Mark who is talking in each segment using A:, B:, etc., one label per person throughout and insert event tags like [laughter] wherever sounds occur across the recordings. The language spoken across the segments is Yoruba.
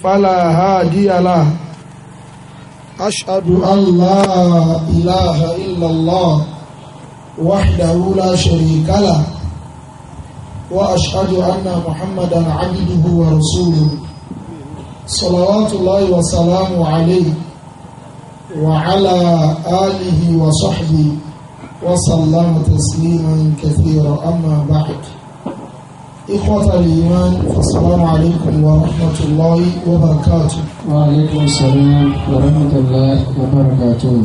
A: فلا هادي له أشهد أن لا إله إلا الله وحده لا شريك له وأشهد أن محمدا عبده ورسوله صلوات الله وسلامه عليه وعلى آله وصحبه وسلم تسليما كثيرا أما بعد إخوة الإيمان السلام عليكم ورحمة الله وبركاته وعليكم السلام ورحمة الله وبركاته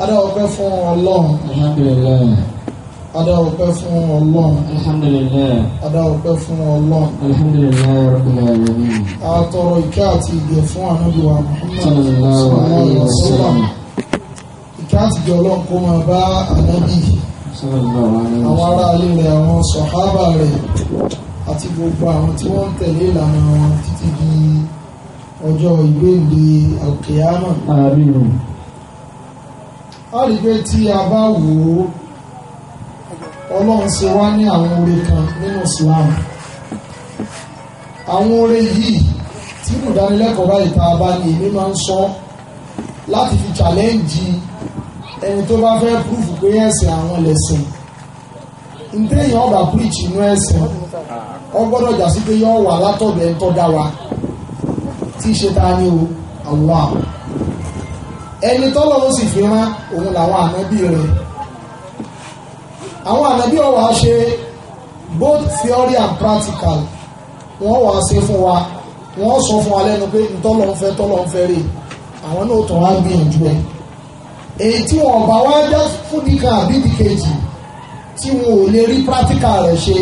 A: أنا أقف الله الحمد لله Adá ọpẹ́ fún Ọlọ́run. Alhamdulillah. Adá ọpẹ́ fún Ọlọ́run. Alhamdulillah Rabbil Alamin. A tọrọ ìkẹ́ àti ìgẹ̀ fún Ànábì wa Muhammad sallallahu alaihi wasallam. Ìkẹ́ àti ìgẹ̀ Ọlọ́run kó máa bá Ànábì àwọn ará ilé rẹ̀ àwọn sọ̀hábà rẹ̀ àti gbogbo àwọn tí wọ́n ń tẹ̀lé ìlànà wọn títí di ọjọ́ ìgbéǹde alkiyama. a rí pé tí a bá wò ó ọlọ́run ṣe wá ní àwọn oore kan nínú Islam àwọn oore yìí tí kò dánilẹ́kọ̀ọ́ báyìí tá a bá ní èmi máa ń sọ láti fi challenge ẹni tó bá fẹ́ púrúfù pé ẹ̀sìn àwọn lẹ̀sìn ntẹ́ ọba inú ẹ̀sìn ọ gbọ́dọ̀ pé yóò wà látọ̀dọ̀ ẹ̀ wa tí í ṣe ta o Allah ẹni sì fi rán òun làwọn rẹ̀ àwọn ànábì ọ̀wà ṣe both theory and practical wọ́n wà ṣe fún wa wọ́n èyí tí wọ́n bá wá já fúnni kan àbí tí wọn ò lè rí rẹ̀ ṣe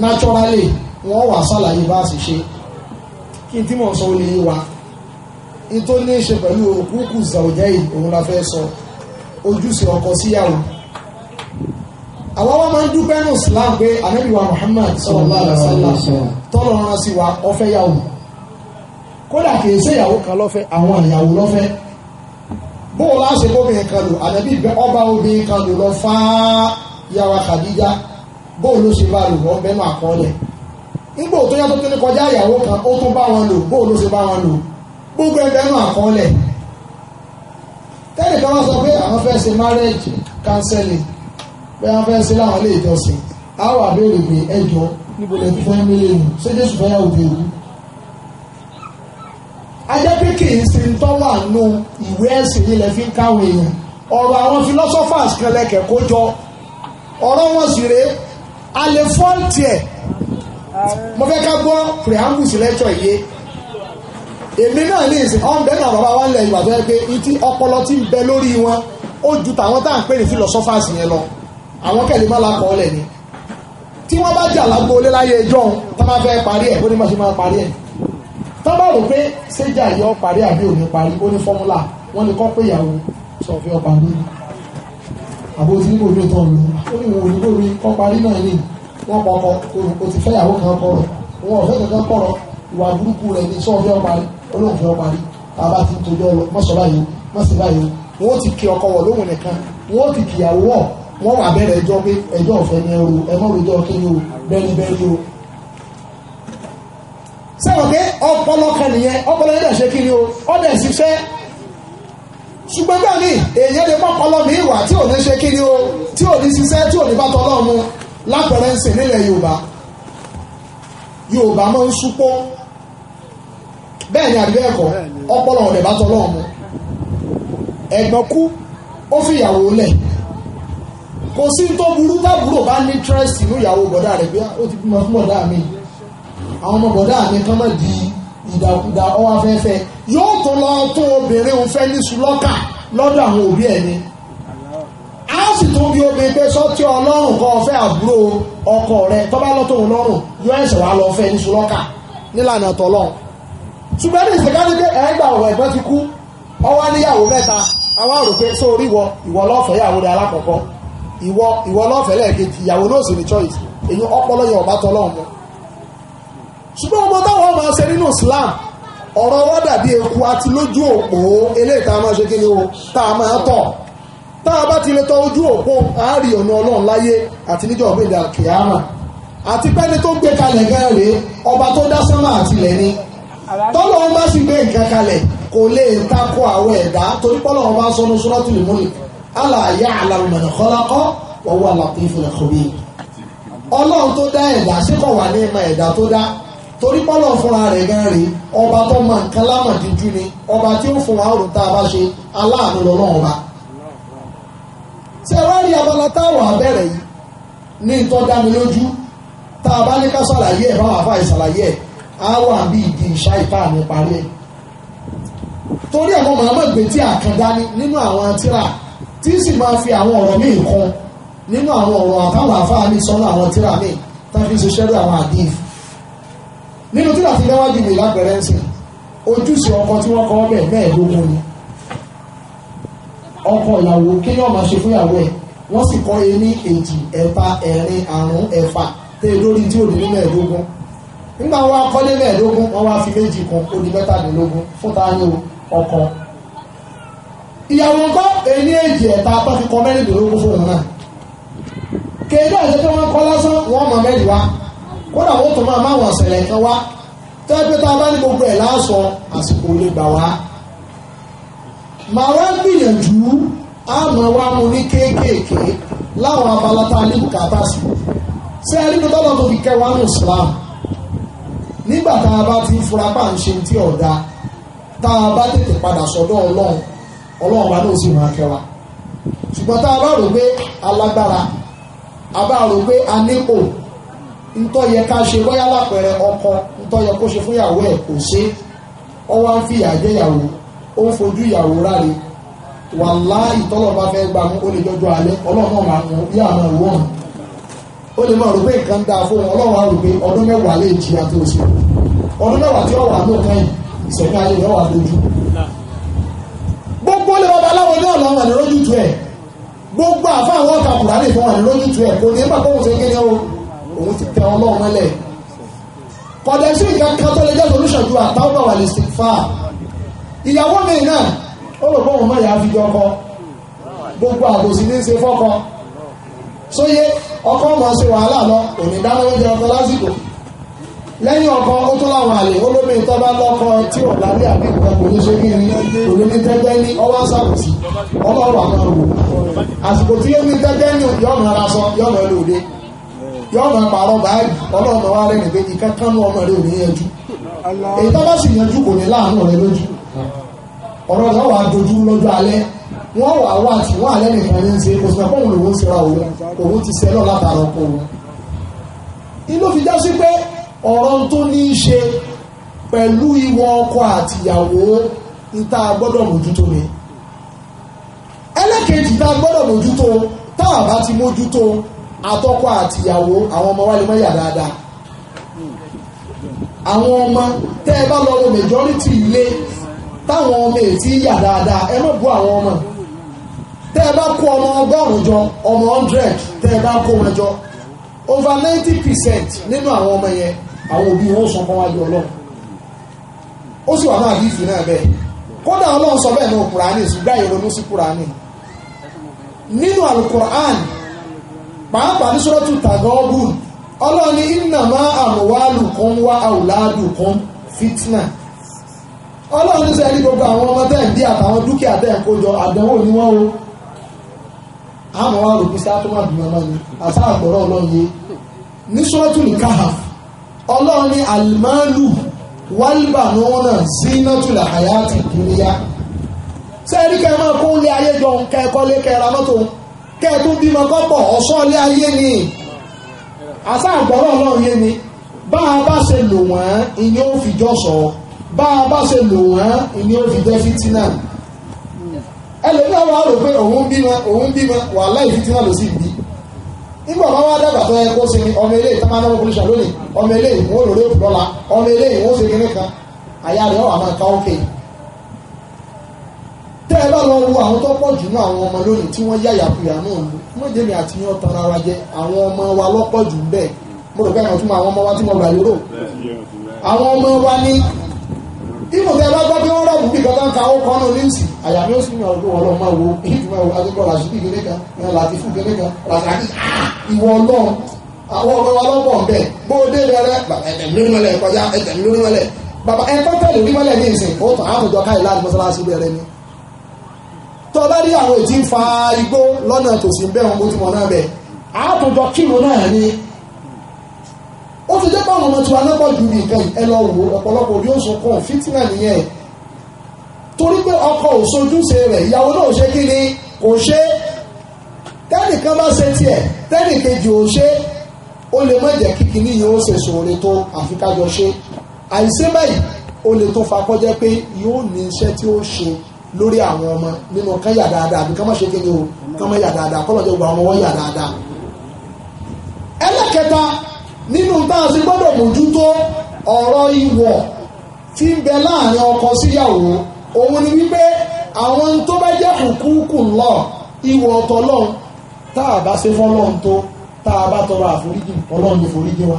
A: naturally wọ́n wà ṣàlàyé bá a sì ṣe kí n tí mò ń sọ olè wa n tó ní í ṣe pẹ̀lú òkúkú zàwùjẹ́ yìí òun la fẹ́ sọ ojúṣe ọkọ síyàwó àwọn máa ń dúpẹ́ ní Islam pé Muhammad sallallahu alaihi wa rán sí wa ọ̀fẹ́ yàwó bóò láṣẹ bóbìnrin kan lò ànábì ọba obìnrin kan lò lọ fá yàwá Khadija bóò ló ṣe bá lò wọ́n bẹ́ẹ̀ máa kọ́ lẹ̀ nígbà tó yàtọ̀ tó ní kọjá ìyàwó kan ó tún bá wọn lò bóò ló ṣe bá wọn lò gbogbo ẹ̀ bẹ́ẹ̀ máa kọ́ lẹ̀ tẹ́lẹ̀ kan wá sọ pé àwọn fẹ́ ṣe marriage counseling pé wọ́n fẹ́ ṣe láwọn ilé ìjọsìn á wà béèrè pé ẹjọ́ níbo lẹ́tí fẹ́ mílíọ̀nù ṣé Jésù fẹ́ yàwó bẹ̀rù ajẹ́ pé kì í ṣe ń tọ́wà nù ìwé ẹ̀sìn ilẹ̀ fi ń káwọn èèyàn ọ̀rọ̀ àwọn philosophers kan lẹ́kẹ̀ kó jọ ọ̀rọ̀ wọn sì rèé a lè fọ́ǹtì ẹ̀ mo fẹ́ ká gbọ́ preambus lẹ́tọ̀ yìí èmi náà ní ìsìn ọ̀n bẹ́ẹ̀ náà bàbá wa ń lẹ̀ ìwà tó pé ìtì ọpọlọ tí ń bẹ lórí wọn ó ju tàwọn tá à ń pè ní philosophers yẹn lọ àwọn kẹ̀lé má lakọ̀ ọ́ lẹ̀ ni tí wọ́n bá jà lágbo lé láyé ẹjọ́ tá máa fẹ́ parí ẹ̀ ó ní má ṣe máa parí ẹ̀ ni tán bá rò pé séjà yọ parí àbí òní parí ó ní fọ́múlà wọ́n ní kọ́ pé ìyàwó sọ fẹ́ ọ̀pá mi àbó tí níbo mi tán mi ó ní wọn òyìnbó mi kọ́ parí náà ní wọ́n kọ́kọ́ o ti fẹ́ ìyàwó kan kọ̀rọ̀ wọn ò fẹ́ kankan kọ̀rọ̀ ìwà burúkú rẹ̀ ní sọ fẹ́ ọ̀pá rí olóhùn fẹ́ ọ̀pá rí bàbá ti ń tojọ́ lọ mọ́sọ̀ báyìí mọ́sọ̀ báyìí wọ́n ti kí ọkọ wọ̀ lóhùn nìkan wọ́n ti kìyàwó wọ̀ wọ́n wà bẹ̀rẹ̀ ẹjọ́ pé ẹjọ́ ọ̀fẹ́ ni ẹrù ẹmọ́ rojọ́ kí ni o bẹ́ẹ̀ni bẹ́ẹ̀ni o
B: sẹ́wọ̀n pé ọpọlọ
A: kan nìyẹn ọpọlọ yẹn dẹ̀ ṣe kí ni o ó dẹ̀ ṣiṣẹ́ ṣùgbọ́n gbà mí èèyàn lè pọ́pọlọ mi wà tí ò ní ṣe kí ni o tí ò ní ṣiṣẹ́ tí ò ní bá tọ́lọ́ mu lápẹ̀rẹ̀ ń sìn nílẹ̀ Yorùbá Yorùbá máa ń súpó bẹ́ẹ̀ ni àbí ẹ̀kọ́ ọpọlọ ọ̀dẹ̀ bá tọ́lọ́ mu ẹ̀gbọ́n kú ó fi ìyàwó lẹ̀ kò sí tó burú tábúrò bá ní tírẹ́sì ní ìyàwó bọ̀dá rẹ̀ bí ó ti bímọ fún bọ̀dá mi àwọn ọmọ bọ̀dá mi kán mọ̀ di ìdàkudà ọwọ́ afẹ́fẹ́ yóò tó lọ tó obìnrin òun fẹ́ ní sùlọ́kà lọ́dọ̀ àwọn òbí ẹ̀ ni a sì tún bí obìnrin pé sọ́tí ọlọ́run kọ́ ọ̀fẹ́ àbúrò ọkọ rẹ tọ́ba lọ́tọ̀ òun lọ́rùn yóò ẹ̀sẹ̀ wá lọ fẹ́ ní sùlọ́kà nílànà tọ́lọ́run ṣùgbọ́n ní ìṣẹ̀dájú pé ẹ̀ẹ́gbà ọ̀wọ̀ ẹ̀gbọ́n ti kú ọwọ́ níyàwó mẹ́ta àwọn àrò pé sórí ìwọ ìwọ lọ́fẹ̀ẹ́ ìyàwó rẹ̀ alákọ̀ọ́kọ́ ìwọ ìwọ lọ́fẹ̀ẹ́ lẹ́ẹ̀kejì ìyàwó náà sì ní choice èyí ọpọlọ yẹn ọ̀bá tọ́lọ́run mọ́ ṣùgbọ́n ọmọ táwọn máa ṣe nínú Islam ọ̀rọ̀ wa dàbí eku àti lójú òpó eléyìí tá a máa ṣe kí o tá a máa tọ̀ tá a bá ti lè tọ ojú òpó àárí ọ̀nà ọlọ́run láyé àti níjọ́ òbíǹda kìámà àti pẹ́ni tó ń gbé kalẹ̀ gan rèé ọba tó dá sánmà àtìlẹ̀ ni tọ́lọ́ wọn bá sì gbé nǹkan kalẹ̀ kò lè takò àwọn ẹ̀dá torí pọ́lọ́ wọn bá sọnù sọ́rọ́tù lùmọ́lì aláàyà àlàlùmọ̀nà kọ́lákọ́ wọ́n wà lápẹ́ ìfúnà kọ́bí ọlọ́run tó dá ẹ̀dá ṣé kò wà ní ìmọ̀ ẹ̀dá tó dá torí pọ́lọ̀ fúnra rẹ̀ gan rè ọba tó mọ nǹkan lámọ̀díjú ni ọba tí ó fún wa ọ̀rùn tá a bá ṣe aláàánú lọ́nà ọba. ṣé wá rí abala táwọn abẹ́rẹ̀ yìí ní ìtọ́ dá lójú tá a bá ní ká ṣàlàyé ẹ̀ báwa fà ìṣàlàyé ẹ̀ á wà bí ìdí ìṣá ìta mi parí ẹ̀. torí àwọn Muhammad gbé tí àkàndá ní nínú àwọn tíra tí sì máa fi àwọn ọ̀rọ̀ míì kan nínú àwọn ọ̀rọ̀ àtàwọn àfáà mi sọ́nà àwọn tíra míì tá a fi ṣiṣẹ́ lé àwọn àdìf nínú tí láti dáwájú mi lábẹ̀rẹ̀ ẹ̀sìn ojúṣe ọkọ tí wọ́n kọ́ ni ọkọ ìyàwó kéèyàn ṣe fúnyàwó wọ́n sì kọ́ ení èjì ẹ̀rin ẹ̀fà lórí tí ní mẹ́ẹ̀ẹ́dógún nígbà wọn akọ́lé mẹ́ẹ̀ẹ́dógún kan mẹ́tàdínlógún fún ọkọ ìyàwó kọ́ ení èjì ẹ̀ta tó fi kọ́ mẹ́rìndínlógún fún òun náà kéèyàn àti kódà wọ́n tó máa máa wọ̀ ṣẹlẹ̀ kan wá tó ẹgbẹ́ tá a bá ní gbogbo ẹ̀ láàsọ àsìkò lè gbà wá. màá wá gbìyànjú àmọ́ wa mo ní kéékèèké láwọn abala tá a ní bùkátà sí ṣé ẹ rí mi tọ́lọ́ tó fi kẹwàá ní Islam nígbà tá a bá ti ń fura pa ń ṣe tí ọ̀dà tá a bá tètè padà sọ́dọ̀ Ọlọ́run Ọlọ́run wa náà sì máa kẹwàá ṣùgbọ́n tá a bá rò pé alágbára a bá rò pé a nípò ntọ́ yẹ ká ṣe bóyá ọkọ ntọ́ yẹ kó ṣe fún ìyàwó ẹ̀ kò ṣe ọ wá ń fi ìyàwó ó ń fojú ìyàwó ráre wàláhì tọ́lọ̀ bá fẹ́ gbà mú ó jọjọ alẹ́ ọlọ́run máa mú bí àwọn ìwọ hàn ó lè máa rò pé nǹkan dáa pé gbogbo bàbá aláwọ̀ ní ọ̀nà gbogbo òun ti tẹ ọlọ́run mọ́lẹ̀ kọ̀dẹ̀ sí nǹkan kan tó lè jẹ́ solution ju àtàwọn àwọn àlè sèfà ìyàwó mi náà ó rò bóun mọ̀ yàá fi jọ ọkọ gbogbo àbòsí ní í ṣe fọ́kọ sóyè ọkọ ọmọ ṣe wàhálà lọ òní dáná lọ́jọ́ ọkọ lásìkò lẹ́yìn ọkọ ó tó láwọn àlè olómi tó bá lọ́kọ tí ò bá rí àbí ìgbà kò ní ṣe kí ni òní ní tẹ́tẹ́ ní ọwọ́ sàkùsì ọlọ́run àwọn àrùn àsìkò tí ó ní tẹ́tẹ́ ní yọ̀ọ̀nà ara sọ yọ̀ọ̀nà ẹlòdè yọọma máa pààrọ̀ báyìí ọlọ́run máa rẹ̀ nìgbẹ́ ní kankan ní ọmọ rẹ̀ ò ní yanjú èyí tó bá sì yanjú kò ní láàánú rẹ̀ lójú ọ̀rọ̀ rẹ̀ wà dojú lọ́jọ́ alẹ́ wọ́n wà wá tí wọ́n alẹ́ nìkan ní ṣe kò fóun ti ṣẹlẹ̀ látara ọkọ òun inú fi já sí pé ọ̀rọ̀ tó ní í ṣe pẹ̀lú ìwọ ọkọ àtìyàwó gbọ́dọ̀ mójútó mi ẹlẹ́kẹ̀ẹ́jì ta gbọ́dọ̀ mójútó atọ́kọ àtìyàwó àwọn ọmọ wa lè mọ́ yà dáadáa àwọn ọmọ tẹ́ ẹ bá lọ wo majority ilé táwọn ọmọ ètí yà dáadáa ẹ má bú àwọn ọmọ tẹ́ ẹ bá kó ọmọ ọgọ́rùn-ún jọ ọmọ hundred tẹ́ ẹ bá kó wọn jọ over ninety percent nínú àwọn ọmọ yẹn àwọn òbí wọn sọ fún wa yọ ọlọ́run ó sì wà náà bí ìfì náà bẹ́ẹ̀ kódà ọlọ́run sọ bẹ́ẹ̀ ní Kùránì ṣùgbọ́n ìrònú sí Kùránì nínú àlùkùránì pàápàá ní sọ́rọ́tù tàgọ́ọ̀bùn ọlọ́ni ìnàmá àmúwálùkún wá àwùládùkún fitna ọlọ́ni sọ ẹni gbogbo àwọn ọmọ tẹ́ ń bí àtàwọn dúkìá tẹ́ ń kójọ àdánwò ní wọ́n o àmọ́ wá rò pé sí átọ́mọ̀ àdúgbò náà ni àṣà àgbọ̀rọ̀ ọlọ́run yé ní sọ́rọ́tù nìkahàf ọlọ́ni àlùmọ́ọ́lù wálùbà ní wọn náà sí nọ́tùlà àyà àti ìdúnyá sẹ́ẹ̀rí kẹ́ máa kó lé ayé jọ kẹ́ẹ̀kọ́ lé kẹ́ẹ̀ra mọ́tò kẹ́ ẹ tó bímọ kọ́pọ̀ ọ̀ṣọ́ ilé ayé ni àṣà àgbọ̀rọ̀ ọlọ́run yé ni bá a bá ṣe lò wọ́n ìní ó fi jọ́sọ̀ bá a bá ṣe lò wọ́n ìní ó fi jẹ́ fìtínà ẹlòmíà wà rò pé òun bímọ òun bímọ wàhálà ìfìtínà ló sì bí nígbà wọn wá dàgbà tó yẹ kó sinmi ọmọ eléyìí tó máa náwó polisi lónìí ọmọ eléyìí wọn ò lòlẹ́ òkú lọ́la ọmọ eléyìí wọn ò ṣe kíní kan àyà rẹ̀ wà máa ká òkè yìí tẹ́ ẹ bá lọ wo àwọn tó pọ̀ jù ní àwọn ọmọ lónìí tí wọ́n yáyà kuyà náà lu mọ́jẹ́mi àti yan tara wa jẹ àwọn ọmọ wa lọ́pọ̀ jù ń bẹ̀ mo rò pé àwọn tó mọ àwọn ọmọ wa tí mo gbà lérò àwọn ọmọ wa ní ìmọ̀ tẹ́ ẹ bá gbọ́ pé wọ́n rọ̀bù bí kankan ka ó kọ́nù níìsì àyà mi ó sì yàn ọdún ọlọ́run máa wo ìgbìmọ̀ adébọ̀ làṣíbí kéde kan ìyàn láti fún kéde kan làṣàkì ah! ìwọ ọlọ́run àwọn ọmọ wa lọ́pọ̀ ń bẹ̀ bó o dé rẹ̀ ẹ̀tẹ̀mí lórí mọ́lẹ̀ kọjá ẹ̀tẹ̀mí lórí mọ́lẹ̀ bàbá ẹ̀kọ́ tẹ̀lé orí mọ́lẹ̀ ní ìsìn ó tàn án àtòjọ káyìí láàrin mọ́sálásí bẹ̀rẹ̀ ni tó bá rí àwọn ìtí ń fa igbó lọ́nà tòsí bẹ́ẹ̀ wọn gbójúmọ̀ náà bẹ̀ àátùjọ kírun náà ni ó ti jẹ́ pé àwọn ọmọ tiwa náà pọ̀ ju nìkan ẹ lọ wò ọ̀pọ̀lọpọ̀ bí ó sọ kàn fìtínà nìyẹn torí pé ọkọ ò sojúṣe rẹ̀ ìyàwó náà ò ṣe kí ni kò ṣe tẹ́nìkan bá ṣe tiẹ̀ tẹ́nìkejì ò ṣe ó lè má jẹ́ kí kìíní yìí ṣe sòrè tó àfikájọ ṣe àìsí báyìí ó lè tó fa kọjá pé yóò ní iṣẹ́ tí ó ṣe lórí àwọn ọmọ nínú kán yà dáadáa àbí kán má ṣe kéde o kán má yà ọmọ wọn yà dáadáa. ẹlẹ́kẹta nínú táwọn sì gbọ́dọ̀ mójútó ọ̀rọ̀ ìwọ̀ tí láàrin ọkọ síyàwó òun ni wípé àwọn tó bá jẹ́ lọ ìwọ̀ ọ̀tọ̀ lọ́hùn bá ṣe tó bá tọrọ àforíjì ọlọ́run foríjì wa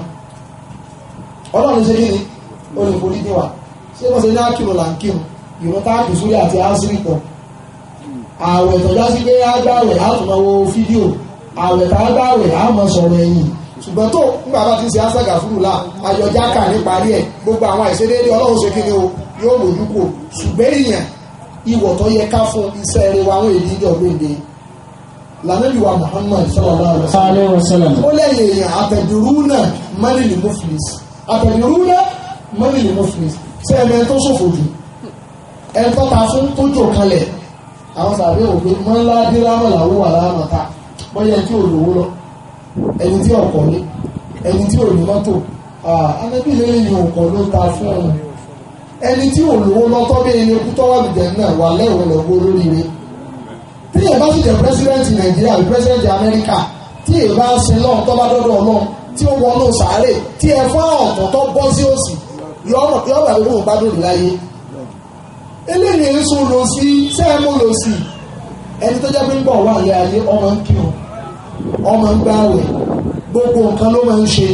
A: ọlọ́run ṣe kí ni ó ìwọ́n tá a kù sórí àti àásírì pọ̀ àwẹ̀ tọ́já sí pé á gbàwẹ̀ á tún máa wo fídíò àwẹ̀ tá a gbàwẹ̀ á máa sọ̀rọ̀ ẹ̀yìn ṣùgbọ́n tó nígbà bá ti ṣe àṣàgà fúrùlà ayọjá kà níparí ẹ̀ gbogbo àwọn àìṣedéédé ọlọ́run ṣe kíni o yóò mójú kò ṣùgbẹ́ èèyàn ìwọ̀ tó yẹ ká fún iṣẹ́ eré wa àwọn èdè ìjọ gbòde lànàbí wa Muhammad sallallahu alaihi wasallam ó lẹ́yìn èèyàn àtẹ̀dùrúnà mọ́nìlì muflis àtẹ̀dùrúnà mọ́nìlì muflis sẹ́ẹ̀mẹ́ tó ṣòfò jù ẹ̀tọ́ ta fún tójò kanlẹ̀ àwọn sàbí òwe mọ́nlá dírámọ̀ làwọn wà láàmọ̀ ta bọ́yá tí ò lówó lọ ẹni tí ọkọ̀ ní ẹni tí ò ní mọ́tò anábì lélẹ̀ yìí ọkọ̀ ló ta fún ọ̀nà ẹni tí ò lówó lọ bí ẹni okú tọ́wọ́ àbìjẹ́ náà wà lẹ́wọ̀n lọ́gbọ́ lóríire tí èyí bá sì jẹ́ pírẹsidẹ́ǹtì nàìjíríà àbí pírẹsidẹ́ǹtì amẹ́ríkà tí èyí bá ń sin náà tọ́ dọ́dọ̀ ọlọ́run tí ó wọnú sàárè tí ẹ fọ́ ọ̀tọ̀ tó bọ́ sí òsì yọ̀ọ̀rọ̀ yọ̀ọ̀rọ̀ ìwọ̀n gbádùn láyé eléyìí èso lò sí sẹ́ẹ̀mù lò sí ẹni tó jẹ́ pé ń bọ̀ wà ní ayé ọmọ ń kírun ọmọ ń gbààwẹ̀ gbogbo nǹkan ló máa ń ṣe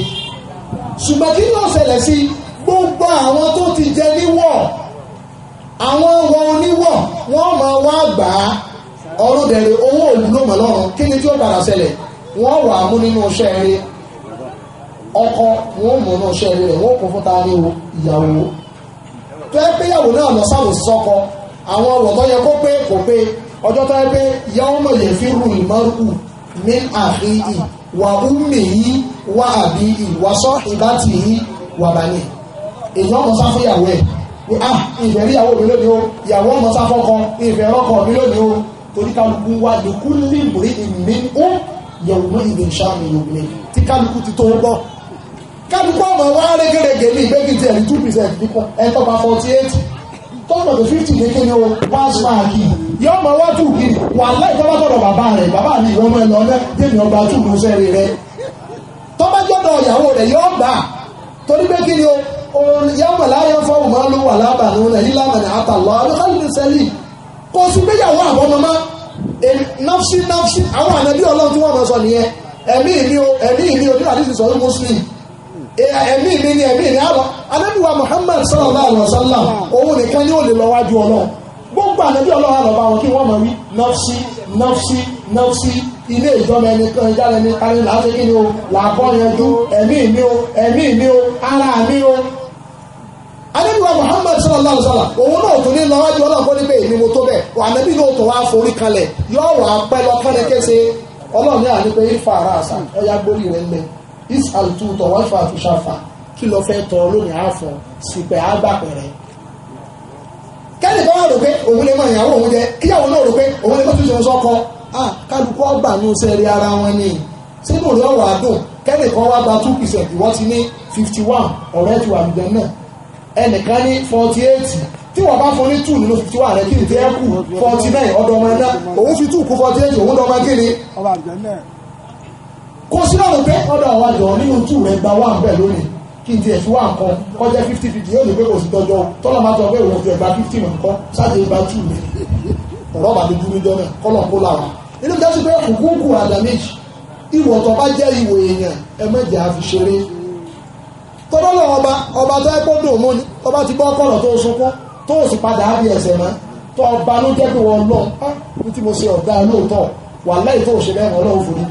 A: ṣùgbọ́n kí ló ṣẹlẹ̀ sí gbogbo àwọn tó ti jẹ níwọ̀ àwọn ọwọ́ oníwọ̀ wọ́n máa wá gbà á ọ̀run dẹ̀rẹ̀ owó òlù ló mọ̀ lọ́rùn kí ni tí ó padà ṣẹlẹ̀ wọ́n wà á mú nínú iṣẹ́ rẹ̀ ọkọ wọn mú nínú iṣẹ́ rẹ̀ wọ́n kún fún ta ní ìyàwó tó ẹ pé ìyàwó náà lọ sáwò sọkọ àwọn ọ̀rọ̀ tó yẹ kó pé kò pé ọjọ́ tó ẹ pé ìyàwó mọ̀ yẹ fi rú ìmọ̀rú ní àfihì wà úmì wà àbí ìwà sọ ìbátì wà bàní èyí ọmọ sáfọ ìyàwó ẹ pé ah ìfẹ́ rí ìyàwó mi lónìí o ìyàwó ọmọ sáfọ kan ìfẹ́ rọ́kọ mi lónìí o torí kálukú wá lèkú límbùrí ìmí ó yẹ̀wò mọ́ ìgbésàmì yòmìnir tí kálukú ti tó gbọ́ kálukú ọmọ wa rẹ́gẹ́rẹ́ two percent nípa ẹ̀tọ́ forty eight tọ́sọ̀ the fifty ní kéde o pass mark yìí yọ ọmọ wá tù kiri wà láì tọ́ bá tọ̀dọ̀ bàbá rẹ̀ bàbá mi ìwọ́n ẹ̀ lọ́lẹ́ jẹ́mi ọgbà tù lù sẹ́rí rẹ̀ tọ́ bá jọ́dọ̀ ìyàwó rẹ̀ yọ ọgbà torí pé kí ni o òun yàwó láyé fọwọ́ máa ló wà lábà ní ọ̀nà yìí lámà ní àtàlọ́ alùpàlù sẹ́lì kò sí gbéyàwó àwọn ọmọ má nafsi nafsi àwọn ànábì ọlọ́run tí wọ́n mọ̀ sọ nìyẹn ẹ̀mí mi o ẹ̀mí mi o nígbà tí ti sọ ní muslim ẹ̀mí mi ni ẹ̀mí mi àlọ́ anábìwá Muhammad sallallahu alaihi wasallam òun nìkan ni ó lè lọ wájú ọlọ́run gbogbo ànábì ọlọ́run àlọ́ba wọn kí wọ́n máa wí nọ́fsí nọ́fsí nọ́fsí ilé ìjọba ẹni kan ìjáde ní láti kí ni o làbọ̀ yanjú ẹ̀mí mi o mi o ara mi o. anábìwá Muhammad sallallahu alaihi wasallam òun náà tún ní kó ni mo tó bẹ́ẹ̀ wà ànábì náà tó wá forí kalẹ̀ yọ isal tuutọ̀ wọ́n fà àtúnṣàfà kí lọ fẹ́ tọ́ lónìí àfọ̀ sípẹ́ àgbàpẹ̀rẹ̀ kẹ́lì kan wà rò pé òun lè mọ ìyàwó òun jẹ kíyàwó náà rò pé òun lè mọ tó ṣe wọn sọ́kọ ah kálukú ọgbà ní oṣù ẹ̀rí ara wọn ni sínú rẹ̀ ọ̀rọ̀ àdùn kẹ́lì kan wà gba two percent ìwọ́n ti ní fifty one ọ̀rẹ́ ti wà lùdẹ náà ẹnìkan ní forty eight tí wọ́n bá fún ní two nínú fifty one rẹ̀ kí ni tí ẹ kù forty nine ọ̀dọ̀ ọmọ ẹ̀ náà òun fi two kú forty eight òun dọ̀ ọmọ kí ni kó sínú ọ̀rọ̀ pé ọ̀dọ̀ àwọn àjọ nínú tù rẹ̀ gba wà bẹ́ẹ̀ lónìí kí n tiẹ̀ fi wà nǹkan kọjá fifty fifty yóò lè gbé kò sí tọ́jọ́ tọ́lọ́ máa tọ́ pé òun ti ẹ̀gbá fifty mọ̀ nǹkan sáàjì ìgbà tù mí ọ̀rọ̀ bàbá dúró jọ náà kọ́lọ̀ kó lára inú mi dájú pé kùkúkù àdá méjì ìwọ̀ tó bá jẹ́ ìwò èèyàn ẹ mẹ́jẹ̀ á fi ṣeré tọ́lọ́lọ́ ọba ọba tó ẹ́pọ́ dùn mú ni ọba ti bọ́ kọ́lọ̀ tó sunkún tó sì padà á bí ẹsẹ̀ mọ́ tó ọba ló jẹ́ pé wọ́n lọ ah, mo ṣe ọ̀gá lóòótọ́ wà láì tó òṣèlú ẹ̀rọ ọlọ́run forí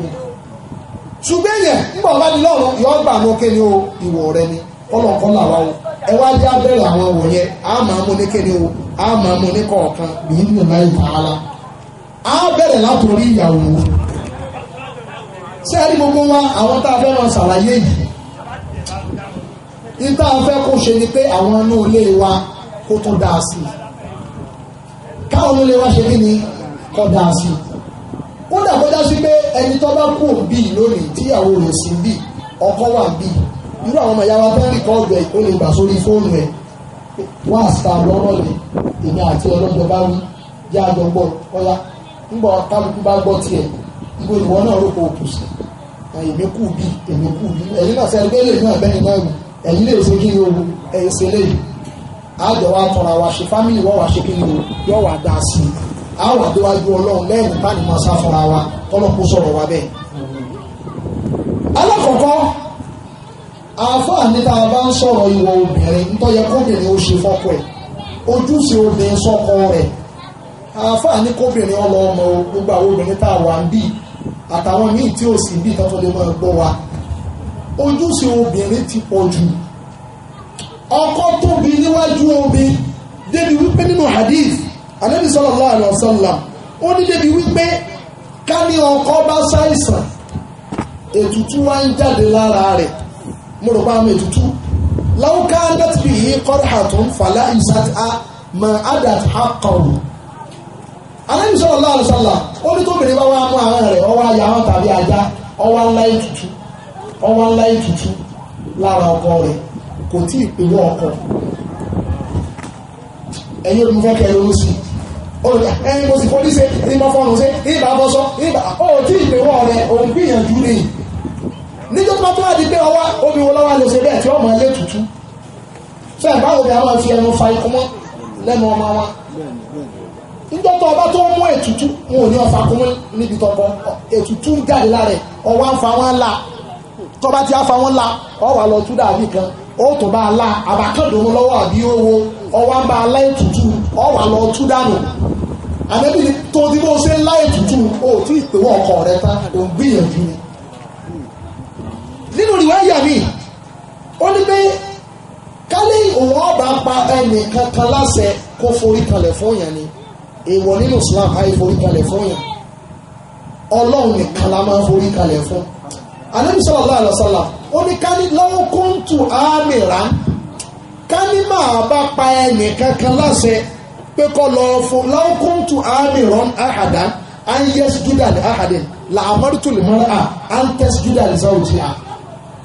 A: ṣùgbọ́n yẹn ńgbà ọba ni lọ́rùn yọ gbà mọ́ kéde o ìwọ̀ rẹ ni kọ́lọ̀kọ́ làwa o ẹ wá dé abẹ́rẹ́ àwọn ìwọ̀ yẹn a máa mú ní kéde o a máa mú ní kọ̀ọ̀kan bíi ní ìlà ìtàlá a bẹ̀rẹ̀ látòrí ìyàwó ṣé ẹni gbogbo wa àwọn tá a fẹ́ máa ṣàlàyé yìí ìta afẹ́ kó ṣe ni pé àwọn inú ilé wa kó tún dáa sí i káwọn ilé wa ṣe kí ni kó dáa sí i. kódà kọjá sí pé ẹni tó bá kú lónìí tíyàwó rẹ̀ sí bí ọkọ wà bí irú àwọn ọmọ ìyá wa fẹ́ rìkọ́ọ̀dù ó lè gbà sórí fóònù ẹ̀ wá àṣà lọ́rọ̀ lẹ̀ èmi àti ọlọ́jọ bá wí jẹ́ àjọ gbọ́ bá gbọ́ tiẹ̀ ìwọ náà ló kó sí bí bí náà sẹ́ni o ṣe àjọ wa tọ̀ra wa ṣe fámìlì wọ́n ṣe kí ni o á wà déwájú ọlọ́run lẹ́yìn táàní máa sá fúnra wa kọ́lọ́n sọ̀rọ̀ wa bẹ́ẹ̀. alákọ̀ọ́kọ́ àáfàá ní tá a bá ń sọ̀rọ̀ ìwọ obìnrin nítọ́yẹ kóbìnrin ó ṣe fọ́kọ ẹ̀ ojúṣe obìnrin sọ́kọ rẹ̀ àáfàá ní kóbìnrin gbogbo àwọn a wà ń bì àtàwọn míì tí ò sì ń bì ti pọ̀ jù ọkọ tóbi níwájú obìnrin débi wípé nínú hadith Ànábì sallallahu alaihi wasallam ó ní débi wípé ká ní ọkọ bá ṣàìsàn ètùtù wá ń jáde lára rẹ̀ mo rò pa àwọn ètùtù láwùká nẹ́tìbì yìí kọ́rọ̀ àtún fàlà ìsàtì a mà ádàt àkọ̀rù. Ànábì sallallahu alaihi wasallam ó ní tóbìnrin bá wá mú àwọn rẹ̀ ọwọ́ ayé àwọn tàbí ajá ọwọ́ ńlá ètùtù ọwọ́ ńlá ètùtù lára ọkọ rẹ̀ kò tí ì pèwọ́ ọkọ ẹ̀yin olùfẹ́ kẹrin ó sì olùdá ẹni mo sì forí ṣe ní bá fọ́nù ṣe ní bá bọ́ sọ ní bá ó tí ìpèwọ́ rẹ òun gbìyànjú ni níjọ́ tó bá tó wà di pé ọwá omi wo lọ́wọ́ lè ṣe bẹ́ẹ̀ tí ọmọ ilé tutù fẹ́ẹ̀ báwo ni a máa fi ẹnu fa ikú mọ́ lẹ́nu ọmọ wa níjọ́ tó ọba tó mú ètùtù wọn ò ní ọfà kún níbi tọ́kọ ètùtù ń jáde lára ẹ̀ ọwá ń fa wọn la tọ́ba ti á fa wọn la ọwà lọ tú dàbí kan ó tó bá a la àbákàndùn lọ́wọ́ àbí owó ọwọ́ ń bá aláì tútù ọwà lọ tú dànù àbẹ́bí ni tó ti bó ṣe láì tútù ó tí ìpèwọ́ ọkọ rẹ ta ò ń gbìyànjú ni nínú ìwé ẹ̀yà mi ó ní pé kálí òun ọba pa ẹnì kankan láṣẹ kó forí kalẹ̀ fún yẹn ni èèwọ̀ nínú Islam àì forí kalẹ̀ fún yẹn ọlọ́run nìkan la máa forí kalẹ̀ fún anabi sallallahu alaihi wasallam ó ní kálí lọ́wọ́ kóńtù àmì rán ká ní máa bá pa ẹnì kankan láṣẹ pé kọ́ lọ fún láwùkúntù àmìrán àhàdá à ń yẹ sùjúdà ní àhàdẹ làmọ́rìtù lè mọ́ra à ń tẹ́ sùjúdà ní sáwùjì à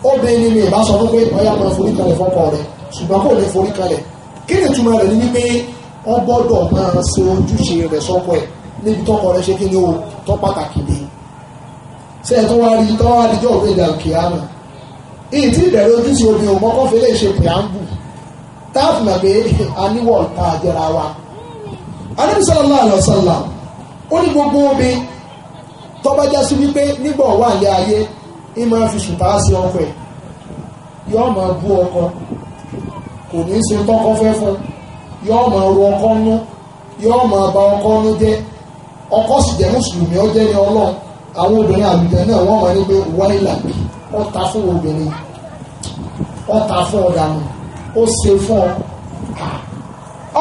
A: obìnrin ni ìbá sọ fún pé ìbáyà máa forí kalẹ̀ fọ́kọ rẹ̀ ṣùgbọ́n kò ní forí kalẹ̀ kí ni ìtumọ̀ rẹ̀ ní wípé wọ́n gbọ́dọ̀ máa ṣe ojúṣe rẹ̀ sọ́kọ ẹ̀ níbi tọ́kọ rẹ̀ ṣe kí ni o tọ́ pàtàkì dé ṣe ẹ̀ tó wá rí tọ́wọ́ adijọ́ òwe ìdàkìá náà èyí ìbẹ̀rẹ̀ ojúṣe obìnrin ò mọ́kọ́ fi lè ṣe táàfù mọ̀ pé aníwọ̀ ta àjọra wa Ànábì sallallahu alaihi wasallam ó ní gbogbo omi tó bá já sí wípé nígbà wà ní ayé ìmọ̀ fi sùtá sí ọkọ ẹ̀ yóò máa bú ọkọ kò ní í ṣe tọ́kọ fẹ́ fún yóò máa ru ọkọ nú yóò máa ba ọkọ nú jẹ́ ọkọ sì jẹ́ mùsùlùmí ó jẹ́ ní ọlọ́run àwọn obìnrin àlùjẹ náà wọ́n máa ní pé wáìlà ọ̀tá fún obìnrin ọ̀tá fún ọ̀dà ó ṣe fún ọ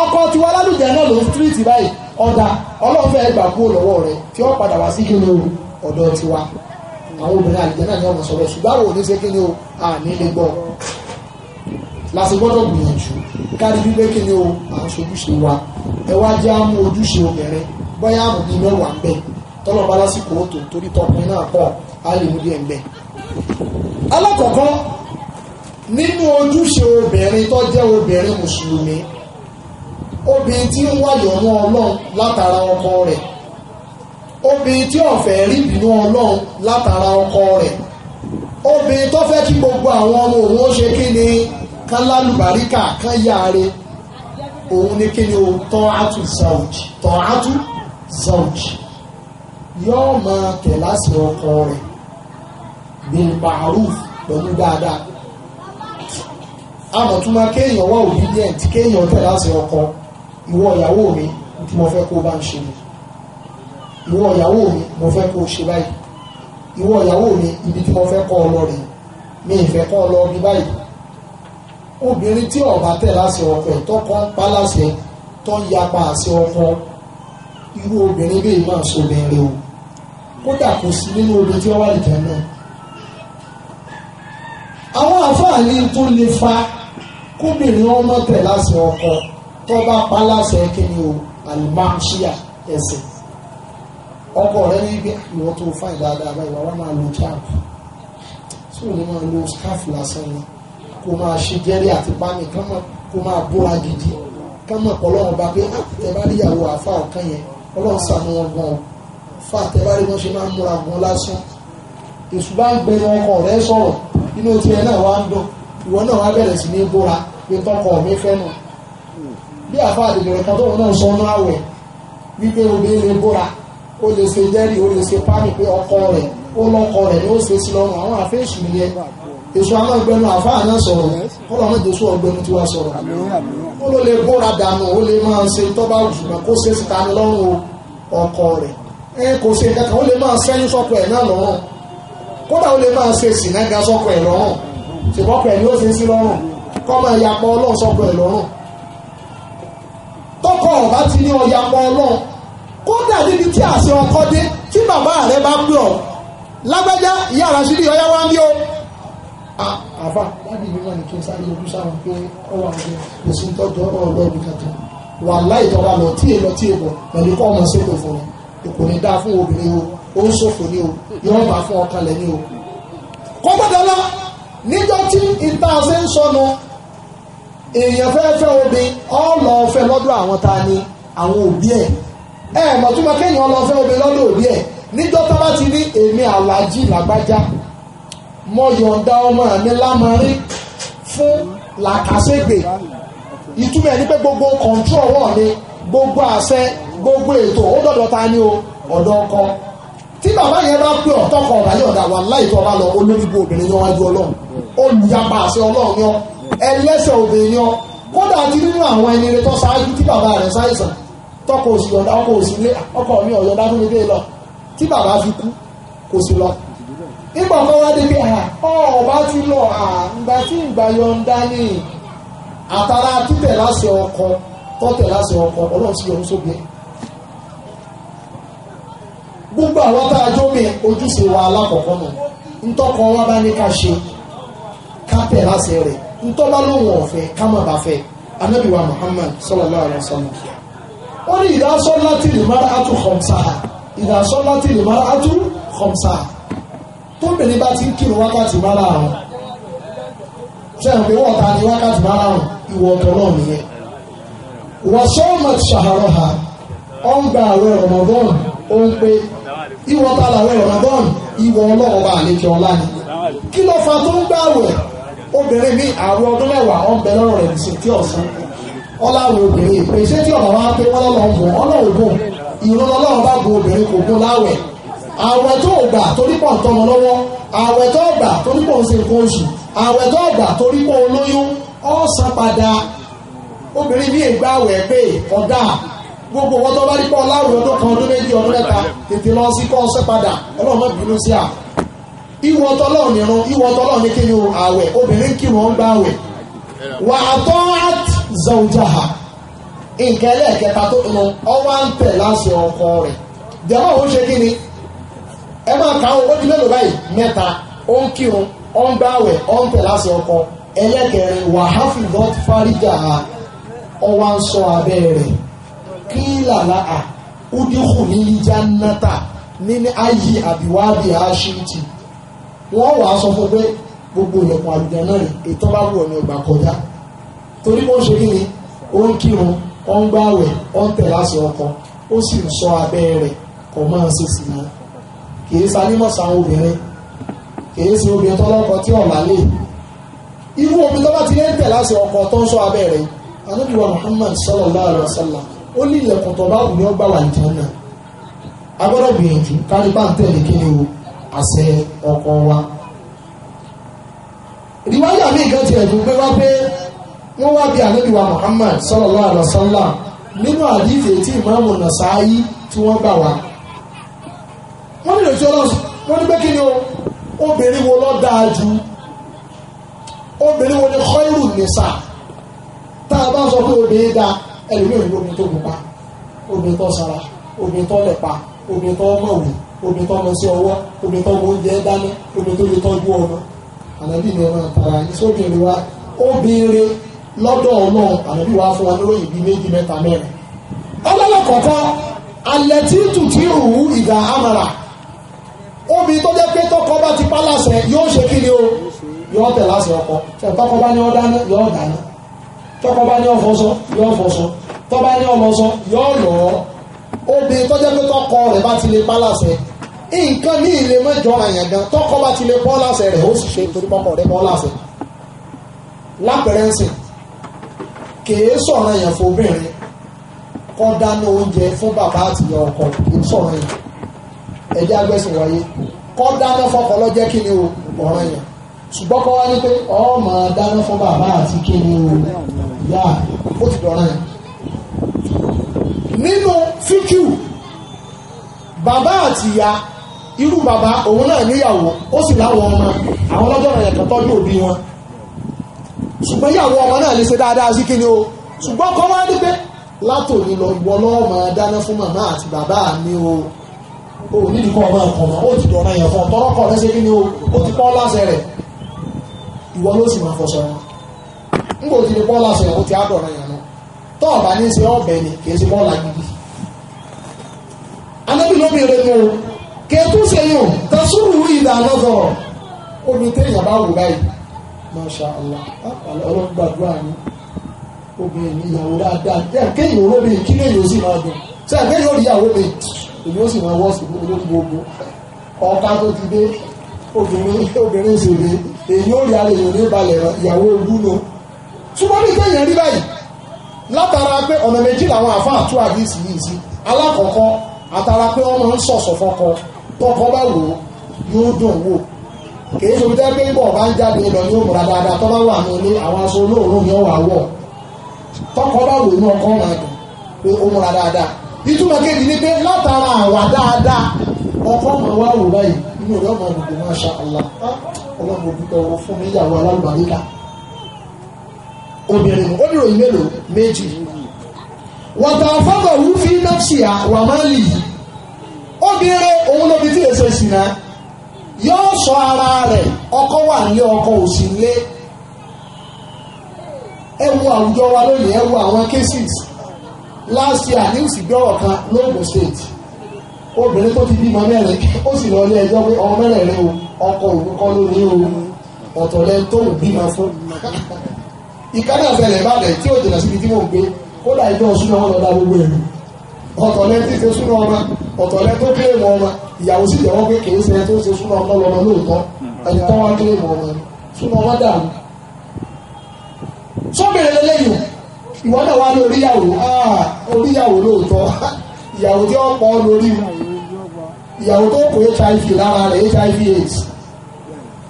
A: ọkọ tiwa lálùjẹ náà ló ń tírìtì báyìí ọ̀dà ọlọ́fẹ́ ẹgbà kúrò lọ́wọ́ rẹ tí ó padà wá sí kí o ọ̀dọ̀ tiwa àwọn obìnrin àlùjẹ náà ni ọmọ sọ̀rọ̀ ṣùgbọ́n àwọn kí o àní lè gbọ́ gbọ́dọ̀ kárí o à ń ṣojúṣe wa ẹ wá jẹ́ ojúṣe obìnrin àmú mẹ́wàá nínú ojúṣe obìnrin tó jẹ́ obìnrin mùsùlùmí obìnrin tí ń wáyọ̀ mọ́ ọlọ́run látara ọkọ rẹ̀ obìnrin tí ọ̀fẹ́ rí ìbínú ọlọ́run látara ọkọ rẹ̀ obìnrin tó fẹ́ kí gbogbo àwọn ọmọ òun ó ṣe kí ni kán lálùbáríkà kán yáre òun ní kí ni o tán átù zawj tán átù zawj yóò máa tẹ̀ láti ọkọ rẹ̀ bil ma'ruf pẹ̀lú dáadáa àmọ̀túnmá kéèyàn wá obedient kéèyàn tẹ̀lé àṣẹ ọkọ ìwọ ìyàwó mi tí mo fẹ́ kó bá ń ṣe ni ìwọ ìyàwó mi mo fẹ́ kó ṣe báyìí ìwọ ìyàwó mi ibi tí mo fẹ́ kọ́ ọ lọ rè mi ìfẹ́ kọ́ ọ lọ bí báyìí obìnrin tí ọba tẹ̀lé àṣẹ ọkọ ẹ̀ tọkọ ń pa láṣẹ tó yapa àṣẹ ọkọ irú obìnrin bẹ́ẹ̀ máa ṣobìnrin o kódà kò sí nínú obìnrin tí wọ́n wà lìjẹ́ náà àwọn àfáà ní tó lè fa kóbìnrin ọmọ tẹ̀ láṣẹ ọkọ tó bá pa láṣẹ kíni o alimansia ẹsẹ̀ ọkọ rẹ ní gbé ìwọ tó fáì dáadáa báyìí wàá máa lo jáàpù tí ò ní máa lo scarf lásán ni kó máa ṣe jẹ́rí àti pání kó máa bóra gidi ká mọ̀ pọ̀ lọ́wọ́ bá pé ah, ẹ bá rí ìyàwó àfa ọ̀kan yẹn ọlọ́run sàmú wọn gan o fa àtẹ bá rí wọn ṣe máa ń múra gan lásán èṣù bá ń gbẹnu ọkọ rẹ sọ̀rọ̀ inú tiẹ̀ náà wá ń dùn ìwọ náà wá bẹ̀rẹ̀ sí ní bóra pé tọkọ mi fẹ́nu bí àfáà àdìgbòrò kan tóun náà sọ ọ́nà àwẹ̀ wípé obìnrin lè bóra ó lè ṣe jẹ́rìí ó lè ṣe pámì pé ọkọ rẹ̀ ó lọ́kọ rẹ̀ ni ó ṣe sí lọ́rùn àwọn àfẹ́sù nìyẹn èso àwọn ọgbẹnu àfáà náà sọ̀rọ̀ ó lọ́mọ jésù ọgbẹnu tí wàá sọ̀rọ̀ ó ló lè bóra dànù ó lè máa ṣe tọ́ba òṣùgbọ́n kó ṣe síta ní lọ́rùn ọkọ rẹ̀ ẹ kò ṣe kankan ó lè máa sẹ́yìn sọ́kọ ẹ̀ náà lọ́rùn kódà ó lè máa ṣe sìnẹ́gà sọ́kọ ẹ̀ lọ́rùn ṣùgbọ́kọ ẹ̀ ó ṣe sí lọ́rùn kọ́mọ ẹ̀yà pọ̀ ọlọ́run sọ́kọ̀ ẹ̀ lọ́rùn tọkọ ọba ti ní ọ̀yà pọ̀ ọlọ́run kódà níbi tí àṣẹ ọkọ dé tí bàbá rẹ bá pè ọ lágbájá ìyá Rashidi ọyá wa ń bí o àbá láti ìlú náà ni kí n sáré ojú sáwọn pé ọwọ́ àwọn èsì tọjọ ọ̀rọ̀ ọdún kankan wà láì tọba lọ tí èlọ tí èbọ pẹ̀lú kọ ọmọ sókè fún ọ kò ní dáa fún obìnrin o ó ń ṣòfò ní o yóò bá fún ọkàn lẹ ní o. kọ́ńtàdọ́lá níjọ́ tí ìta ṣe ń sọnù èèyàn fẹ́ fẹ́ obìnrin ọ̀lọ́ ọ̀fẹ́ lọ́dọ̀ àwọn ta ni àwọn òbí ẹ̀ ẹ mọ̀ tó máa kéèyàn lọ fẹ́ obìnrin lọ́dọ̀ òbí ẹ̀ níjọ́ tó bá ti ní èmi aláàjì làgbájá mo yọ̀ǹda ọmọ mi lámọ́rí fún làkàṣègbè ìtumọ̀ ẹ̀ ní pé gbogbo kọ̀ǹtrọ̀ ọwọ́ mi gbogbo àṣẹ gbogbo ètò ó dọ̀dọ̀ ta ni o ọ̀dọ̀ ọkọ tí bàbá yẹn bá pè ọ̀tọ̀ kan ọ̀rọ̀ ayé ọ̀dà wà láì tó ọba lọ olórí ibo obìnrin níwájú ọlọ́run olùyapa àṣẹ ọlọ́run yọ ẹlẹ́sẹ̀ obìnrin ọ kódà ti nínú àwọn ẹni rẹ tó ṣáájú bàbá rẹ̀ ṣàìsàn tọkọ òsì yọ̀dá ọkọ òsì lé ọkọ ọ̀yọ̀dá tí bàbá fi kú kò sí lọ nígbà kan wá ti lọ àtàrà títẹ̀ láṣẹ ọkọ tọ́tẹ̀ láṣẹ ọkọ ọlọ́run gbogbo àwọn tá ojúṣe wa ntọ́ba lóhùn ọ̀fẹ́ ká má bàa fẹ́ anabi wa muhammad sallallahu alayhi wa sallam ó ní ìdásọ́ láti lè mara atu khamsaha ìdásọ́ láti lè mara atu khamsaha tóbìnrin bá ti ń kírun wákàtí márààrún sẹ́yìn pé wọ́n ta ni wákàtí márààrún ìwọ ọ̀tọ̀ náà nìyẹn wàṣọ́ọ̀mà ṣàhárọ̀ ha ó ń gba àwẹ̀ ramadan ó ń pe ìwọ ta làwẹ̀ ramadan ìwọ ọlọ́ọ̀ba àlejò ọlá ni kí ló fà tó ń obìnrin mi àwọn ọdún mẹ́wàá ọ̀n bẹ lọ́rọ̀ rẹ̀ sí tí ọ̀sán ọláwọ̀ obìnrin ìpè ṣé tí ọ̀nà wa pé wọ́n lọ́wọ́ bò wọ́n lọ́wọ́ bò ìrún ọlọ́run bá bo obìnrin kò gún láwẹ̀ àwẹ̀ tó gbà torí pọ̀ ń tọmọ lọ́wọ́ àwẹ̀ tó gbà torí pọ̀ ń ṣe nǹkan oṣù àwẹ̀ tó gbà torí pọ̀ ń lóyún ọ̀sán padà obìnrin mi ìgbà àwẹ̀ pé ọ̀dà gbogbo wọn tó bá rí pọ̀ láwẹ̀ ọdún kan ọdún méjì ọdún mẹ́ta tètè lọ sí kọ́ ọ̀sán padà ọlọ́run mọ̀ bínú sí à ìwọ tọ́lọ́ nìran ìwọ tọ́lọ́ ní kíni o àwẹ̀ obìnrin kírun ó gbà àwẹ̀ wà á tọ́ at zawjaha nǹkan ẹlẹ́ẹ̀kẹta tó pinnu ọwọ́ ń tẹ̀ láṣẹ ọkọ rẹ̀ jẹ́mọ́ òun ṣe kíni ẹ máa kà ó ó di mélòó báyìí mẹ́ta ó ń kírun ó ń gbà àwẹ̀ ó ń tẹ̀ láṣẹ ọkọ ẹlẹ́kẹrin wà á fi dọ́t fáríjà ọwọ́ ń sọ abẹ́ rẹ̀ kí làlá à ó dínkù ní ìjà náta ní ayé àbíwá àbí àṣírí tì wọ́n wà á sọ fún pé gbogbo ìlẹ̀kùn àlùjá náà rè ètò bá wù ọ̀nà ìgbà kọjá torí bó ń ṣe kí ni ó ń kírun ó ń gbààwẹ̀ ó ń tẹ̀ láti ọkọ ó sì ń sọ abẹ́ rẹ̀ kò máa ṣe sì náà kìí sanímọ̀sá àwọn obìnrin kìí ṣe obìnrin tọ́lọ́kọ tí ọ̀la lè irú omi tó bá ti lé ń tẹ̀ láti ọkọ tó ń sọ abẹ́ rẹ̀ anábìwá Muhammad sallallahu alaihi wasallam ó ní ìlẹ̀kùn tó bá wù ní ọgbà wà nìkan náà agbọ́dọ̀ gbìyànjú kárí bá asị ọkọ wa ìdíwáyà mi nǹkan tiẹ̀ tó wá pé wọ́n Muhammad sallallahu alaihi sallam nínú àdìsí tí ìmáàmù Nasa'i tí wọ́n gbà wá wọ́n nílò tí ọlọ́sùn wọ́n ní pé kí ni o obìnrin wo ló dáa obìnrin wo ni nisa tá a bá sọ pé obìnrin da ẹlòmíràn ló ń tó obìnrin tó sara obìnrin tó obìnrin tó omi tó mọ sí ọwọ́ omi tó mọ oúnjẹ dáná omi tó lè tọ́jú ọmọ ànábì ni ẹran àtàrà ní sóbìnrin wa obìnrin lọ́dọ̀ ọlọ́run ànábì wa fún wa lórí ìbí méjì mẹ́ta mẹ́rin ọlọ́lọ́kọ̀ọ́kọ́ alẹ́ tí tùtù ìhù ìdá àmàrà omi tó jẹ́ pé tọkọ bá ti pálàṣẹ yóò ṣe kí ni o yóò tẹ̀ láṣẹ ọkọ tọkọ bá ní ọ dáná yóò dáná tọkọ bá ní ọfọṣọ yóò fọṣọ tọba ní ọlọṣọ yóò lọ obìnrin tó jẹ́ pé tọkọ rẹ̀ bá ti lè pálàṣẹ nǹkan ní ilé mẹ́jọra yẹn gan tọ́kọ bá ti lè bọ́ láṣẹ rẹ̀ ó sì ṣe torí pọ́kọ rẹ̀ bọ́ láṣẹ lápẹ̀rẹ̀ ń sìn kìí sọ̀rọ̀ yẹn fobìnrin kọ́ dáná oúnjẹ fún bàbá àti ìyá ọkọ kìí sọ̀rọ̀ yẹn ẹ̀jẹ̀ agbẹ́sìn wáyé kọ́ dáná fọkọ lọ́jẹ́ kí ni o ọ̀rọ̀ yẹn ṣùgbọ́n kọ́ wá ní pé ọmọ dáná fún bàbá àti kí ni o yá ó ti dọ̀rọ̀ yẹn nínú fíkìú bàbá àti ìyá irú bàbá òun náà níyàwó ó sì láwọ ọmọ àwọn ọlọ́jọ́ ọ̀rọ̀ kan tọ́jú òbí wọn ṣùgbọ́n ìyàwó ọmọ náà lè ṣe dáadáa sí kí ni o ṣùgbọ́n kọ́ wá ní látòní lọ wọ dáná fún màmá àti bàbá mi o ò ọmọ mọ́ ó ti yẹn fún kọ́ kí o ó ti pọ́ láṣẹ rẹ̀ ìwọ ló sì máa fọṣọ wọn ní pọ́ láṣẹ kẹtù sẹyìn tasúrù ìdá lọ́dọ̀ omi téèyàn bá wù báyìí masha allah ọlọ́run gbàdúrà ni obìnrin ní ìyàwó dáadáa jẹ́ kéèyàn olóbìnrin kí lè yóò sì máa dùn ṣé àgbẹ̀yìn ò rí ìyàwó mi èmi ó sì máa wọ́ sí olórí gbogbo ọ̀ka tó ti dé obìnrin obìnrin ṣèlè èyí ó rí ara ní balẹ̀ ìyàwó ogún nu ṣùgbọ́n ní rí báyìí látara pé ọ̀nà méjì làwọn àfáà tú àdìsí yìí sí alákọ̀ọ́kọ́ àtara pé wọ́n ń sọ̀sọ̀ fọ́kọ tọ́kọ bá wò yóò dùn wò kìí pé bọ̀ bá ń jáde lọ ní òmùra dáadáa tọ́ bá wà ní ilé àwọn aṣọ olóòórùn ni wà wọ̀ tọ́kọ bá wò inú ọkọ dùn pé dáadáa ìtumọ̀ kejì ni pé látara àwà dáadáa ọkọ máa wá wò báyìí inú ọmọ obìnrin òun lóbi tí èso ìsìnà yóò sọ ara rẹ̀ ọkọ wà nílé ọkọ òsì nílé ẹ wo àwùjọ wa lónìí ẹ wo àwọn cases last year ní ìsìgbọ́rọ̀ kan lóògùn state obìnrin tó ti bímọ mẹ́rin ó sì lọ ilé ẹjọ́ pé ọmọ mẹ́rẹ̀ẹ̀rin o ọkọ òun kọ́ ló ní o ọ̀tọ̀lẹ́ tó ń bímọ fún ìkádà ṣẹlẹ̀ ìbàdàn tí ò jìnà síbi tí mò ń gbé kódà ìjọ súná wọn lọ dá gbogbo ẹ̀rù ọ̀tọ̀lẹ́ tí ṣe súná ọmọ ọ̀tọ̀lẹ́ tó kílèmù ọmọ ìyàwó sì jẹ́wọ́ pé kìí ṣe tó ṣe súnà ọmọ lọ́mọ lóòótọ́ ẹni tó wá kílèmù ọmọ súnà ọmọ dàrú. sọ́bìnrin lélẹ́yìn ìwọ náà wá lórí ìyàwó oríyàwó lóòótọ́ [laughs] ìyàwó tí ó pọ̀ lórí ìyàwó tó kó hiv lára rẹ̀ hiv aids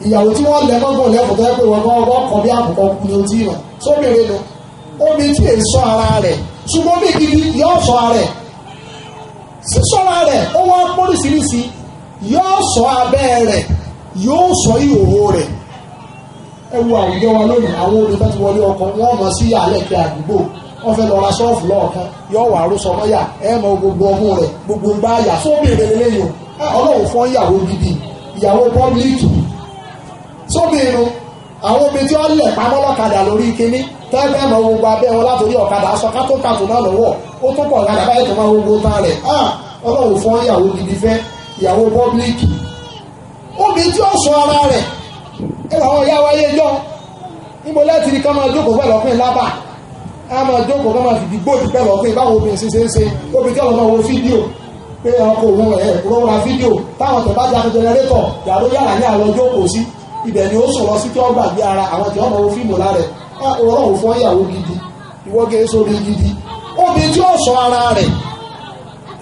A: ìyàwó tí wọ́n lẹ mọ́gbọ̀n lẹ́fọ̀ọ́ tó yẹ pé wọ́n kọ́ bí àbùkọ ni o ti hàn sóbìnrin nu omi tí èso ara rẹ̀ ṣùgbọ́n bí gidi yóò sọ ara rẹ̀ sísọ́ra rẹ̀ ó wá póríṣiríṣi yóò sọ abẹ́ rẹ̀ yóò sọ ìhòòhò rẹ̀ ẹ wo àwùjọ wa lónìí àwọn obìnrin bá ti wọlé ọkọ wọn mọ sí àlẹ kí àdúgbò wọn fẹ́ lọ ra ṣọ́ọ̀fù lọọkan yóò wà arúsọ mọyà ẹ mọ gbogbo ọmú rẹ̀ gbogbo ń bá yà fún obìnrin o ah, Ọlọ́run fún ìyàwó gidi ìyàwó pọbílíìkì sóbìnrin àwọn obìnrin tí wọn lẹ pamọ́ lọ́kadà lórí kínní tẹ́lẹ̀ àmọ́ gbogbo abẹ́ wọn látòrí ọ̀kadà aṣọ kátó kàtó náà lọ́wọ́ ó tún pọ̀ ọ̀kadà báyìí tó máa gbogbo ta rẹ̀ á ah! ọlọ́run fún ìyàwó gidi fẹ́ ìyàwó pọ́blíkì omi tí ó sọ ara rẹ̀ ẹ wà wọ́n yá wáyé jọ níbo lẹ́tì ni ká máa jókòó pẹ̀lú ọkùnrin lábà á máa jókòó ká máa fìdí gbòdì pẹ̀lú ọkùnrin báwo obìnrin ṣe ṣe ń ṣe obìnrin tí ọlọ́mọ wo fídíò pé ọkọ̀ òun ẹ̀ rọra fídíò táwọn tẹ̀ bá jáde jẹnẹrétọ̀ yàrá yàrá ní àwọn jókòó sí ibẹ̀ ni ó sọ̀rọ̀ sí tí ó gbàgbé ara àwọn tí ọmọ wo fíìmù lára ẹ̀ ọlọ́run fún ìyàwó gidi ìwọ́gẹ́ sórí gidi obì tí ó sọ ara rẹ̀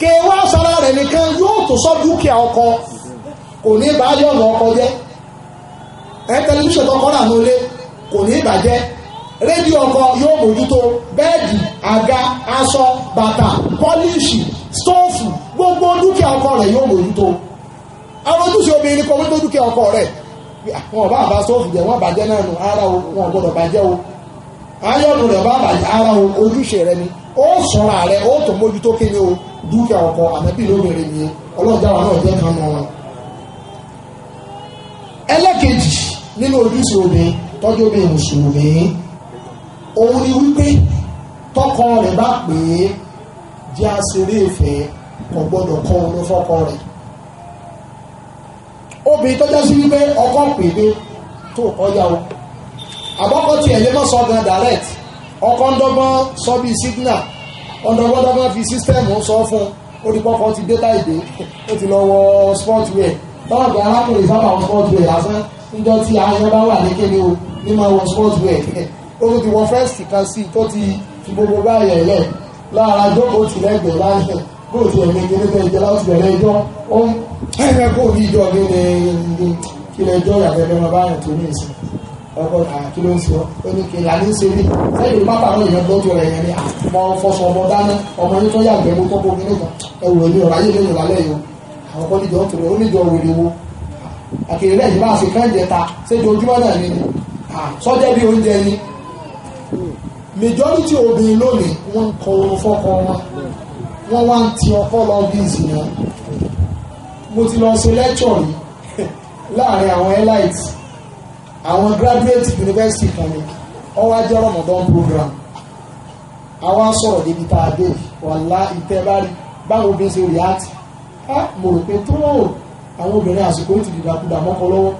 A: kéwà sára rẹ̀ nìkan yóò tó sọ dúkìá ọkọ kò ní ìbáyọ̀ ọ̀nà ọkọ jẹ́ ẹ tẹlifíṣàn tọkọ rà ní olé kò ní ìbàjẹ́ rédíò ọkọ yóò mójútó bẹ́ẹ̀dì àga aṣọ bàtà pọ́líṣì stóòfù gbogbo dúkìá ọkọ rẹ̀ yóò mójútó àwọn ojúṣe obìnrin kò mójútó dúkìá ọkọ rẹ̀ wọn bá bá sọ́ọ̀fù jẹ́ wọ́n bàjẹ́ náà nù ara o wọn gbọ́dọ̀ bàjẹ́ o ayọ́nù rẹ̀ bá bàjẹ́ ara o ojúṣe rẹ ni ó sọ̀rọ̀ rẹ ó tó mójútó kéde o dúkìá ọkọ ànábì lóbìnrin ni ọlọ́jà wa náà jẹ́ kan nù wọn. ẹlẹ́kejì nínú ojúṣe obìnrin tọ́jú obìnrin mùsùlùmí òun ni wípé tọkọ rẹ̀ bá pè é jẹ́ àṣírí ìfẹ́ kò gbọ́dọ̀ kọ́ ọ lọ́fọ́kọ rẹ̀ obìnrin tó jásí wípé ọkọ pè mí tó ọyá o àbọ̀kọ tiẹ̀ lè má sọ gan direct ọkọ ń dọ́gbọ́n sọ bíi signal ọ̀dọ́gbọ́n dọ́gbọ́n fi system sọ fún un ó di pọ́kọ́ ti dé táìdé ó ti lọ wọ sport wear tọ́wọ́ bí arákùnrin sábà wọ sport wear lásán níjọ́ tí aṣọ bá wà ní kéde o ní máa wọ sport wear ó ti wọ fẹ́ǹsì kan sí tó ti fi gbogbo báyẹ̀ lẹ̀ lára jókòó tì lẹ́gbẹ̀ẹ́ láyẹ̀ bóòtù ẹ̀mí kí fẹ́ jẹ́ láti bẹ̀rẹ̀ ẹjọ́ ó ń ẹ̀rẹ́ kó ìjọ ní ní kí lè jọ ìyàtẹ̀lẹ́ ọba àyàn tó ní ìsìn ọkọ̀ àkí ló ń sọ ó ní kí ìlànà ń ṣe ní pápá àwọn èèyàn gbọ́jú rẹ̀ yẹn ni àmọ́ fọṣọ ọmọ dáná ọmọ ní tó yà gbẹ̀mú tó kókó nígbà ẹwù ẹ̀mí ọ̀rọ̀ ayé lẹ́yìn lálẹ́ yìí àwọn kọ́ níjọ tó ó níjọ wèrè wo àkèrè lẹ́yìn máa ṣe kẹ́ǹjẹ ta séjọ ojúmọ́ náà ni sọ́jẹ́ bí oúnjẹ ni majority obìnrin lónìí wọ́n ń kọ orun fọ́kọ wọn wọ́n wá ń ti ọkọ lọ bí ìsìnà mo ti lọ ṣe lẹ́tọ̀ yìí [laughs] láàrin àwọn elite àwọn graduate university kan ni ọwọ́ ajẹ́ Ramadan program àwa sọ̀rọ̀ débi tá a dé wàhálà ìtẹ́bárí báwo bí ṣe rí àti mo rò pé tó àwọn obìnrin àsìkò ti dìdàkudà mọ́kọ lọ́wọ́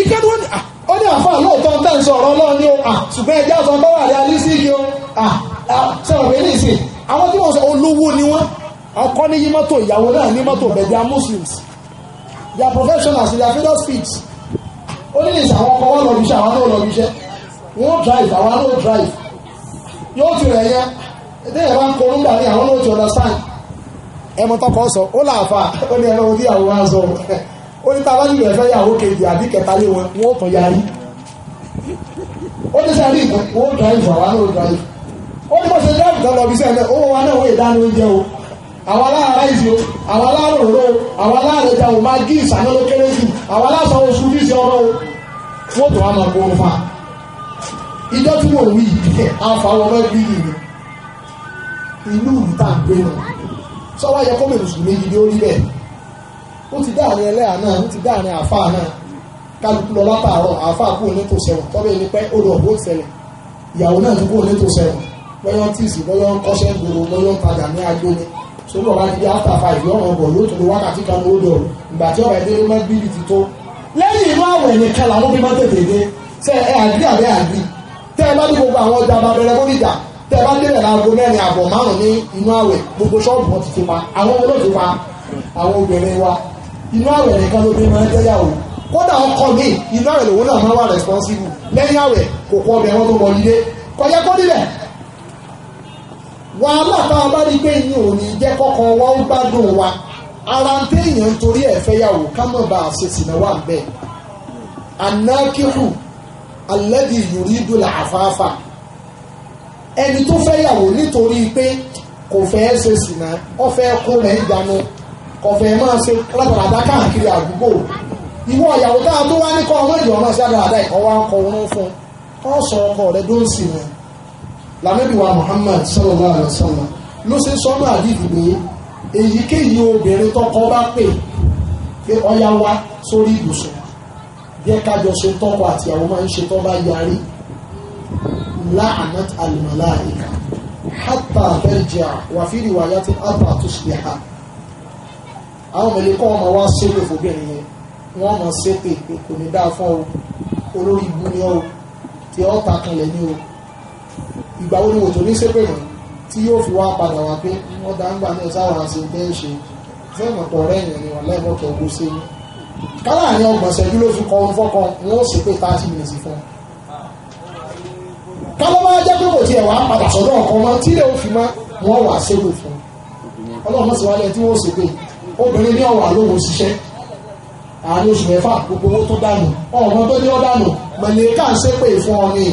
A: ìkẹ́dùn ó ní à ó ní àfáà lóòótọ́ ń tẹ̀sán ọ̀rọ̀ ọlọ́run ni ó à ṣùgbọ́n ẹjẹ́ ọ̀sán bá wà ní alísíkì ó à ṣe ọ̀gbẹ́ ní ìsìn àwọn tí wọ́n sọ ni wọ́n ọkọ ní yí mọ́tò ìyàwó náà ní mọ́tò muslims professionals freedom speech ó àwọn ọkọ wọn lọ àwọn náà lọ wọ́n drive àwọn náà drive yóò ti rẹ̀ yẹn ẹ̀dẹ́ yẹn bá ń korún gbà ní àwọn náà ti understand ẹ̀mọ tọkọ sọ ó làáfà ó ní ẹ̀rọ orí àwọn kejì àbí kẹta lé wọn wọ́n yarí ìgbà wọ́n ó ní bọ́sẹ̀ dẹ́rù tó lọ i sẹ́ẹ̀ owó wa náà wọ́n ìdáná oúnjẹ o àwọn aláàrá ìsì o àwọn aláàrá òró o àwọn aláàrá ìta o máa kéré jù àwọn oṣù bí o máa fa ìjọ tí wí yìí bí yìí gbé yẹ ti dáàrin ẹlẹ́yà náà ó ti dáàrin náà kálukú lọ látàárọ̀ kúrò tọ́bẹ̀ ní pẹ́ ó lọ bó ìyàwó náà bọ́yọ́ tíìsì bọ́yọ́ kọ́ṣẹ́ gbòòrò bọ́yọ́ tajà ní agbó ni sórí ọ̀rá ibi after five yọ̀ ọ̀rọ̀ bọ̀ yóò tó lo wákàtí kan ló dọ̀ ìgbà tí ọ̀rọ̀ ẹ̀dẹ́ mọ́ bíbí ti tó lẹ́yìn inú àwẹ̀ nìkan làwọn bí mọ́ tètè dé ṣe ẹ àgbí àbẹ́ àgbí tẹ́ ẹ bá ní gbogbo àwọn ọjà ababẹ̀rẹ̀ bóríjà tẹ́ ẹ bá délẹ̀ láago mẹ́rin àbọ̀ márùn ní inú àwẹ̀ gbogbo ṣọ́ọ̀bù wọn ti ti pa àwọn ọmọ lóòtú pa àwọn obìnrin wa inú àwẹ̀ nìkan ló bí mọ́ jẹ́yàwó kódà ọkọ mi inú àwẹ̀ lòun náà máa wà responsible lẹ́yìn àwẹ̀ kò kọ́ ọbẹ̀ wọn tó mọ ilé kọjá kó nílẹ̀ wàhálà tá a bá rí pé ìyẹn ò ní jẹ́ kọ́kọ́ wa ó gbádùn wa ara ń téèyàn torí ẹ̀ fẹ́yàwó ká mọ̀ bá a ṣe sìnà wà ń bẹ́ẹ̀ anákìrù alẹ́dì yùrídù làáfáàfà ẹni tó fẹ́yàwó nítorí pé kò fẹ́ ṣe sìnà ó fẹ́ kó rẹ̀ ń dànù kò fẹ́ máa ṣe rádaràdá káàkiri àdúgbò ìwọ ìyàwó a tó wá ní kọ́ ọmọ ìjọba ṣe rádaràdá ìkọ́ wa ń kọ orun fún ọ sọ ọkọ rẹ dó ń lànàbí wa Muhammad sallallahu alaihi wasallam ló ṣe sọ́nà àdìfù pé èyíkéyìí obìnrin tọkọ bá pè pé ọya wá sórí ibùsùn jẹ́ kájọ ṣe tọkọ àtìyàwó máa ń ṣe tọ́ bá yarí láàánà al-malaika hatta tarja wa fi riwayatin hatta tusbiha àwọn mẹ̀lẹ́kọ́ ọmọ wa ṣépè fòbìnrin yẹn wọ́n mọ̀ ṣépè pé kò ní dáa fún ọ olórí ibu ni ọ tí ọ takanlẹ̀ ni o ìgbà wo ni òtò ní sépè mọ́ tí yóò fi wá padà wá pé wọ́n dá ń gbà náà sáwọn àti ìgbẹ́ ń ṣe fẹ́ẹ̀mọ̀ pọ̀ rẹ́yìn ni wọ́n lẹ́ẹ̀mọ́ kẹ́ ogun sí i kálá ní ọgbọ̀n ṣẹ́jú ló fi kọrun fọ́kọ wọn ó sì pé thirty minutes fún un kálọ́ máa jẹ́ pé kò tiẹ̀ wá padà sọ́dọ̀ ọ̀kan mọ́ tí lè ó fi mọ́ wọn wà ṣépè fún
B: un
A: ọlọ́run sì wálé tí wọ́n ó ṣépè obìnrin ní ọ̀wà ló ń ṣiṣẹ́ àárín oṣù mẹ́fà gbogbo owó tó dànù ọmọ tó ní ọ dànù mọ̀lẹ́ká ń ṣépè fún ọ nìyí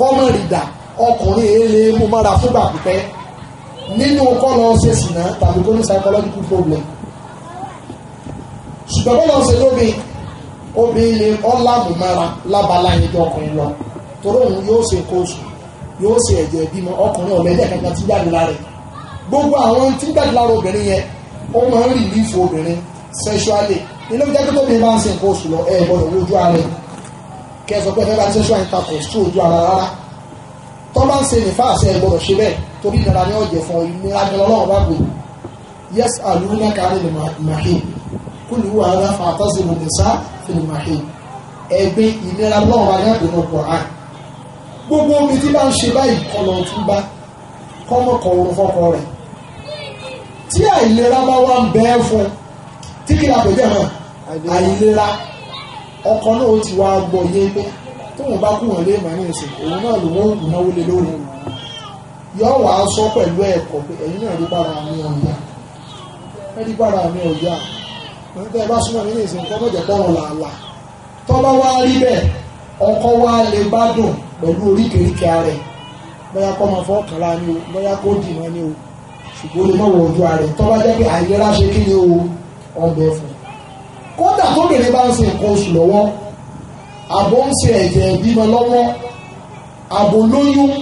A: Kọmarịda ọkùnrin ele mú mọ́ra fúngbà pípẹ́ nínú kọ́lọ́ ṣe sìnà tàbí kó ní psychological problem ṣùgbọ́n bọ́lá ṣe lóbi obìnrin ọ̀làmùmára lábala yẹn tó ọkùnrin lọ torí òun yóò ṣe kóòsù yóò ṣe ẹ̀jẹ̀ ìbímọ ọkùnrin ọ̀lẹ́dẹ̀ kankan jáde lára gbogbo àwọn tí jáde lára obìnrin yẹn ó máa ń rìlífù obìnrin sexually ilé ń ṣe kẹsọ pé fẹ́ bá ti sọ àyíká kò sí ojú ara rárá tó bá ń ṣe nìfà àṣẹ ìgbọ̀dọ̀ ṣe bẹ́ẹ̀ torí ìnira ni ọ̀jẹ̀ fún ìnira ni ọlọ́run bá gbòòrò yẹs àlùmọ́ kárí ni màhìn kúlù wà rárá fún àtọ́sí ní nìsá fún màhìn ẹgbẹ́ ìnira lọ́run bá ní àgbẹ̀nà kọ̀ọ̀án gbogbo omi tí bá ń ṣe báyìí kọlọ tún bá kọ́mọkọ̀ orun fọ́kọ rẹ̀ tí àìlera bá wà ń bẹ́ẹ̀ fún tí kí ọkọ náà ti wá gbọ́ yé pé wọ́n bá kú wọn lé màá ní ìsìn òun náà ló wọ́n kù náwó lé lórí yọ wàá sọ pẹ̀lú ẹ̀kọ́ pé ẹ̀yin náà mi ọ̀yà ẹ rí mi ọ̀yà wọn bá súnmọ́ ní ìsìn mọ̀jẹ̀ wá rí bẹ́ẹ̀ ọkọ wá lè bá dùn pẹ̀lú oríkèéríkèé ara ẹ̀ bóyá kọ́ máa fọ́ kàrá ni o bóyá kó dì mọ́ ni o ṣùgbọ́n kódà tóbìnrin bá ń ṣe nǹkan oṣù lọ́wọ́ àbò ń ṣe ẹ̀jẹ̀ ìbímọ lọ́wọ́ àbò lóyún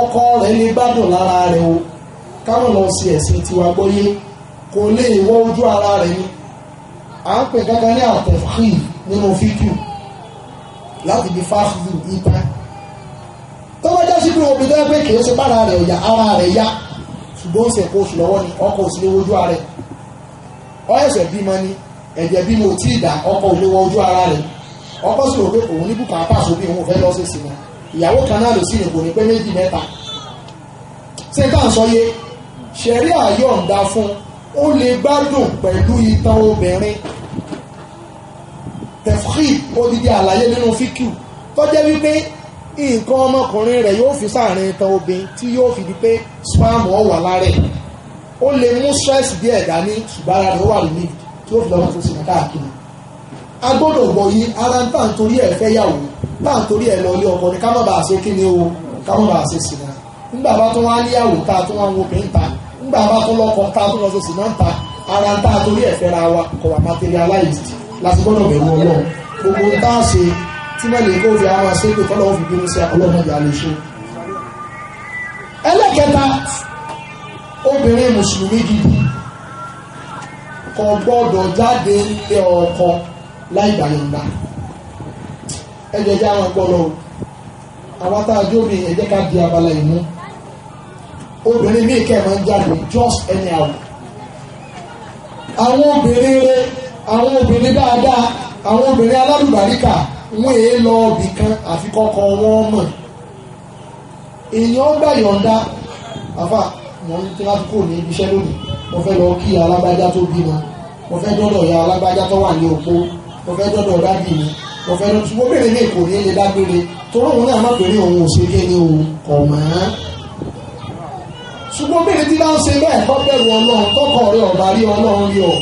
A: ọkọ rẹ̀ lè gbádùn lára rẹ̀ o káwọn lọ sí ẹ̀sìn tiwa gbọ́yé kò lè wọ ojú ara rẹ̀ ni à ń pè gángan ní àtẹ̀fíì nínú fídíò láti di fáfíì ìta tó bá jásí pé obìnrin tó yẹ pé kìí ṣe bára rẹ̀ ọ̀yà ara rẹ̀ yá ṣùgbọ́n ó ṣe kó oṣù lọ́wọ́ ni ọkọ òsì lè wojú ara rẹ̀ ọ̀ẹ́sẹ̀ bímọ ni ẹ̀jẹ̀ bí mo tí ì dà ọkọ òde wọ ojú ara rẹ̀ ọkọ sì rò pé òun ní bùkà pàṣẹ bí òun fẹ́ lọ sí sinmi ìyàwó kan náà ló sì rìn kò ní pé méjì mẹ́ta ṣé ká ń sọ yé ṣẹ̀rí àyọ̀ǹda fún ó lè gbádùn pẹ̀lú itan obìnrin tefhid odidi àlàyé nínú fíkìú tọ́jẹ́ wípé nǹkan ọmọkùnrin rẹ̀ yóò fi sáàrin itan obìnrin tí yóò fi di pé spam ọ̀ wà lára ẹ̀ ó lè mú stress díẹ̀ dání ṣùgbọ́n ara rẹ̀ wà lónìí tí ó fi lọ́wọ́ tó sinmi káàkiri a gbọ́dọ̀ gbọ́ ara tá à ń torí ẹ̀ fẹ́ yàwó tá à ń torí ẹ̀ lọ ilé ọkọ ni ká má bàa ṣe ni o ká má bàa ṣe sinmi nígbà bá tó wá ní yàwó tá a wo pé ara tá a torí ra wa wà materialized láti gbogbo tá a ṣe tí mẹ́lẹ̀ kó fi fi bínú sí ìyá lè ṣe ẹlẹ́kẹta obìnrin kò gbọ́dọ̀ jáde ilé ọkọ láì gbàyọ̀ǹda ẹjọ́ jẹ́ àwọn ọpọlọ àwọn tá a jó ká di abala ìmú obìnrin míì kẹ́ máa ń jáde just anyhow àwọn obìnrin rẹ àwọn obìnrin dáadáa àwọn obìnrin alálùbáríkà wọn èé lọ ibì kan àfi kọ́kọ́ wọn mọ̀ èèyàn gbàyọ̀ǹda àfà mo ń tí wọ́n ti kò ní ibi lónìí mo fẹ́ lọ kí alágbájá tó bímọ mo fẹ́ dọ́dọ̀ ya alágbájá tó wà ní opó mo fẹ́ dọ́dọ̀ dábì mi mo fẹ́ dọ́dọ̀ mo bèrè ní èkó ní ilé dágbére torí òun náà má pè ní òun ò ṣe ké ní o kọ̀ mọ́. ṣùgbọ́n bèrè tí bá ń ṣe bẹ́ẹ̀ kọ́ bẹ̀rù ọlọ́run tọkọ rẹ ọ̀bà rí ọlọ́run rí ọ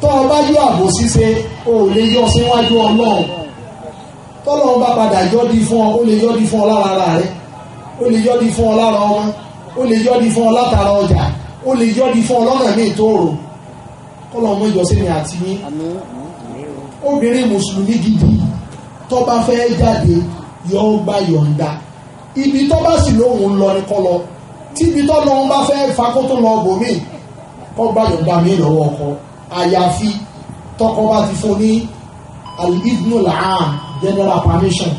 A: tọ́ ọ bá yọ àbò ṣíṣe o ò lè yọ síwájú ọlọ́run tọ́lọ́run bá padà yọ́dí fún ọ ó lè yọ́dí fún ọ lára ara rẹ ó lè yọ́dí fún ọ lára ọmọ ó lè yọ́dí fún ọ látara ọjà ó lè yọ́dí fún ọ lọ́nà míì tó rò kọ́lọ́mọ ìjọsìn ni àti yín obìnrin mùsùlùmí gidi tó bá fẹ́ jáde yọ gbà yọ̀ǹda ibi tó bá sì lóhùn lọ ni kọ́ lọ tíbi tó lọ́n bá fẹ́ fakó tó lọ bòmí kọ́ gbà yọ̀ǹda mi lọ́wọ́ ọkọ àyàfi tọkọ bá ti fún ní alibnu laam general permission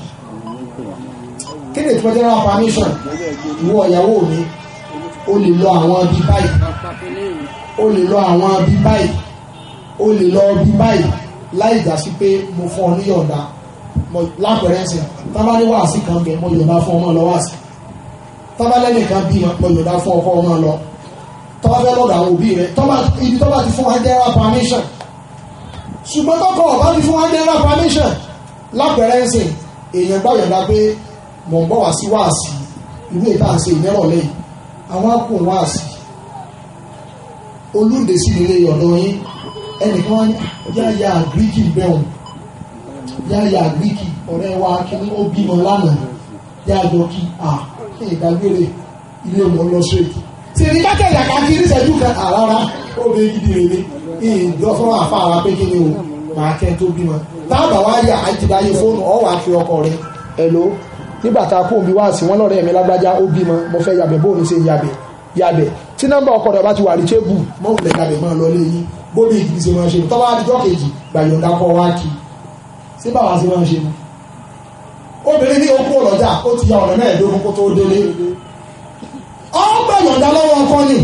A: kí ni ìtumọ̀ general permission ìwọ ìyàwó mi o lè lọ àwọn ibi o lè lọ àwọn bí báyìí o lè lọ bí báyìí láì dá sí pé mo fún ọ níyọ̀ǹda lápẹ̀rẹ̀ ẹ̀sìn tábà ní wàásì kan bẹ̀ mo yọ̀ǹda fún ọmọ lọ wàásì tábà lẹ́nìkan bí mo yọ̀ǹda fún ọkọ ọmọ lọ tọ́ba fẹ́ lọ́dọ̀ àwọn òbí rẹ ibi tọ́ba ti fún wa general permission ṣùgbọ́n tọ́kọ̀ ọba ti fún wa general permission lápẹ̀rẹ̀ ẹ̀sìn èèyàn gbọ́ yọ̀ǹda pé mò ń bọ̀ wá sí wàásì ìwé ìta àṣẹ ìnẹ́rọ̀lẹ́yìn àwọn akùn wàásì olóńdè sí ilé ọ̀dọ̀ yín ẹnìkan wá ní yáyà àgíríkì bẹ́ẹ̀ yáyà àgíríkì ọ̀rẹ́ wa kí ni ó bímọ lánàá yáyọ kí à kí ìdágbére ilé ọmọ lọ straight tìrì bá tẹ̀lé àkàkí níṣẹ́jú kan àrárá ó lè gidi rèé ní ìdọ́fọ́n àfàrà pé kí ni o máa kẹ́ tó bímọ táàbà wá yà àjìdáyé fóònù ọ̀ wá fi ọkọ rẹ ẹ ló nígbà tá a kó omi wá sí wọn lọ́rẹ́ mi lágbájá ó bímọ mo fẹ́ yàbẹ̀ bóun ṣe yàbẹ̀ yàbẹ̀ tí nọ́mbà ọkọ̀ rẹ̀ bá ti wà rí tébù mọ́wùlẹ̀ kalẹ̀ máa lọ lé yín bóbi ìgbìmí ṣe máa ṣe tọ́wọ́ àdìjọ́ kejì gbàyọ̀ǹda kọ́ wá kí sí bàbá ṣe máa ṣe mu. obìnrin ní okú ọlọ́jà ó ti ya ọ̀rẹ́ mẹ́ẹ̀ẹ́dógún kó tó délé. ó gbàyọ̀ǹda lọ́wọ́ ọkọ ni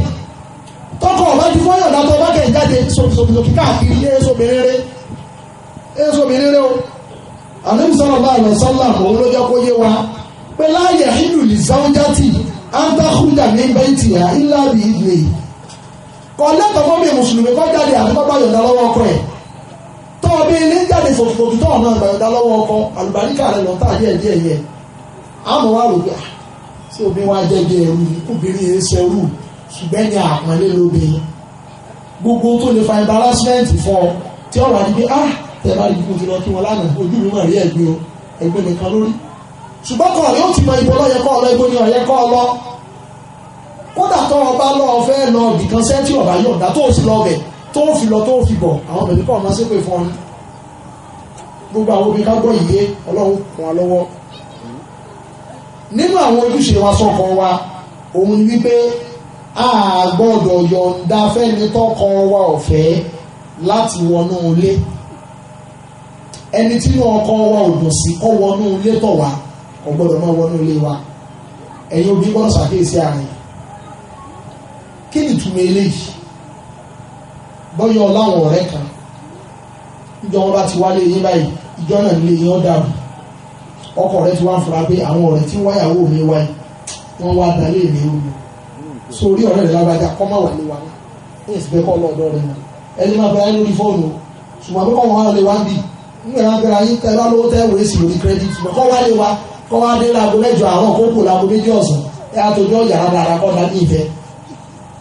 A: tọkọ ọba ti fọyọ̀ǹda tó bá kẹ̀ jáde sòkìsòkì káàkiri éèsobìnrin éèsobìnrin o àlẹ́ mi sọ̀rọ̀ bá àlọ́ sọ́lá antakunja ní bẹ́ǹtì yá ilá bí ilé kọ lẹ́tọ̀ fọ́bí mùsùlùmí kọ́ jáde àtúkọ́gbà yọ̀dá lọ́wọ́ ọkọ ẹ̀ tọ́ bí ilé jáde fòtútù tọ́ ọ̀nà ìgbà yọ̀dá lọ́wọ́ ọkọ àlùbáríkà rẹ̀ lọ́tà díẹ̀ díẹ̀ yẹ àmọ́ wà lóbi à sí ah, omi wa jẹ́ ẹrú obìnrin yẹn ṣẹrú ṣùgbẹ́ ni àpọ́nlé lóbi gbogbo tó lè fa embarrassment fọ tí ọ̀rọ̀ àdìgbé ah tẹ̀ bá rí kó ti lọ kí wọn lánàá ojú mi mà rí ẹ̀gbẹ́ o ẹ̀gbẹ́ nìkan lórí ṣùgbọ́n kọ̀ yóò ti mọ ìbọn lọ́yẹ kọ́ ọ lọ ìbọn ni kọ́ ọ lọ kódà tó ọba lọ́ọ́ fẹ́ lọ ibìkan sẹ́ńtì ọ̀bá yọ̀ǹda tó o sì lọ bẹ̀ tó o fi lọ tó o fi bọ̀ àwọn bẹ̀bí kọ́ ọ̀nà ṣépè fún ọ gbogbo àwọn obìnrin ká gbọ́ ìyé ọlọ́run kún wa lọ́wọ́ nínú àwọn ojúṣe wa sọ́kọ wa òun ni wípé a gbọ́dọ̀ yọ̀ǹda fẹ́ni tọ́kọ wa ọ̀fẹ́ láti wọnú ilé ẹni tí ọkọ wa ò dùn sí kọ́ wọnú ilé tọ̀ wá kò gbọ́dọ̀ máa wọnú ilé wa ẹ̀yin obìnrin gbọ́dọ̀ ṣàkíyèsí àárín kí ni ìtumọ̀ eléyìí bọ́yọ̀ ọláwọn ọ̀rẹ́ kan ìjọ wọn bá ti wálé yín báyìí ìjọ náà nílé yín ó dàrú ọkọ rẹ ti wá fura pé àwọn ọ̀rẹ́ tí wáyàwó mi wáyé wọ́n wá dalé mi ó lò sórí ọ̀rẹ́ rẹ lágbájá kọ́ má wà ní wa ní ìsìnkú ẹ̀kọ́ ọlọ́ọ̀dọ́ rẹ náà ẹni máa bẹ̀rẹ̀ lórí fóònù ṣùgbọ́n àbúkọ̀ wọn wá lè wá bì nígbà máa bẹ̀rẹ̀ ayé tẹ bá lówó tẹ́ wòye sí lórí kírẹ́dìtì ṣùgbọ́n kọ́ wá lè wa kọ́ wá dé láago mẹ́jọ àárọ̀ kó kù láago méjì ọ̀sán ẹ̀ àtòjọ́ yàrá dára kọ́ dání ìfẹ́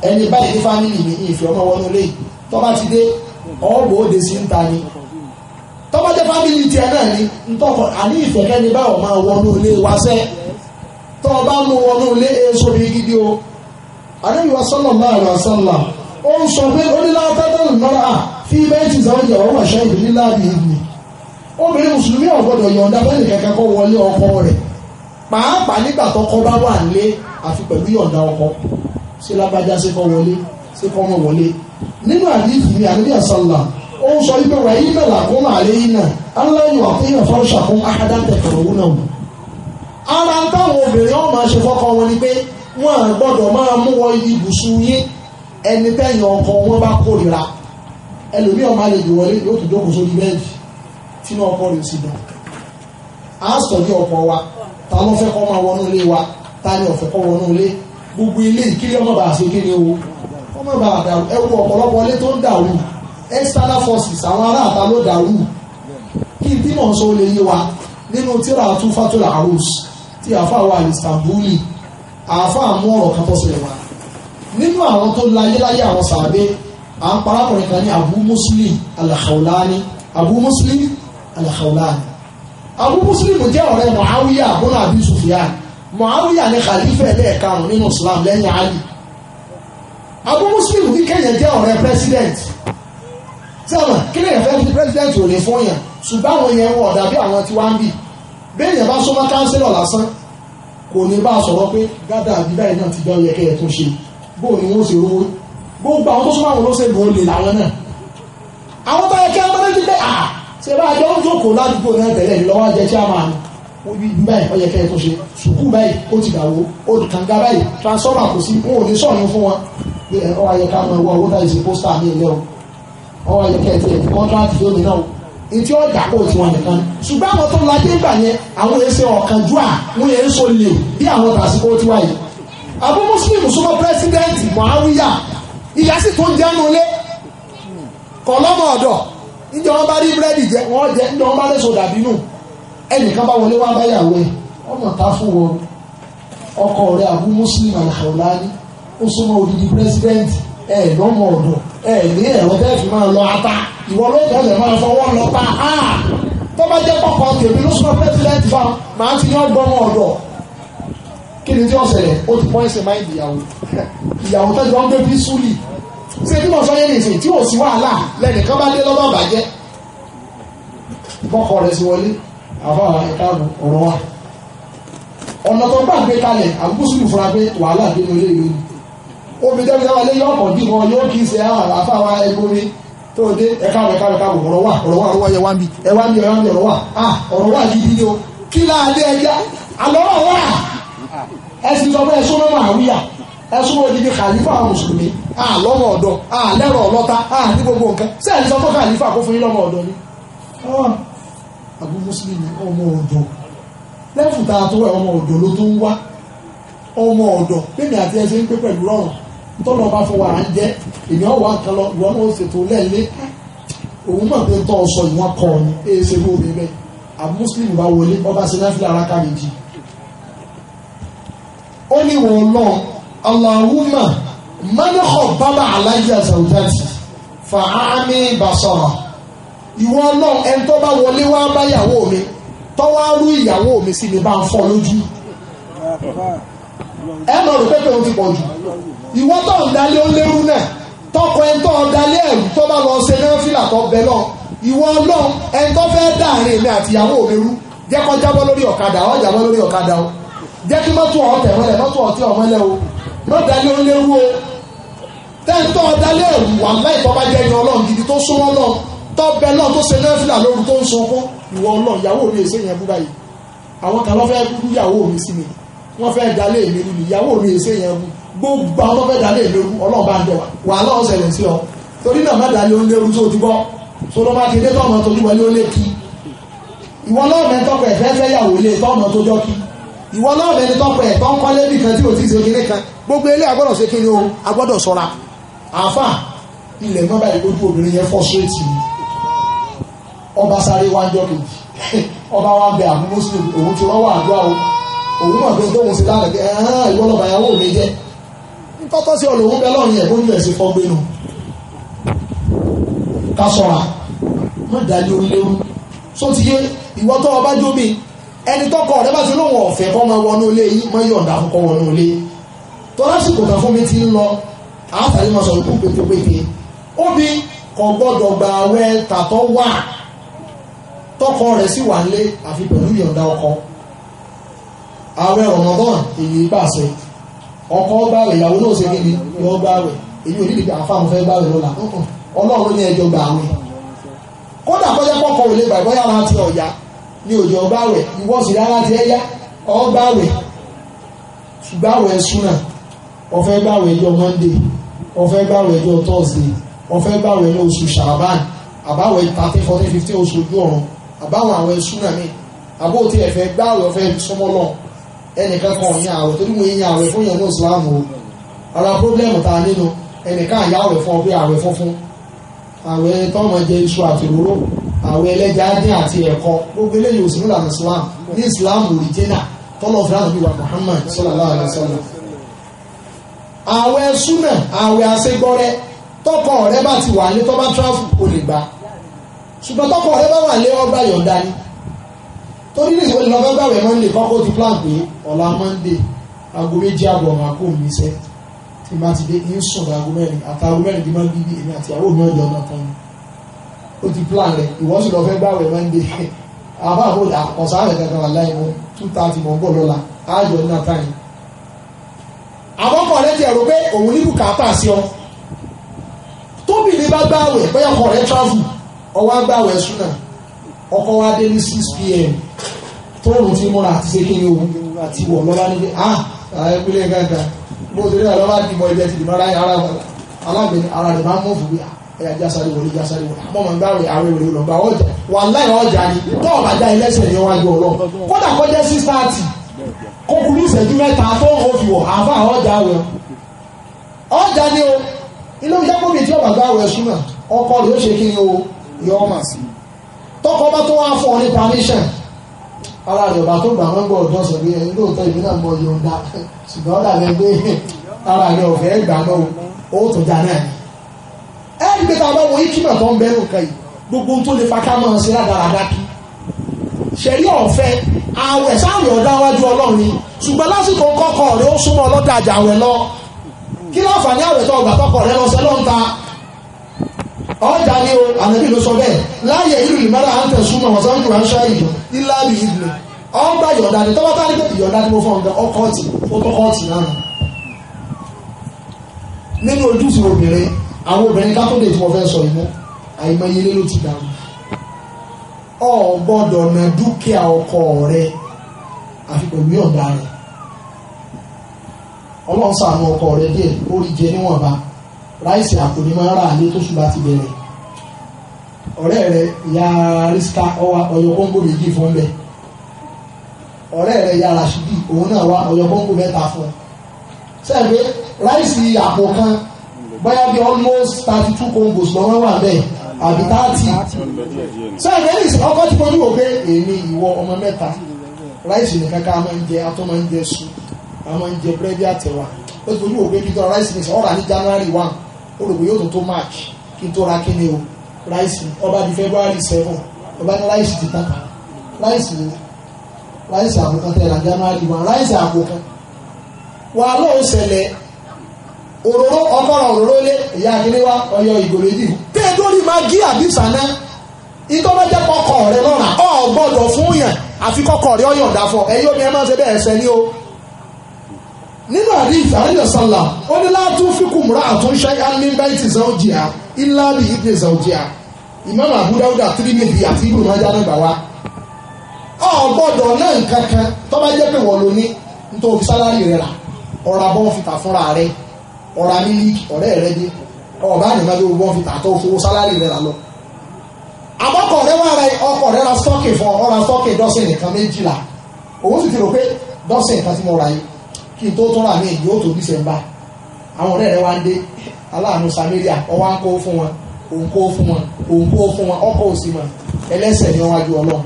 A: ẹni báyìí fámìlì mi ìfẹ́ ọmọ wọnú lé tó bá ti dé ọ̀gbọ̀ òde sí ń ta ni tó bá jẹ́ fámìlì náà ni ntọ́kọ̀ àní ìfẹ́ kẹ́ni máa wọnú lé wá sẹ́ tó mú wọnú èso e gidi o àdéhùn wa sọ́nà máa rà ó ń sọ pé onílà náà fi bẹ́ẹ̀tì sáwọn ìyàwó wàṣẹ obìnrin mùsùlùmí ọ̀gbọ́dọ̀ yọ̀ǹda fẹ́ẹ́ kẹ́kẹ́ kọ́ wọlé ọkọ rẹ̀ pàápàá nígbà tọkọ ṣé lágbájá ṣe kọ́ wọlé ṣe kọ́ mọ̀ wọlé nínú àdìsí ni àdìsí àṣàlà ó ń sọ wípé wàá yín mẹ́la kún àlẹ́ yín náà aláyọ̀ àfihàn fáṣà fún akadá tẹ̀kọ̀rọ̀ òun náà ara táwọn obìnrin ọ̀ máa ṣe fọ́kọ wọn ni pé wọn à gbọ́dọ̀ máa mú wọ ibùsùn yín ẹni tẹ́yìn ọkọ wọn bá kórìíra ẹlòmíì ọmọ àlejò wọlé yóò tún jókòó sórí bẹ́ẹ̀dì tínú ọkọ rẹ̀ sì dùn á sọ ní ọkọ wa ta ló fẹ́ kọ́ máa wọnú ilé wa ta ni ó fẹ́ kọ́ wọnú ilé gbogbo ilé ìkírí ọmọ bá ṣe kí ni o ọmọ bá dàrú ẹ wo ọ̀pọ̀lọpọ̀ ilé tó ń dàrú external forces àwọn aráàta ló dàrú kí tí mò ń sọ lè yé wa nínú tíra àtúfàtúrà arus tí àfa wa Istanbuli àfa mú ọ̀rọ̀ kan tó ṣẹlẹ̀ wa nínú àwọn tó láyé láyé àwọn sàbẹ à ń parákùnrin kan ní Abu Muslim Al-Khawlani Abu Muslim Al-Khawlani Abu Muslim jẹ́ ọ̀rẹ́ Muawiya àbúrò Abi Sufyan muawiya ni khalifa ẹlẹ́ẹ̀karùn nínú islam lẹ́yìn ali abu muslim ní kẹ́yìn jẹ́ ọ̀rẹ́ president sẹ́wọ̀n kí lèyìn fẹ́ fi president ò lè fún yàn ṣùgbọ́n àwọn yẹn wọ̀ dàbí àwọn tí wọ́n ń bì bẹ́ẹ̀ yẹn bá súnmọ́ kánsílọ̀ lásán kò ní bá sọ̀rọ̀ pé gádà àbí báyìí náà ti jọ yẹ kẹ́yẹ tó ṣe bóò ni wọ́n ṣe rówó gbogbo àwọn tó súnmọ́ àwọn olóṣèlú olè làwọn náà àwọn tó yẹ kí wọ́n mọ́ ibi báyìí ó yẹ kẹ́ ẹ tó ṣe sùkúù báyìí ó ti dàwó olùkàǹgá báyìí transformer kò sí wọn ò ní sọ̀rọ̀ fún wọn pé ẹ ọ ayẹ ká mọ ẹwọ owó táyì sí pósítà ní ilé o ọ ayẹ kẹ́ ẹ ti ẹ̀dí kọ́ńtrátì tó ní náà etí ọjà kò tiwọn nìkan ṣùgbọ́n àwọn tó lajẹ ìgbà yẹn àwọn èsè ọ̀kan jù à wọn yẹn ń so lè bí àwọn tàṣíkò tiwa yìí àbú muslim súnmọ́ pírẹsidẹ́ǹtì muawiya ìyá sì tó ń jẹ́nu ilé kọ̀ọ̀lọ́mọ̀ ọ̀dọ̀ níjọ́ wọn bá rí búrẹ́dì jẹ wọ́n jẹ níjọ́ bá lè so dàbí ẹnìkan bá wọlé wá báyàwó ẹ ọmọ ta fún wọn ọkọ rẹ abu muslim alhaulani ó súnmọ́ odidi president ẹ lọmọ ọdọ ẹ ní ẹ̀rọ bẹ́ẹ̀ fi máa lọ ata ìwọ lóòótọ́ lè máa fọwọ́ lọ pa á tó bá jẹ́ pọ̀pọ̀ tèmi ló súnmọ́ president fa màá ti yọ gbọmọ ọdọ kí ni tí ó ṣẹlẹ̀ ó ti pọ́n ẹsẹ̀ máìndì ìyàwó [laughs] ìyàwó tẹ́jú wọn gbé bí súlì ṣé bí wọ́n sọ yẹn nìsín tí ò sí wàhálà lẹ́nìkan bá dé lọ́wọ́ bàjẹ́ bọ́kọ rẹ̀ sí wọlé àfáà ẹ̀káàrún ọ̀rọ̀ wa ọ̀nà tó bá gbé kalẹ̀ àgbúsùlù fúra pé wàhálà nínú ilé ìlú omi tẹ́bi sáwọn ilé yọ̀ọ̀kọ̀ bí wọn yóò kí í ṣe àfáà ẹgbómi tó dé ẹ̀káàrún ẹ̀káàrún ẹ̀káàrún ọ̀rọ̀ wa ọ̀rọ̀ wa ọ̀rọ̀ wa yẹ wá ń bi ẹ wá ń bi ọ̀rọ̀ wa ọ̀rọ̀ wa ah ọ̀rọ̀ wa gidi ni o kí láàdé ẹja àlọ́ wa ẹ̀sìn sọ pé ẹ̀sùn mẹ́wàá àwíyà ẹsùnmọ́ òdìdí kàlífà mùsùlùmí àlọ́mọ̀ ọ̀dọ́ àlẹ́rọ̀ ọlọ́ta àti gbogbo nǹkan sẹ́ẹ̀lì sọ fún kàlífà kó fún yín lọ́mọ ọ̀dọ́ ni àbú mùsùlùmí ọmọ ọ̀dọ̀ lẹ́fù tá a tó wẹ̀ ọmọ ọ̀dọ̀ ló tó ń wá ọmọ ọ̀dọ̀ bẹ́ẹ̀ni àti ẹ ṣe ń pé pẹ̀lú rọrùn ntọ́nà ọba fọwọ́ à ń jẹ́ èmi ọ̀wọ́ àkàn lọ ìwọ náà ó ṣètò lẹ́ẹ̀lé òun mọ̀ pé tọ́ sọ ìwọ̀n kọ́ ni ẹ ṣe bó bẹ́ẹ̀ bẹ́ẹ̀ àbú mùsùlùmí bá wọlé ọba ṣe náà fi ara ká méjì ó ní wọn lọ Allahumma mọ́nìkọ̀ bábà aláìjà sàwùjáàtì fàámi bàṣọ̀rọ̀ ìwọ náà ẹni tó bá wọlé wá báyàwó mi tó wá rú ìyàwó mi sí mi bá ń fọ́ lójú ẹ mọ̀ rò pépè ó ti pọ̀ jù ìwọ tó ń dalé ó lérú náà tọkọ ẹni tó ń dalé ẹ̀rù tó bá lọ ṣe náà fìlà tó bẹ lọ ìwọ náà ẹni tó fẹ́ dáàrin èmi àti ìyàwó mi rú jẹ́ kó jábọ́ lórí ọ̀kadà ọ̀ jábọ́ lórí ọ̀kadà o jẹ́ kí mọ́tò ọ̀tẹ̀ mọ́lẹ̀ mọ́tò ọ̀tí ọ̀mọ́lẹ̀ o mọ́ dalé ó lérú o tẹ́ńtọ́ dalé ẹ̀rù wà láì tó bá jẹ́ ẹni ọlọ́run gidi tó súnmọ́ náà tọ́bẹ̀ lọ tó ṣe nẹ́fìlà lóru tó ń sunkún ìwọ ọlọ́ ìyàwó mi èsè yẹn bú báyìí àwọn kan lọ́ fẹ́ bú ìyàwó mi sí mi wọ́n fẹ́ dalé mi rú mi ìyàwó mi èsè yẹn bú gbogbo àwọn fẹ́ dalé mi rú ọlọ́ọ̀ bá ń jẹ wà wà lọ́ọ̀ ṣẹlẹ̀ sí ọ torí náà má dalé ó léwu tó dúgbọ́ sọlọ́ bá ti dé tọ́mọ tó dúwọ́ lé ó lé kí ìwọ lọ́ọ̀mẹ́ tọ́pọ̀ ẹ̀fẹ́ fẹ́ yàwó lé tọ́mọ tó jọ kí ìwọ lọ́ọ̀mẹ́ ni tọ́pọ̀ ẹ̀ tọ́ ń kọ́lé nìkan tí ò ti ṣe kinní kan gbogbo ilé agbọ́dọ̀ ṣe kinní o agbọ́dọ̀ ṣọ́ra àáfà ilẹ̀ mọ́ báyìí lójú obìnrin yẹn fọ́ sóòtì ni ọba sáré wájọ kejì ọba wa bẹ àwọn muslim òun ti rọwọ àdúrà o òun náà fẹsẹ̀ tóun ṣe lánàá kẹ ìwọ ìyàwó mi jẹ nkọtọ sí ọlọ́run bẹ lọrin ẹ bóun bẹsẹ fọgbẹ nu ká dájú léwu ti yé tó ọba jó mi ẹni bá ti lóun ọ̀fẹ́ máa wọnú ilé yìí wọnú ilé kan fún lọ sọ̀rọ̀ gbọ́dọ̀ tọkọ rẹ̀ sì wà lé àfi pẹ̀lú ìyọ̀ǹda ọkọ ààrẹ ọ̀nàdán èyí gbàṣẹ ọkọ gbàwẹ̀ ìyàwó náà ṣe kíni yọ gbàwẹ̀ èyí ò ní ìdìbò àfáàmù fẹ́ gbàwẹ̀ lọ́la ọlọ́run ní ẹjọ́ gbàwẹ̀ kódà kọjá pọ̀kọ ò lè gbà ìbọ́yá wọn àti ọ̀yá ní òjò ọgbàwẹ̀ ìwọ́sì rárá ti ẹ̀yá ọgbàwẹ̀ gbàwẹ̀ súnà ọ̀fẹ́ gbàwẹ̀ ẹjọ́ Monday ọ̀fẹ́ gbàwẹ̀ ẹjọ́ Thursday ọ̀fẹ́ gbàwẹ̀ ẹjọ́ oṣù Ṣàbán àbáwẹ̀ thirteen fourteen fifteen oṣù ojú ọ̀run àbáwọn àwọn ẹ̀sùn náà mi àbó tí ẹ fẹ́ gbá àwẹ̀ fẹ́ sọmọ́ lọ ẹnìkan kan ọ̀yàn àwẹ̀ torí mo yẹn àwẹ̀ fún yẹn ní Islam o ara pírọ́blẹ́mù tá a nínú ẹnìkan àyà àwẹ̀ fún ọbẹ̀ àwẹ̀ funfun àwẹ̀ tọ́mọ jẹ iṣu àti òróró àwẹ̀ ẹlẹ́jà dín àti ẹ̀kọ gbogbo eléyìí òsì nílànà Islam ní Islam òrìjẹ́nà tọ́lọ̀ fúlànà bíi wa Muhammad sallallahu alayhi wa sallam àwẹ̀ súnà àwẹ̀ àṣegbọ́rẹ́ tọkọ ọ̀rẹ́ bá ti wà ní tọ́ bá tráfù olè gbà ṣùgbọ́n tọkọ rẹ bá wà lé ọgbà yọ̀ǹda ni torí ní ìwé lọ́gbà gbàwẹ̀ mọ́ndé kọ́kọ́ ti plan pé ọ̀la mọ́ndé aago méjì àbọ̀ máa kó mi sẹ́ tí máa ti dé ní sùn aago mẹ́rin àtàwọn mẹ́rin tí máa ń bíbí èmi àti àwọn òmìnira ọ̀nà tán ni ó ti plan rẹ̀ ìwọ́n sì lọ fẹ́ gbàwẹ̀ mọ́ndé [laughs] àbá àwọn ọ̀sán rẹ̀ kankan wà láì mọ́ two thirty mọ́ bọ̀ lọ́la àjọ ọ̀nà tán ni. àkọ́kọ́ rẹ ti ẹ̀rọ pé òun ní bùkátà sí ọ tóbi ní bá gbàwẹ̀ ọwọ́ agbáwẹ̀ súnà ọkọ̀ wa dé ní six pm tóòrùn ti múra àti ṣe kéye òun àti wọ̀ lọ́wọ́ níbi ah ẹgbẹ́lẹ́ gàgà mo ti rí ọ̀rọ̀ wá ẹgbẹ́ ti dìbò aráyà ara alábẹ̀ni ara rẹ̀ máa ń mú fún ẹ̀yà jásáré wọlé jásáré wọlé àmọ́ màá ọjà wà ọjà ni ẹlẹ́sẹ̀ ọlọ́ kódà six thirty ìṣẹ́jú mẹ́ta fi wọ̀ àfa ọjà ọjà ni o ilé yóò mà sí tọkọ bá tó wá fún ní permission ara ìjọba tó gbà wọn gbọ́ ọdún sọ pé ẹni lóòótọ́ ìlú náà mọ yọ̀ǹda ṣùgbọ́n ó dàbí pé ara rẹ ọ̀fẹ́ ìgbà náà ó tó já náà ni ẹ ẹ gbé tàbá wọn yìí kímọ̀ tó ń bẹ́rù kan yìí gbogbo tó lè fata máa ṣe rádaràdá kí ṣẹ̀rí ọ̀fẹ́ àwẹ̀ sáàyè ọ̀dá wájú ọlọ́run ni ṣùgbọ́n lásìkò kọ́kọ́ rẹ ó súnmọ́ ọjà ni o ànábì ló sọ bẹ́ẹ̀ láàyè ìlú ìmọ̀ra à ń tẹ̀sùn mọ̀ wọ́n sọ́dún ránṣẹ́ ìjọ ńlá bí ìlú ọgbà yọ̀dá ni tọ́wọ́ táwọn ìgbẹ́ yọ̀dá ni mo fọ́ ọ̀gá ọkọ̀ọ̀tì ó tọkọ̀ọ̀tì náà nínú ojúṣe obìnrin àwọn obìnrin kátólè tí mo fẹ́ sọ ìmú àìmọye lé ló ti dàrú ọ gbọ́dọ̀ na dúkìá ọkọ rẹ àfi pẹ̀lú yọ̀dá rẹ ọlọ́run ṣàánú ọkọ rẹ díẹ̀ ó rí jẹ níwọ̀nba ráìsì àpò ní máa ń rà ní tó ṣùgbà ti bẹ̀rẹ̀ ọ̀rẹ́ rẹ̀ ya rísíkà ọyọ kóńgò méjì fún bẹ́ẹ̀ ọ̀rẹ́ rẹ̀ ya rashidi òun náà wá ọyọ kóńgò mẹ́ta fún sẹ́ẹ̀gbé ráìsì àpò kan bóyá bí almost thirty two kóńgòs lọ́wọ́ wà bẹ́ẹ̀ àbí thirty sẹ́ẹ̀gbé ọkọ̀ tí mo ní òkè èmi ìwọ ọmọ mẹ́ta ráìsì nìkan ká máa ń jẹ atọ́ máa ń jẹ sùn a máa ń jẹ búrẹ́dì àtẹ̀wà ó ti fojú òkè bí tọ́ ráìsì nìkan ọ̀rà ní January one olùgbé yóò tún tó march kí n tó ra kíni o ráìsì ọba di february seven ọba ní ráìsì ti tàpá ráìsì ni ráìsì àbùkán tẹ̀lé january one ráìsì àbùkán wà lóò ṣẹlẹ̀ òróró ọkọ̀rọ̀ òróró lé ìyá akíníwá ọyọ ìgòrèdì tẹ́ ẹ lórí magi àbí sànà ìtọ́bẹ́jẹ́ kọkọ̀ rẹ lọ́nà ọ̀ gbọ́dọ̀ fún yàn àfi kọkọ̀ rẹ ọ̀yọ̀ǹda fún ẹ yóò ní ẹ máa ṣe bẹ́ẹ̀ ṣẹ ní o nínú àdìs àdìsọ́là ó ní látú fíkùmùrà àtúnṣe alimbaiti zaujia ilabi ibn zaujia imam abudawuda tirimidi àti ibùdó máa jáde gbà wá ọgbọ́dọ̀ náà nǹkan kan tó bá jẹ́ pé wọ́n ló ní nítorí fi sálárì rẹ̀ rà ọ̀rọ̀ abọ́ fìtà fúnra rẹ̀ ọ̀rọ̀ amílíkì ọ̀rẹ́ rẹ̀ dé ọ̀bá àdìmọ́ bí wọ́n fìtà tó fowó sálárì rẹ̀ rà lọ. àbọ̀kọ̀ rẹ̀ wà rẹ̀ ọkọ̀ rẹ̀ ra stọ́ọ̀kì fún ọ̀rọ̀ stọ́ọ̀kì dọ́sìn nìkan méjìlá òun sì ti rò pé dọ́sìn nǹkan tí mo ra yìí kí n tó tún rà mí yóò tó dísẹ̀mbà àwọn ọ̀rẹ́ rẹ wá dé aláàánú samaria ọwọ́ à ń kó fún wọn òun kó fún wọn òun kó fún wọn ọkọ̀ òsì mọ̀ ẹlẹ́sẹ̀ ni wọ́n wájú ọlọ́run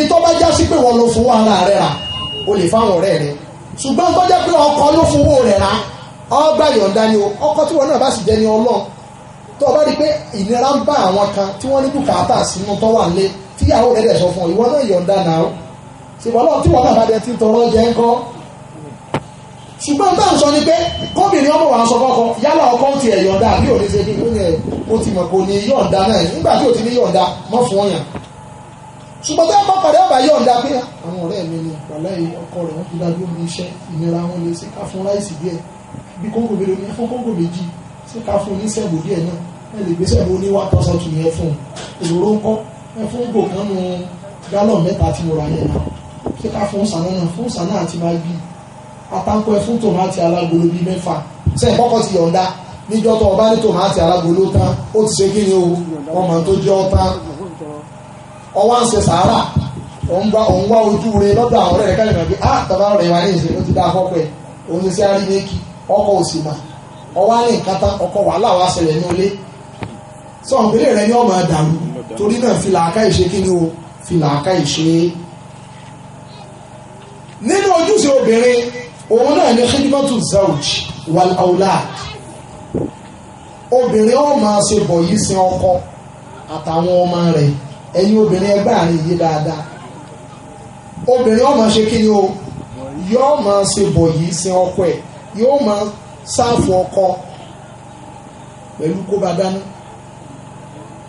A: ìtọ́ bá já sí pé wọ́n ló fowó ara rẹ̀ rà o lè fáwọn ọ̀rẹ́ rẹ̀ ṣùgbọ́n tó jẹ́ pé ọkọ ló fowó rẹ̀ rà ọgbà yọ̀ǹda ni o ọkọ tí wọn náà bá sì jẹ́ ni ọlọ́run tó o bá rí i pé ìnira ń bá àwọn kan tí wọ́n ní bùkátà sínú tó wà nílé tíyàwó rẹ̀ dẹ̀ sọ fún ọ ìwọ náà yọ̀ǹda náà ṣùgbọ́n náà tí wọn náà bá jẹ ti tọrọ jẹ ńkọ́ ṣùgbọ́n tá à ń sọ ni pé kóbìnrin ọmọ wa ń sọ fọ́kọ yálà ọkọ ti ẹ̀ yọ̀ǹda àbí òní ṣe bí wọ́n yẹn ó ti mọ̀ kò ní yọ̀ǹda náà nígbà tí ò ti ní yọ̀ǹda mọ́ fún ọ̀yàn ṣùgbọ́n tá a bá padà bá yọ̀ǹda pé àwọn ọ̀rẹ́ mi ni wàhálà yìí ọkọ rẹ̀ wọ́n ti dájú omi iṣẹ́ ìnira wọn lè ṣe ká fún ráìsì díẹ̀ bí kóńgò mi lómi fún kóńgò méjì ṣé ká fún oníṣẹ́gbò díẹ̀ náà ẹ lè gbéṣẹ́ bó ní wà tọ́sán tù yẹn fún un òróró ń kọ́ ẹ fún gbò kan àtàǹkọ ẹ fún tòmátì alágolo bíi mẹ́fà sẹ́yìn kọ́kọ́ ti yọ̀ǹda níjọ́ tó ọba ní tòmátì alágolo tán ó ti ṣe kí ni o ọmọ tó ọ tán ọwọ́ sàárà òun wá ojú re lọ́dọ̀ àwọn ọ̀rẹ́ rẹ̀ kẹ́lẹ̀ ah, ti dá ọkọ̀ òsì mà ọwọ́ ọkọ̀ wàhálà ní ilé ọmọ dàrú torí náà fi làákà ìṣe kí ni o òun náà ní khidmatu zawj wal aulad obìnrin ó máa ṣe bọ̀ yìí sin ọkọ àtàwọn ọmọ rẹ̀ ẹ̀yin obìnrin ẹgbẹ́ àárín yìí dáadáa obìnrin ó máa ṣe kí ni o yóò máa ṣe bọ̀ yìí sin ọkọ ẹ̀ yóò máa sáàfù ọkọ pẹ̀lú kó bá dáná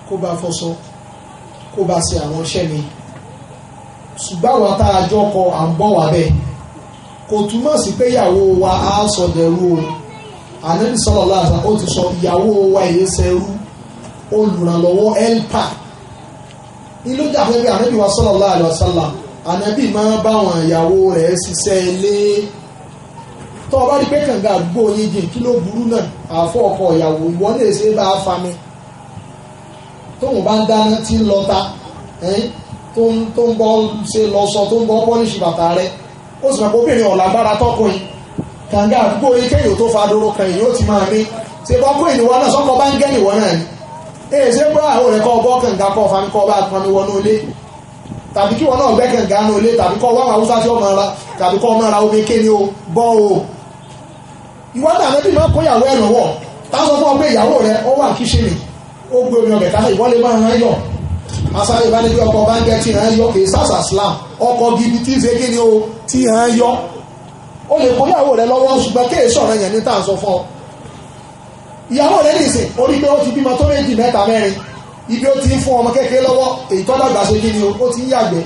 A: kó bá fọṣọ kó bá ṣe àwọn iṣẹ́ mi ṣùgbọ́n àwọn tá kọ à ń bọ̀ wá bẹ́ẹ̀ kò túmọ̀ sí pé ìyàwó wa á sọ dẹrú o ànábì sọlọ láàzà ó ti sọ ìyàwó wa èyí sẹrú olùrànlọ́wọ́ ẹlpà ilé ìjà pé ànábì wa sọlọ láàlọ sálà ànábì máa báwọn ìyàwó rẹ̀ ṣiṣẹ́ ilé tó o bá rí pé kànga àdúgbò yín jìn kí ló burú náà àfọ ọkọ ìyàwó ìwọ lè ṣe bá a fa mi tóun bá ń dáná tí ń lọta tó ń bọ́ ṣe lọ sọ tó ń bọ́ pọ́nìṣì bàtà rẹ̀ ó sì mọ̀ pé obìnrin ọ̀làgbára tọkùnrin kàǹgá àdúgbò yìí kéèyàn tó fa dúró kan yìí ó ti máa ní ṣe bọ́kú ìníwọ́ náà sọ́kọ bá ń gẹ́ ìwọ́ náà ni èyí ṣe bọ́ àwọn rẹ̀ kọ́ ọgbọ́ kàǹgá kọ́ fa ń kọ́ bá pọnmi wọnú ilé tàbí kí wọn náà gbẹ́ kàǹgá nú ilé tàbí kọ́ wá àwùsá tí ọmọ ara tàbí kọ́ ọmọ ara omi kéde o bọ́ o ìwọ náà lẹ́bí máa kó ẹ̀ lọ́wọ́ táwọn ìyàwó ó wà ó gbé omi ọbẹ̀ ìwọ́lé máa ń yọ̀ asáré ìbánijẹ́ ọkọ̀ báńgẹ́ tí ìhàn yọ kìí sàṣà slam ọkọ̀ gidi tí ìṣe kí ni o tí ìhàn yọ o lè kó ìyàwó rẹ lọ́wọ́ ṣùgbọ́n kéè sọ̀rọ̀ yẹn ní tá à ń sọ fún ọ ìyàwó rẹ ní ìsìn orí pé ó ti bímọ tó méjì mẹ́ta mẹ́rin ibi ó ti ń fún ọmọ kékeré lọ́wọ́ èyí tó dàgbà ṣe kí ni ó ti ń yàgbẹ́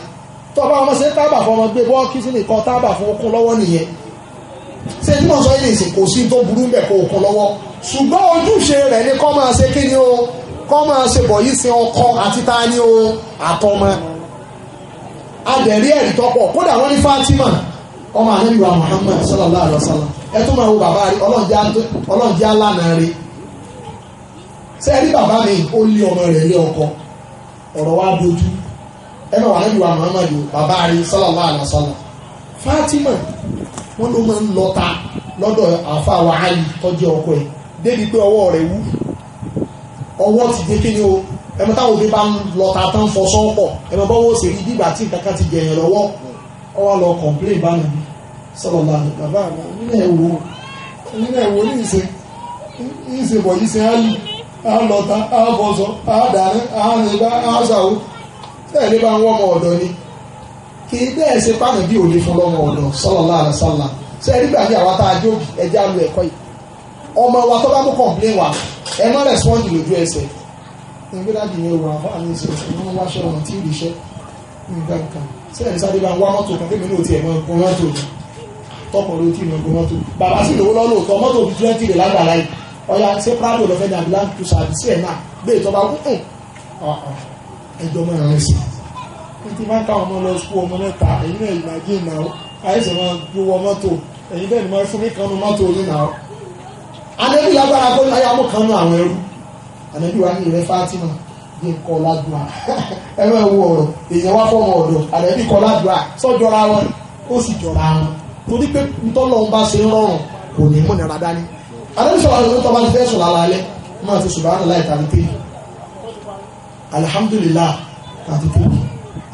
A: tó bá ọmọ ṣe ń tábà fún ọmọ gbé bọ́ọ̀kì sí nìkan tábà fún okun lọ́wọ́ nìyẹn ṣé tí mo sọ yìí ní ìsìn kò sí tó burú ń bẹ̀ kó okun lọ́wọ́ ṣùgbọ́n ojúṣe rẹ̀ ní kọ́ máa ṣe kí ni kọ́ máa ṣe bọ̀ yìí sin ọkọ àti ta ni o àtọmọ adẹ̀rí ẹ̀rí tọpọ̀ kódà wọ́n ní Fatima ọmọ anabi wa Muhammad sallallahu alayhi wa sallam ẹ tún máa wo bàbá rí ọlọ́ọ̀jẹ́ alánà rí sẹ́ẹ̀rí bàbá mi ó lé ọmọ ọkọ ọ̀rọ̀ wa dojú ẹ wà anabi wa Muhammad bàbá Fatima wọn ló máa ń lọ́dọ̀ àfa wàhálì tọ́jú ọkọ débi pé ọwọ́ ọwọ́ ti dé kí ni o ẹmọ táwọn òbí bá ń lọ ta tán fọ sọ́pọ̀ ẹmọ bọ́wọ́ sì rí dìgbà tí nǹkan kan ti jẹ̀yàn lọ́wọ́ ọ wá lọ kọ̀m̀pléìn bá nàbí sọ̀rọ̀ bá nàbí bàbá àná nílẹ̀ èwo nílẹ̀ èwo ní ìṣe ní ìṣe bọ̀ yìí ṣe á lì á lọ ta á fọṣọ á dàní á rìn bá á ṣàwó bẹ́ẹ̀ lé bá ń wọ́mọ ọ̀dọ́ ni kì í bẹ́ẹ̀ ṣe pàmì bí òde fún lọ́mọ ọ̀dọ́ sọ̀rọ̀ láàrín sálà ṣe é nígbà bí àwa tá a jókì ẹja lu ẹ̀kọ́ yìí ọmọ wa tó bá mú complain wa ẹ má respond lójú ẹsẹ̀ ẹgbẹ́ dájú ni òwò àwọn àmì ìṣẹ̀lẹ̀ ṣe wọ́n wáṣọ ọ̀nà tí ìlú iṣẹ́ nǹkan kan sẹ́yìn sáré bá ń wá mọ́tò kan kébìnrin òtí ẹ̀mọ́ ẹ̀gbọ́n mọ́tò ni tọkọ̀ ló ti mọ̀ ẹ̀gbọ́n mọ́tò bàbá sì lówó lọ́nà òtọ́ mọ́tò fi twenty rẹ̀ lágbàrá yìí ọ̀yà ṣé prado lọ́fẹ́ ní abilá tó ṣàbísí ẹ̀ náà gbé ìtọ́ba kúkún ah, ah. ẹjọ́ mọ́ ẹ̀rọ ẹ̀sìn ti máa ń ká ọmọ lọ sukú ọmọ mẹ́ta ẹ̀yin náà ìmàgí ìnáwó àìsàn máa gbowó mọ́tò ẹ̀yin bẹ́ẹ̀ ni máa fún mi kan nu anabi lágbára kó náà yàmú kan náà àwọn ẹrú anabi wa ní ìrẹ Fatima bí n kọ́ ládùá [laughs] ẹ máa wo ọ̀rọ̀ èèyàn wá fọmọ ọ̀dọ̀ anabi kọ́ ládùá sọ́jọ́ra wọn ó sì jọra wọn torí pé ntọ́lọ́ ń bá ṣe ń rọrùn kò ní múnira dání anabi sọ̀rọ̀ àwọn ọ̀dọ́ bá ti fẹ́ sùn lára alẹ́ máa ti subhanahu láì tàbí tèmi alhamdulillah tàbí tèmi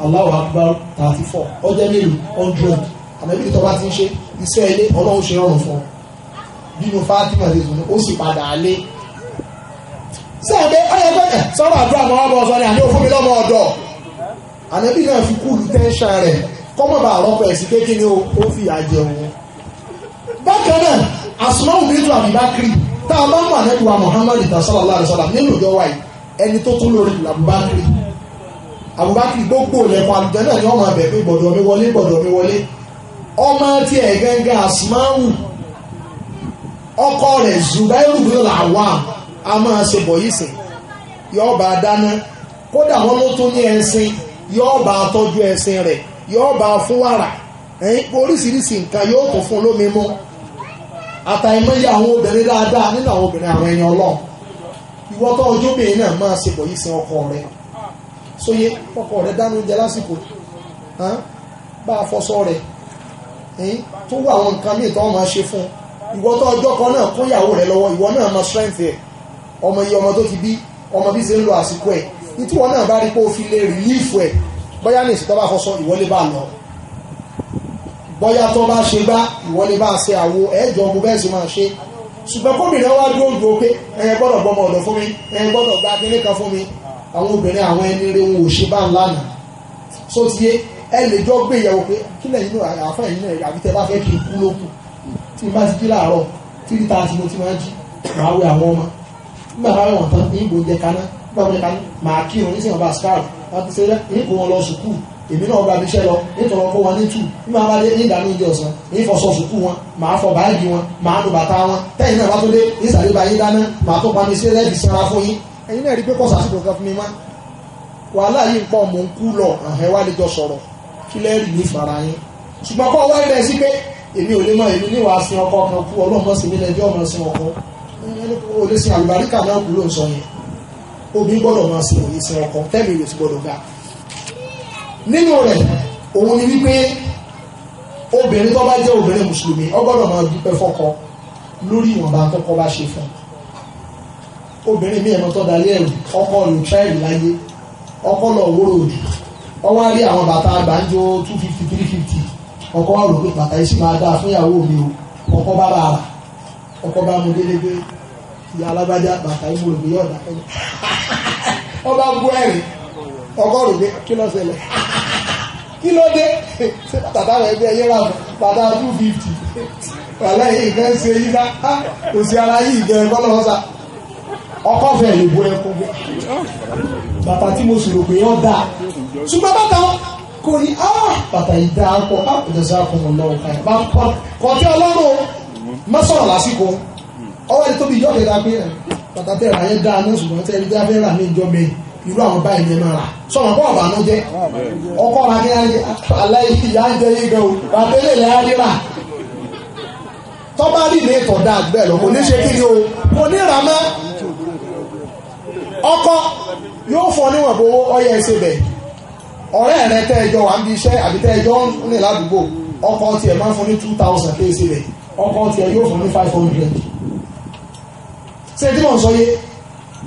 A: Allahu akbar tàbí fọ ọjọ́ mélòó hundred anabi tó bá ti ń ṣe iṣẹ́ ilé ọlọ́run ṣe rọrùn fún ọ nínú Fatima ṣe sùn ó sì padà lé sẹ́ẹ̀dẹ́ ọ̀yẹ́ gbọ́dẹ̀ sọ́wọ́ àdúrà mọ́ ọmọ ọ̀sán ni àní òfin mi lọ́mọ ọ̀dọ̀ ànábì náà fi kúrú tẹ́ńṣán rẹ̀ kọ́mọ̀bà àrọ́pọ̀ ẹ̀sìn kékeré ó fi ìyà jẹ òun bákan náà àsùnmọ́wò bí tó àbíbákiri tá a bá mọ̀ ànábì wa Muhammadu sallallahu alaihi wasallam nínú ìjọ wa yìí ẹni tó tún lórí làbúbákiri àbúbákiri gbogbo lẹ́kọ̀ọ́ àlùjẹ́ náà ni ọmọ abẹ pé gbọ̀dọ̀ mi wọlé gbọ̀dọ̀ mi wọlé ọmọ tiẹ̀ gángan àsùnmọ́wò ọkọ rẹ̀ zubairu la lawa a máa ṣe bọ̀ yìí sìn yóò bá dáná kódà wọn ló tún ní ẹṣin yóò bá tọ́jú ẹṣin rẹ̀ yóò bá fún wàrà oríṣiríṣi nǹkan yóò kún fún lómi mú àtàìmọye àwọn obìnrin dáadáa nínú àwọn obìnrin àwọn ẹni ọlọ́run ìwọ tó ọjọ́ bìnrin náà máa ṣe bọ̀ yìí sin ọkọ rẹ sóyè ọkọ rẹ dánú jẹ lásìkò bá a fọṣọ rẹ tó wà àwọn nǹkan míì tó wọn máa ṣe fún un ìwọ tó ọjọ́ kan náà kún ìyàwó rẹ lọ́wọ́ ìwọ náà mọ strength ẹ̀ ọmọ iye ọmọ tó ti bí ọmọ bí ṣe ń lo àsìkò ẹ̀ ìtúwọ náà bá rí pé ó fi lè rìlífù ẹ̀ bóyá ní ìsìtọ́ bá fọṣọ ìwọlé bá lọ bóyá tó bá ṣe bá ìwọlé bá ṣe àwo ẹ̀ẹ́jọ ọmọ bẹ́ẹ̀ sì máa ṣe ṣùgbọ́n gómìnà wá dúró dúró pé ẹ̀yẹn gbọ́dọ̀ gbọmọ ọ̀dọ̀ fún mi ẹ̀yẹn gbọ́dọ̀ gba kíní kan fún mi àwọn obìnrin àwọn ẹni rẹ wọn ò ṣe bá ń lánàá só ti ẹ lè jọ gbé ìyàwó pé kílẹ̀ yín náà àfẹ́ yín náà àbí tẹ bá fẹ́ kí n kú lókun tí n bá ti jí láàárọ̀ three thirty mo ti máa jí màá wẹ àwọn ọmọ nígbà bá wẹ̀ wọ́n tán ní ìbò jẹ kaná nígbà wọ́n jẹ kaná màá kí wọn nísìnyàn bá scarf wọ́n ti ṣe rẹ́ ní kò wọn lọ sùkúù èmi náà bá iṣẹ́ lọ nítorí ọkọ wọn ní tù nígbà wọn bá dé ní ìdáná oúnjẹ ọ̀sán ní ìfọṣọ sùkúù wọn màá fọ báàgì wọn màá nu bàtà wọn tẹ́yìn náà bá tó dé ìsàlẹ̀ bá yín dáná màá tó pa mi sí ẹlẹ́bì sanra fún yín ẹ̀yin náà rí pé kọ́sà síkò kan fún mi má wàhálà yìí nǹkan mò ń kú lọ àhẹ́wálé jọ sọ̀rọ̀ kílẹ̀ rí ní fara yín ṣùgbọ́n kọ́ wáyé rẹ̀ sí pé èmi ò lè mọ èmi níwàá sin ọkọ kan kú ọlọ́mọ sí mi lẹ́jọ́ ọmọ sin ọkọ
B: ó lè sin àlùbáríkà
A: náà kú ló ń sọ yẹn obì gbọ́dọ̀ máa sin òye sin ọkọ tẹ́mi rẹ̀ sì gbọ́dọ̀ ga nínú rẹ̀ òun ni wípé obìnrin tó bá jẹ́ obìnrin mùsùlùmí ó gbọ́dọ̀ máa dúpẹ́ fọ́kọ lórí ìwọ̀nba tọ́kọ bá ṣe fún obìnrin míì ẹ̀mọ́ tó dalẹ́ ẹ̀rù ọkọ rẹ̀ tíráìlì láyé ọkọ lọ wóró òdì ọwọ́ á rí àwọn bàtà àgbáńjọ two fifty three fifty ọkọ wa rò pé yìí sì máa dáa fún ìyàwó mi o ọkọ bá bàrà ọkọ bá mu délé ìyá alágbájá bàtà yìí mo rò yóò dá fún mi [laughs] ọba gbó ẹ̀rín ọkọ rò kí ló ṣẹlẹ̀ kí ló dé [laughs] ṣé bàtà táwọn ẹgbẹ́ ẹyẹ rà bàtà two fifty
B: [laughs] wàlẹ́ ìfẹ́
A: ń ṣe yíká kò sí ara yìí gẹ̀rẹ́ kọ́ lọ́wọ́ sá ọkọ̀ fẹ̀ lè bo ẹkọ gbé bàtà tí mo sì rò yóò dáa ṣùgbọ́n bàtà wọn kò ní ah, bàtà ìdá akọ àpòjọsẹ akọmọlọ ọkà bá ń kọ kọtí ọlọ́rọ̀ mọ́sọ̀rọ̀ lásìkò ọwọ́ ẹni tóbi yọ̀ọ̀dẹ̀ dá pé eh, bàtà tẹ̀ ra yẹn dá ní ṣùgbọ́n tẹ́ ẹni dá fẹ́ rà ní ìjọ mi irú àwọn báyìí ni ẹ máa rà sọ̀rọ̀ kọ́ ọ̀bà ànújẹ́ ọkọ ra ní aláìsí ìyá ń jẹ yín gan o bàtà ilé ilẹ̀ rírà tọ́ba rí ilé ìtọ̀ dá àgbẹ̀ lọ kò ní ṣe kí ni o kò ní rà mọ́ ọkọ yóò fọ níwọ̀n bó ọyẹ ẹsẹ̀ bẹ́ẹ̀ ọ̀rẹ́ rẹ tẹ́ ẹjọ́ wà ń bí iṣẹ́ àbí tẹ́ ẹjọ́ ń rìn ládùúgbò ọkọ tiẹ̀ máa ń fún ní two thousand kéèsì rẹ̀ ọkọ tiẹ̀ yóò fún ní five hundred ṣé tí mò ń sọ yé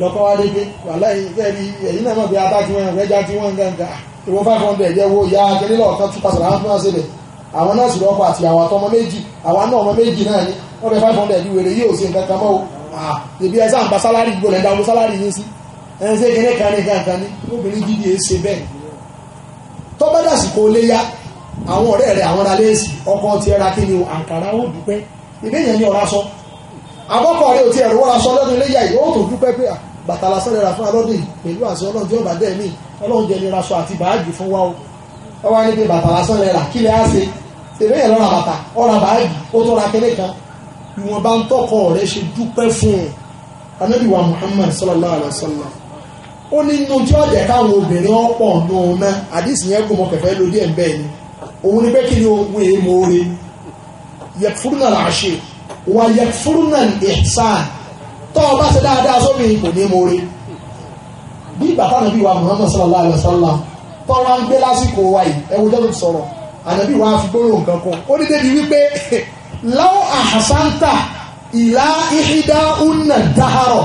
A: lọ́kọ́ wa dé pé wàhálà ẹ̀rí ẹ̀yìn náà mọ̀ pé ata tí wọ́n ń rẹ́jà tí wọ́n ń gàǹgà ìwọ five hundred yẹ wo ìyá akẹ́lẹ́ lọ́ọ̀kan two thousand àwọn fúnra sílẹ̀ àwọn náà sì lọ́kọ̀ àti àwọn àtọmọ méjì àwọn náà ọmọ méjì náà ni wọ́n fẹ́ five hundred wèrè yóò ṣe nǹkan kan mọ́ o ìbí ẹ sáà ń ba sálárì gbọ́dọ̀ ẹ̀dá ọmọ sálárì yín sí ẹ̀ ń ṣe kẹ́kẹ́ kan ní kankan ní obìnrin gidi ẹ̀ ṣe bẹ́ẹ̀ tó bá dàsìkò léyà àwọn ọ̀rẹ́ rẹ̀ àwọn ralẹ́sì ọkọ ti ẹra kí ni àǹkàrà ó dúpẹ́ ìbéèyàn ní ọ̀rá sọ
B: àkọ́kọ́ rẹ̀ ò ti ẹ̀rọ wọ́ra sọ lọ́dún léyà
A: yìí ó tó dúpẹ́ pé bàtà lásán lè ra fún alọ́dún yìí pẹ̀lú àṣẹ ọlọ́run tí ó bá dẹ̀ mí ọlọ́run jẹ́ nira sọ àti báàgì fún wa o ọ wá níbi bàtà lásán lè rà kí lè á se èmi yẹn lọ́ra bàtà ọ̀ra báàgì ó tó ra kẹ́lẹ́ kan ìwọ̀nba ń tọkọ rẹ̀ ṣe dúpẹ́ fún un anábìwà Muhammad sallallahu alayhi wa sallam ó ní inú tí ọ̀jẹ̀ káwọn obìnrin ọ̀pọ̀ nù ọ̀nà àdìsí yẹn gùn mọ́ kẹfẹ́ lórí ẹ̀ bẹ́ẹ̀ ni òun ni pé kí ni ohun èèmọ oore yẹfúrúnà làṣẹ wà yẹfúrúnà ìsàn tọ́ ọ bá ṣe dáadáa sómi kò ní mọ oore bí bàtà nàbí wa Muhammad sallallahu alayhi wa sallam tọ́ wa ń gbé lásìkò wa yìí ẹ wo jọ́dún sọ̀rọ̀ ànàbí wa fi gbóró nǹkan kan ó ní débi wípé láwọn àhàsáńtà ìlà ìhídá ùnà dáhàrọ̀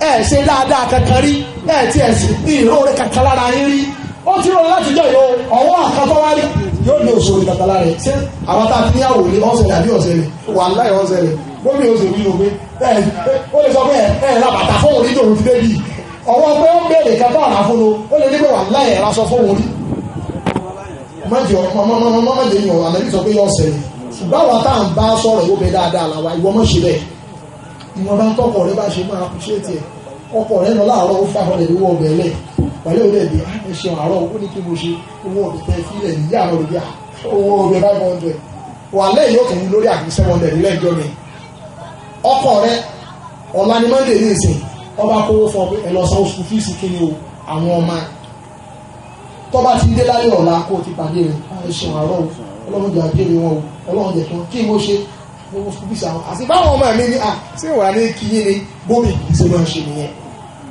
A: ẹ ṣe dáadáa kankan rí ẹ tí ẹ sì ní ìróore kankan lára yín rí ó ti rọrùn láti jọ ìlò ọwọ́ àkàtọ́ yóò ní òṣòro kankan lára ẹ ṣé àwọn tá a ti níyàwó ní ọ̀sẹ̀ àbí ọ̀sẹ̀ rẹ̀ wà láì ọ̀sẹ̀ rẹ̀ gómìnà ọ̀sẹ̀ mi ló gbé ẹ ó lè sọ pé ẹ ẹ ra fóun ní tòun ti bíi ọwọ́ pé ó béèrè kankan àrà fún un ó lè ní pé wà láì sọ fóun rí ọmọ ìwọ̀nba tọkọ rẹ bá ṣe máa kú ṣé tiẹ̀ ọkọ rẹ lọ láàárọ̀ ó fà ọlẹ̀ ìwọ ọbẹ̀ lẹ̀ pẹ̀lú òde ẹ̀dẹ̀ ah, ẹ ṣe àárọ̀ ó ní kí mo ṣe owó ọbẹ̀ tẹ fílẹ̀ níyà rẹ̀ yà ah, owó ọbẹ̀ five hundred wà lẹ́yìn yóò tún lórí àbí seven hundred lẹ́jọ́ mi ọkọ rẹ ọ̀la ni monday ní ìsìn ọba kówó fún ọ pé ẹ lọ san oṣù fíìsì kí ni o àwọn ọmọ tọ́ba ti dé lálẹ́ ọ̀la kó o ti pàdé rẹ̀ ah, ẹ ṣe àárọ̀ ọlọ́run jẹ́ àgbèrè wọn o ọlọ́run jẹ́ kí wọ́n kí mo ṣe owó sukùl fíìsì àwọn àti báwọn ọmọ mi ní à sí ìwà ní kí yín ni bómi ìṣe máa ṣe nìyẹn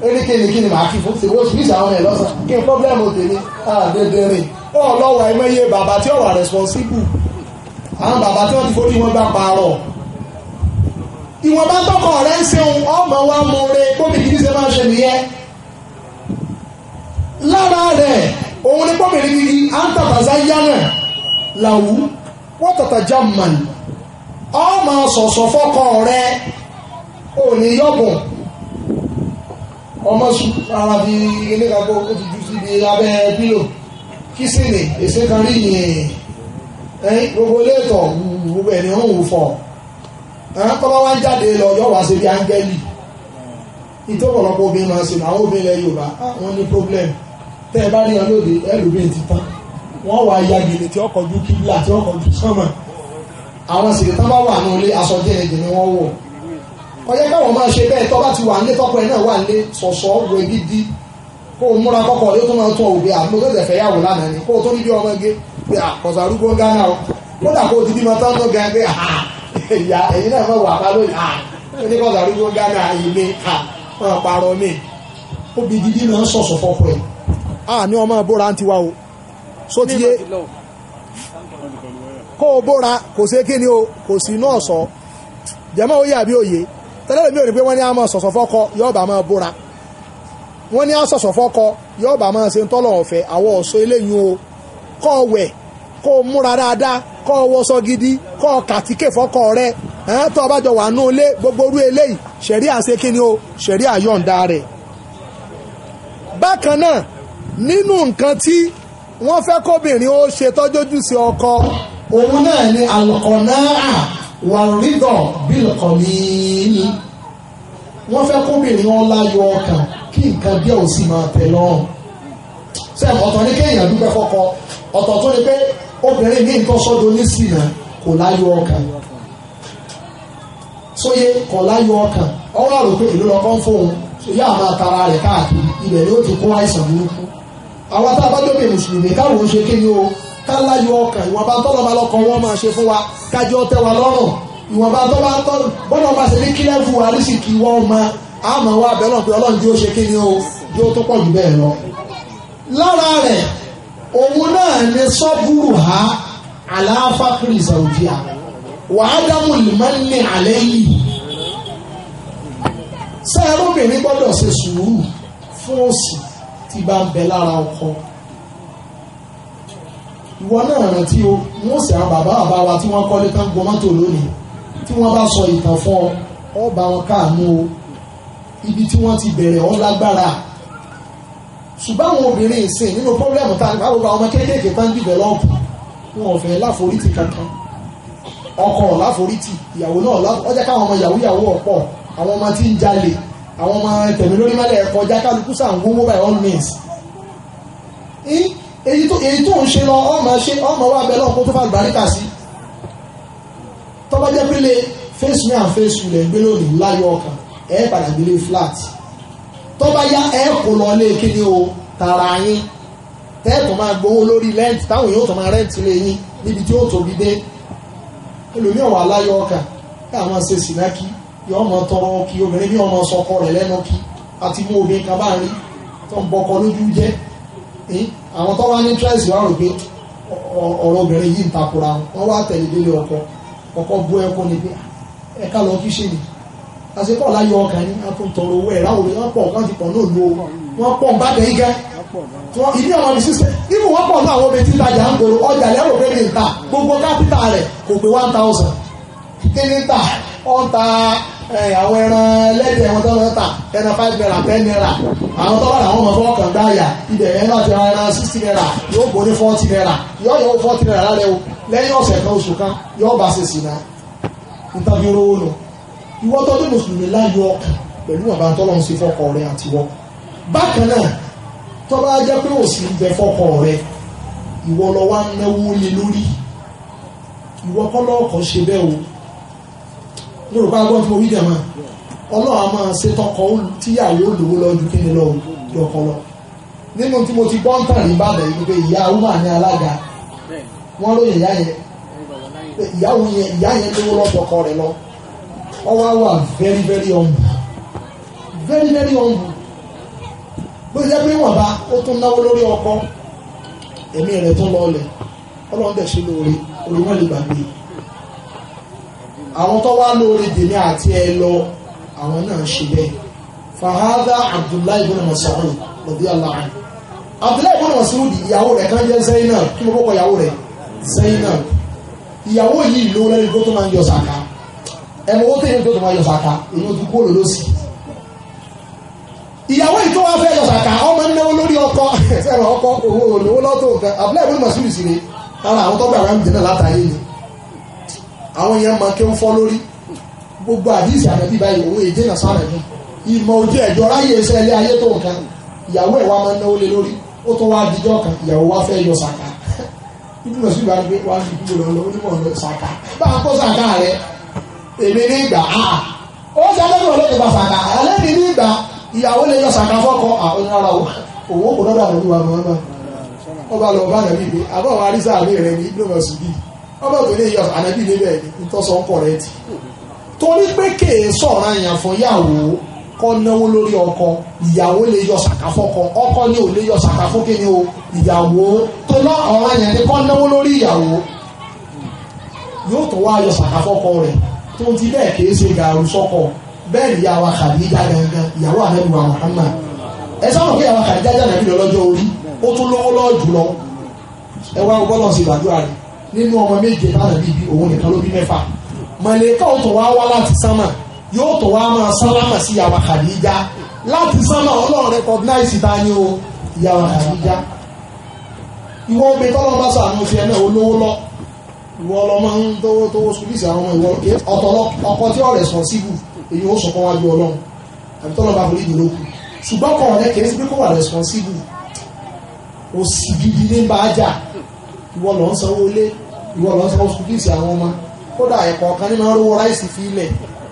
A: ó ní kíni kíni màá fi fún ṣe owó sukùl fíìsì àwọn ẹ̀ lọ́sàn kí n pọ́blẹ́mù tèmi àdédé rìn ọlọ́wọ́ ẹ mẹ́yẹ bàbá tí ó wà responsible àwọn bàbá tí wọ́n ti fojú wọn gbà parọ́ ìwọ̀n bá tọkọ rẹ̀ ń ṣeun ọmọ wa mú re bómi kìí ṣe máa ṣe nìyẹn lára rẹ̀ òun ni bómi kìí àǹtàbàzá yánà làwù wọ́n tàtàjà màlì ọmọ sọ̀sọ̀ fọ́kọ rẹ ò ní yọ̀bùn ọmọ ara fi elékagbó ó ti ju síbi abẹ́ pílò kí sì ni èsè kan rí yìnyín ẹ̀yìn gbogbo ilé ìtọ̀ gbogbo ẹ̀ ní òun ò fọ̀ ẹ̀yìn kọ́lá wá ń jáde lọ yọ̀ wá síbi áńgẹ́lì ìtọ́pọ̀lọpọ̀ obìnrin máa ń sìn àwọn obìnrin ilẹ̀ Yorùbá ah, wọ́n ní problem tẹ́ ẹ bá rí ọ lóde ẹlòmíì ti tán wọ́n wá ya gèlè tí ọkọ̀ ju kíbla tí ọkọ̀ ju sánmà àwọn ìsìnkú tán bá wà ní ilé aṣọ díẹ̀ ẹ̀jẹ̀ ni wọ́n wọ̀ ọyẹ káwọn máa ṣe bẹ́ẹ̀ tọ́ bá ti wà nílé tọ́kọ ẹ̀ náà wà nílé sọ̀sọ̀ wo ibi dí kó o múra kọ́kọ́ ló tún máa tún òwe àmọ́ tó tẹ̀fẹ́ yàwó lánàá ni kó o tó níbi ọmọ gé pé àkọ́sà arúgbó gánà o kódà kó o ti bímọ tán tó gan pé ẹ̀yà ẹ̀yin náà máa wà bá lóyè oníkọ́sà arúgbó gánà ilé máa parọ́ mi obì gidi náà sọ̀sọ̀ fọ́kọ ẹ̀ àní ọmọ bóra ń tiwa o só ti yé kó o bóra kò sí kí ni o kò sí inú ọ̀sọ́ jẹ́mọ́ ó yà bí òye tẹ́lẹ̀ mi ò ní pé wọ́n ní àmọ́ sọ̀sọ̀ fọ́kọ yóò bá máa bóra wọ́n ní àsọ̀sọ̀ fọ́kọ yóò bá máa ṣe ń tọ́lọ̀ ọ̀fẹ́ àwọn ọ̀sọ́ eléyìí o kó o wẹ̀ kó o múra dáadáa kó o wọṣọ gidi kó o kàtíkè fọ́kọ rẹ ẹ̀hán tó o bá jọ wà nú ilé gbogbo orú eléyìí ṣẹ̀rí àṣẹ kí ni o ṣẹ̀rí àyọ̀ǹda rẹ̀ bákan náà nínú nǹkan tí wọ́n fẹ́ kóbìnrin ó ṣe tọ́jọ́jú sí ọkọ òun náà ni alqanaa wà rídọ̀ bílkọ̀mìnì wọ́n fẹ́ kóbìnrin ọlá yọ ọkàn kí nǹkan bí ẹ̀ ò sì máa tẹ̀ lọ́rùn sẹ́yìn ọ̀tọ̀ ní kéèyàn dúpẹ́ fọ́kọ ọ̀tọ̀ tó ní pé obìnrin ní nǹkan sọ́dọ̀ ní sìnà kò láyọ̀ ọkàn sóyè kò láyọ̀ ọkàn ọwọ́ àrò pé ìlú lọ́kọ́ ń fóun sóyè àmọ́ àtàrà rẹ̀ káàkiri ibẹ̀ ni ó ti kó àìsàn burúkú àwọn tá a bá dóbi mùsùlùmí káwọn ó ṣe kéyìn káláyọ̀ ọkàn ìwọ̀nba tọ́lọ̀ bá lọ́kàn wọn máa ṣe fún wa kájọ tẹ́ wa lọ́rùn ìwọ̀nba tọ́lọ̀ tọ́lọ̀ bọ́lọ̀ bá ṣe ní kílẹ̀fù àríṣìkì wọn ma àmọ́ wa bẹ́ẹ̀ náà pé ọlọ́run yóò ṣe kíni o yóò tó pọ̀ jù bẹ́ẹ̀ lọ. lára rẹ̀ òun náà ni sọ́búrù ha aláfàkìrì sàrùjíà wàádámù lìmọ́lì àlẹ́ yìí sẹ́ẹ̀rọ̀bìnrin gbọ́dọ̀ ṣe sùúrù fún òṣì tí bá ń bẹ lára ọkọ ìwọ náà rántí o wọ́n sì àwọn bàbá bàbá wa tí wọ́n kọ́lé tán gbọ́ mọ́tò lónìí tí wọ́n bá sọ ìtàn fún ọ ọ bá wọn káàánú o ibi tí wọ́n ti bẹ̀rẹ̀ ọ lágbára ṣùgbọ́n àwọn obìnrin ìsìn nínú pọ́blẹ́mù tá a ní báwo bá ọmọ kéékèèké tán dìbẹ̀lọ́pù wọn ò fẹ́ láforítì kankan ọkọ láforítì ìyàwó náà ọjà káwọn ọmọ ìyàwó ìyàwó ọ̀pọ̀ àwọn ọmọ tí ń jalè àwọn ọmọ tẹ̀mí lórí mẹ́lẹ̀ ẹ̀kọ́ jákàlùkù sàǹgó mobile all means èyí tó èyí tó ń ṣe lọ ọmọ ṣe ọmọ wa bẹ lọ́wọ́ kó tó fà gbàríkà sí tọ́bọ́ jẹ́ pílé face me and face you lẹ̀ gbé lónìí láyọ̀ ọkàn ẹ̀ padà gbélé flat tọ́bọ́ yá ẹ̀ kò lọ lé kíni o tààrà yín tẹ́ẹ̀tọ̀ máa gbowó lórí lẹ́ǹtì táwọn yóò tó máa rẹ́ǹtì lé yín níbi tí ó tóbi dé ẹlòmíì ọ̀wà láyọ̀ ọkàn ká máa ṣe sìnákì yọ ọmọ tọrọ kí obìnrin bí ọmọ sọkọ rẹ̀ lẹ́nu kí àti mú obìnrin kan bá rí tó ń bọkọ lójú jẹ́ àwọn tó wá ní tírẹ́sì wá rò pé ọ̀rọ̀ obìnrin yìí ń takora wọn wá tẹ̀lé délé ọkọ ọkọ bú ẹkọ ni pé ẹ̀ka lọ kí ṣe ni àṣepọ̀ láyé ọkàn ní akóńtọ̀rọ̀ owó ẹ̀rá òwe wọn pọ̀ wọn ti pọ̀ náà lo wọn pọ̀ ń bá tẹ̀ yíga
B: ìdí àwọn ọmọ ìṣiṣẹ́
A: nínú wọn pọ̀ náà àwọn obìnrin tí tajà ń gbòòrò ọjà lẹ́rù pé ní ìta gbogbo kápítà rẹ̀ kò pé one thousand kí ní ta ọ̀ ń ta àwọn ẹran ẹlẹ́dẹ̀ wọn tó wọn ẹran five naira ten naira àwọn tó wà láwọn ọmọ fọwọ́ kàn dáyà ibẹ̀ yẹn láti ẹran sixty naira yóò bò ní forty naira yóò yọ forty naira lálẹ́ o lẹ́yìn ọ̀sẹ̀ kan oṣù kan yóò bá ṣe sí náà nítorí olówó lọ ìwọ tó ní mùsùlùmí láyọ̀ ọkàn pẹ̀lú bàbá tọ́lọ́run sí fọ́kọ rẹ àti wọ́n bákan náà tó bá jẹ́ pé òsì ń bẹ fọ́kọ rẹ ìwọ lọ wá náwó lé lórí ìwọ kọ́ lọ́ọ̀kan ṣe bẹ́ẹ̀ o mo rò pé agbọ́n tí mo a máa ṣe tọkọ tíyàwó olówó lọ́jú kí ni lọ́wọ́ ju ọkọ lọ nínú tí mo ti gbọ́ ń tàn níbàdàn yìí pé ìyá wúmà ní alága wọ́n lóye ìyá yẹn ìyá yẹn lọ wà very very humble very very humble bó pé wọ́n bá ó tún ọkọ ẹ̀mí rẹ̀ tún ọlọ́run ṣe lóore olùwọ́n lè gbàgbé yìí. àwọn tó wá lórí dèmi àti ẹ lọ àwọn náà ṣe bẹ́ẹ̀ fahadà abdullahi ibn masaud radiyallahu anhu abdullahi ibn masaud ìyàwó rẹ̀ kan jẹ́ zainab kí ló kọ́kọ́ ìyàwó rẹ̀ zainab ìyàwó yìí ló lẹ́nu tó tó máa ń yọ sàká ẹ̀mọ́ owó tẹ̀lé tó tó máa yọ sàká èyí ó ti kó lòló sí ìyàwó yìí tó wá fẹ́ yọ sàká ọmọ náwó lórí ọkọ [laughs] ẹ̀sẹ̀ rẹ̀ ọkọ òun òun lọ́tò abdullahi ibn masaud sì ni ara àwọn tó gbà wá ń náà látàrí ni àwọn èèyàn mọ kí gbogbo àdísì ànábì báyìí owó èdè náà sáré mi ìmọ̀ ojú ẹ̀jọ́ ráyè iṣẹ́ ilé ayé tó nǹkan ìyàwó ẹ̀ wá máa ń náwó lé lórí ó wá dijọ́ kan ìyàwó wá fẹ́ yọ sàkà
B: wá lọ onímọ̀
A: lọ sàkà bá a kó sàkà rẹ èmi ní ìgbà ó ṣe sàkà ní ìgbà ìyàwó lè yọ sàkà àwọn ará òwò ọba tó lè yọ ànábì níbẹ̀ ìtọ́sọ ọkọ̀ rẹ ti torí pé kèé sọ̀rọ̀ àyàn fún yàwó kọ́ náwó lórí ọkọ ìyàwó lè yọ sàkà fọ́kọ ọkọ ni ò lè yọ sàkà fún o ìyàwó tó ná ọ̀rọ̀ àyàn ni kọ́ náwó lórí ìyàwó yóò tó wá yọ sàkà fọ́kọ rẹ̀ tó ti bẹ́ẹ̀ kèé ṣe gàrú sọ́kọ bẹ́ẹ̀ ni yàwó àkàdíjà gangan ìyàwó ànábì wa Muhammad ẹ sábà pé yàwó àkàdíjà jẹ́ ànábì lọ́jọ́ orí ó tún lówó lọ́ọ́ jùlọ ẹ wá gbọ́dọ̀ sí ìgbàdúrà rẹ̀ nínú ọmọ méje bá nàbí ibi òun nìkan ló bí mẹ́fà mọ̀lẹ́kà ò tó wá wá láti sánmà yóò tó wá máa sálámà sí yàwá Khadija láti sánmà ọlọ́run recognize ta ni o yàwá Khadija ìwọ obìnrin tọ́lọ́ bá sọ àwọn òfin ẹ̀ náà olówó lọ ìwọ ọlọmọ ń tówó tówó sùkúlìsì àwọn ọmọ ìwọ ọ̀tọ̀lọ ọkọ tí ó responsible èyí ó sọ̀kan wájú ọlọ́run àbí tọ́lọ́ bá forí ìdúró kù ṣùgbọ́n kọ̀ ọ̀rẹ́ pé kó wà responsible òsì gidi ní bá jà ìwọ lọ ń sanwó ilé ìwọ lọ ń sanwó sùkúlìsì àwọn ọmọ kódà ẹ̀kọ́ kan nínú rówó ráìsì fi ilẹ̀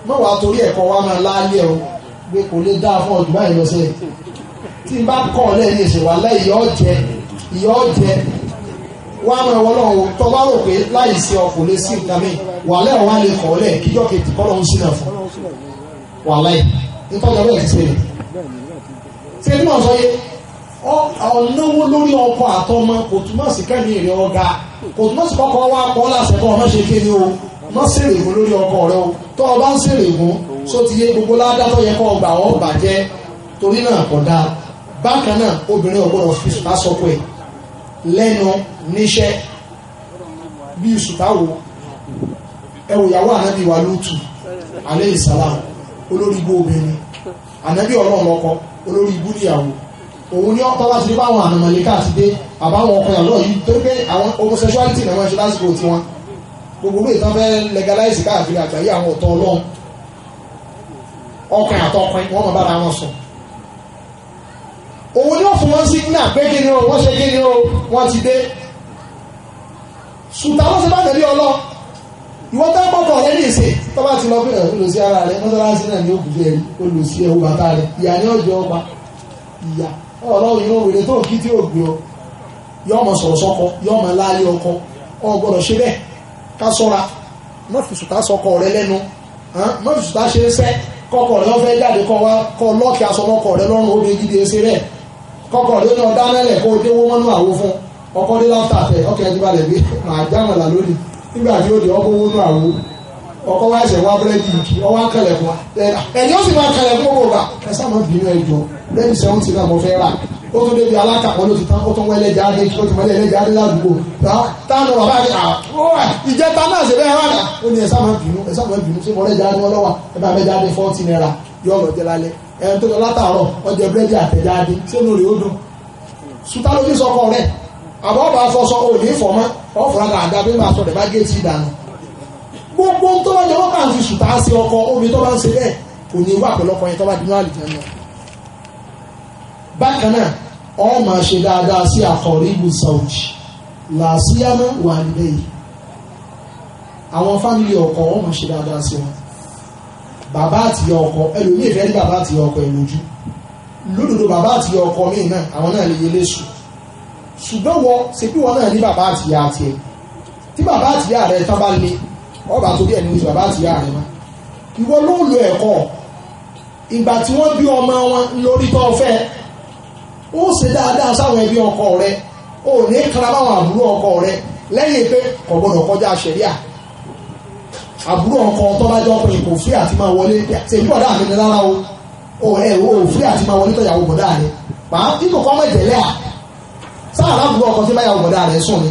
A: mọ́wàá torí ẹ̀kọ́ wa máa láálẹ̀ o pé kò lè dá fún ọdún báyìí lọ́sẹ̀ tí n bá kọ́ ọ lẹ́yìn ìṣèwà lẹ́yìn ìyọ́ jẹ ìyọ́ jẹ wàá mọ ẹwọ lọ́wọ́ tó bá rò pé láì sí ọkọ̀ lè sí nǹkan mi wà lẹ́wọ̀n wá lè kọ́ lẹ̀ kíjọ́ kejì kọ́ lọ́hún sílẹ̀ fún wà láì nítorí ọlọ́ọ̀ ti ṣe rẹ̀ ṣé ní ọ̀sọ́ yé ọ̀nàwó lórí ọkọ àtọmọ kò túmọ̀ sí kẹ́mi ìrìn ọ̀gá kò túmọ̀ sí kọ́kọ́ wá kọ́ láṣẹ kọ́ ṣe kéde o sèrè lórí ọkọ rẹ o tó o bá ń sèrè so ti yé gbogbo ládàtọ̀ yẹ kọ́ ọgbà ọ̀ bàjẹ́ torí náà bákan náà obìnrin ọ̀gbọ́dọ̀ fi sùpá ẹ̀ lẹ́nu níṣẹ́ bí sùpá wo ànábì alẹ́ ọkọ olórí ibú níyàwó òun ní ọ̀tọ̀ láti rí báwọn ànàmọ̀lẹ́kà ti dé àbáwọn ọkùnrin àlọ́ yìí tó pé àwọn homosexuality náà wọ́n ṣe lásìkò tiwọn gbogbo ìwé ìtàn fẹ́ legalize káàkiri àgbáyé àwọn ọ̀tọ̀ ọlọ́run ọkùnrin àtọkùnrin wọ́n mọ̀ bára wọn sùn òun yóò fún wọn sí ní àpẹ́kẹ́ ni o wọ́n ṣe kí ni o wọ́n ti dé ṣùtà wọ́n ṣe bá tẹ̀lé ọlọ́ ìwọ́n tẹ́ gbọ́dọ̀ rẹ ní ìsè tó bá ti lọ bí ẹ̀rọ lò sí ara rẹ mọ́tọ́lá sí náà ní òkùnjẹ́ rí ó lò sí ẹ̀wù bàtà rẹ ìyá ní ọjọ́ ọba ìyá ọ̀rọ̀ ìran wèrè tó kí tí ó gbé ọ yọ ọmọ sọ̀rọ̀ yọ ọmọ láàyè ọkọ ọ ṣe bẹ́ẹ̀ ká sọ́ra sọkọ rẹ lẹ́nu má ṣe é sẹ́ rẹ jáde kọ́ wá kọ́ lọ́ọ̀kì rẹ lọ́rùn ó o déwó mọ́nú àwo fún ọkọ dé láfíà tẹ ọkọ balẹ̀ gbé màá là lónìí nígbà tí ó dé àwo ọkọ wa ṣe wá búrẹ́dì ìkì ọwọ́ akẹlẹ̀kùn ẹ̀yìn ó sì máa kẹlẹ̀kùn gbogbo ọ̀gá ẹ̀sán máa bínú ẹ̀jọ̀ búrẹ́dì sẹ́wọ́n ti náà mo fẹ́ rà ó tún débi alákàkọ́ ló ti tán ó tún wọ́n ẹlẹ́jà á dé kí ó tún wọ́n ẹlẹ́jà á dé ládùúgbò táwọn ọ̀rọ̀ bá ní àwọn tá náà ṣe bẹ́ẹ̀ rárá ó ní ẹ̀sán máa bínú ẹ̀sán máa bínú sí mo ẹlẹ́jà á ní ọlọ́wà ẹ bá ẹlẹ́jà á dé fọ́ọ̀tì náírà yọ ọ̀rọ̀ jẹ lálẹ́ ẹni tó lọ látàárọ̀ ọjọ́ búrẹ́dì àtẹ̀já á dé sínú rẹ̀ ó dùn sùtálójú sọkọ rẹ̀ àbọ̀ ọ̀bà afọ́sọ òní ìfọ̀mọ́ ọ̀fọ̀rọ̀ àdàbí máa sọ̀rọ̀ bá gbogbo tó bá jẹ́ wọ́pàá fi sùtà sí ọkọ omi tó bá ń ṣe bẹ́ẹ̀ kò ní wà pẹ̀lú ọkọ yẹn tó bá dínú àlùjẹ́ náà bákan náà ọ máa ṣe dáadáa sí àkọ̀rí ibùsàwùjì làásìyámọ́ wà nílẹ̀ yìí àwọn fámìlì ọkọ ọ máa ṣe dáadáa sí wọn bàbá àti ìyá ọkọ ẹlòmíì fẹ́ rí bàbá àti ìyá ọkọ ẹ̀ lójú lódodo bàbá àti ìyá ọkọ míì náà àwọn náà lè yẹlé sùn ṣùgbọ́n wọ ṣe bí wọn náà ní bàbá àti ìyá àti ẹ̀ tí bàbá àti ìyá rẹ̀ tán bá ọba tó bí ẹni oṣù bàbá àti ìyá rẹ mọ ìwọ ló lo ẹ̀kọ́ ìgbà tí wọ́n bí ọmọ wọn lórí tó fẹ́ ó ṣe dáadáa sáwọn ẹbí ọkọ rẹ ó ní kára báwọn àbúrò ọkọ rẹ lẹ́yìn pé kò gbọdọ̀ kọjá ṣẹ̀ríà àbúrò ọkọ tó bá jọ pé kò fí àti máa wọlé ṣèlú ọ̀dà mi ni rárá o ò ẹ ò fí àti máa wọlé tọ̀yàwó bọ̀dá rẹ pàápàá nínú kọ́mọ̀ ìtẹ̀lẹ́ à sáà àbúrò ọkọ tí bá yàwó bọ̀dá rẹ sùn ni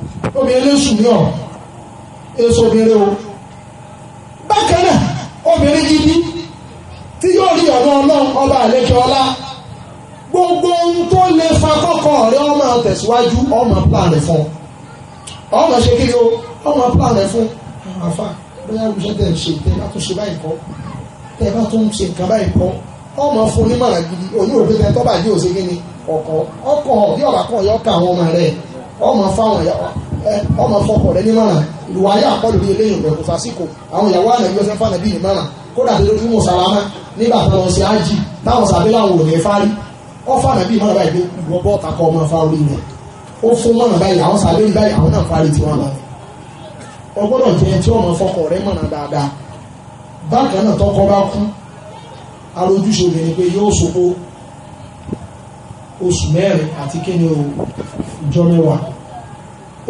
A: obìnrin lẹ́sùn ní ọ̀ èso obìnrin o bákan náà obìnrin gidi tí yóò rí ọ̀nà ọlọ́run ọba àlejò ọlá gbogbo ohun tó lè fa kọ́kọ́ ọ̀rẹ́ ọmọ tẹ̀síwájú ọmọ plan rẹ̀ fún ọmọ ṣe kí o ọmọ plan rẹ̀ fún àfa bóyá olùṣẹ́ tẹ̀ ṣe tẹ̀ bá tún ṣe báyìí kọ́ tẹ̀ bá tún ṣe nǹkan báyìí kọ́ ọmọ fún onímọ̀ràn gidi òní òfin tẹ̀ tọ́ bàjẹ́ òṣèlú ni ọkọ̀ ọkọ̀ yọ̀ọ̀bà kan yọ̀ọ̀ka àwọn ọmọ rẹ̀ ọmọ fáwọn yàrá Eh, ọmọ fọkọ rẹ ní mara ìwà ayé àpọ̀ lórí eléyìí rẹ̀ kò fàsíkò àwọn ìyàwó ànàbí ọsẹ fànàbí ní mara kódà tó lójú mùsàlámà nígbà tó lọ ájì táwọn sàbẹ́ làwọn ò fárí ọ fànàbí mọ́ràn báyìí pé ìwọ ọmọ fa orí rẹ̀ ó fún mọ́ràn báyìí àwọn sàbẹ́ ní báyìí àwọn náà fárí tiwọn lọ. ọgbọ́dọ̀ tí ọmọ fọkọ rẹ mọ̀ràn dáadáa náà tọkọ bá kú alójúṣe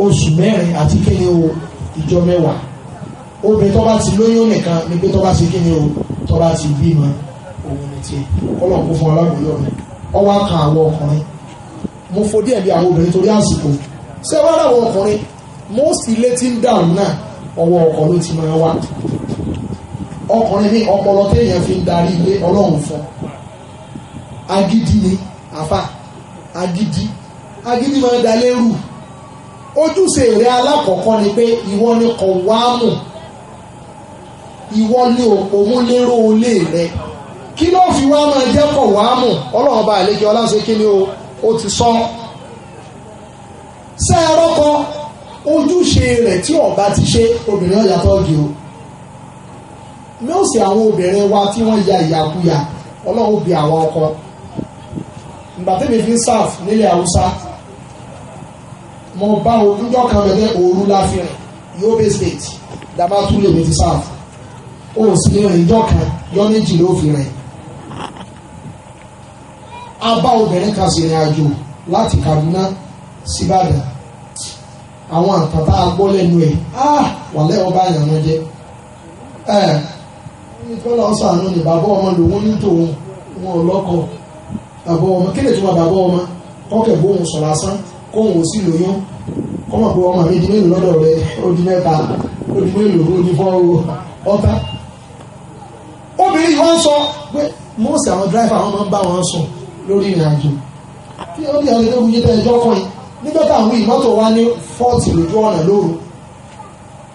A: oṣù mẹ́rin àti kíni o ìjọ mẹ́wàá obìnrin tó bá ti lóyún nìkan ni pé tó bá ti kíni o tó bá ti bímọ òun ni tiẹ̀ ọlọ́run kó fún ọlọ́gbọ̀yọ̀ mi ọwọ́ kan àwọn ọkùnrin mo fo díẹ̀ bí àwọn obìnrin torí àsìkò ṣé wọ́n rà àwọn ọkùnrin most ilé tí ń dàrú náà ọwọ́ ọkọ ló ti máa wá ọkùnrin ní ọpọlọ téèyàn fi ń darí ilé ọlọ́run fún agídí ni àfà agídí agídí máa dalérù ojúṣe rẹ alákọ̀ọ́kọ́ ni pé ìwọ ni kọ̀wáàmù ìwọ ni òpómúlérò olè rẹ kí ló fi wá máa jẹ́ kọ̀wáàmù ọlọ́run bá àlejò ni o ó ti sọ ṣé ẹrọ́kọ ojúṣe rẹ̀ tí ọba ti ṣe obìnrin ọ̀yà o ní ó sì àwọn obìnrin wa tí wọ́n ya ìyàkuyà ọlọ́run bí àwọn ọkọ ìgbà tẹ́lẹ̀ fi ń mo bá ogúnjọ́ kan bẹ̀rẹ̀ òru láfihàn Yobe State Damaturu Èkìtì South ó sì lè rìn jọ́ kan yọ méjì ló fi rìn a bá obìnrin kan sì rìn àjò láti Kaduna síbàdàn àwọn àtàtà agbó lẹ́nu ẹ̀ ah, wà lẹ́wọ́ bá yàn án jẹ́ ẹ̀ nítorí ọ̀sán àánú ni bàbá ọmọ lòun ní tòun wọn ò lọ́kọ̀ bàbá ọmọ kí lè tún wà bàbá ọmọ kọ́kẹ́ bóun sọ̀ lásán kóhùn sí lóyún kọ́mọ̀ pé ọmọ mi di mélòó lọ́dọ̀ rẹ ó di mẹ́ta ó di mélòó ó di fọ́ọ̀rọ̀ ọ̀tá obìnrin yìí wọ́n sọ pé mọ́ọ̀sì àwọn dráìfà wọn máa ń bá wọn sùn lórí ìrìn àjò kí ó ní ọ̀rẹ́ lórí yìí tẹ́jọ́ kan yìí nígbà táwọn yìí mọ́tò wá ní fọ́ọ̀tì lójú ọ̀nà lóru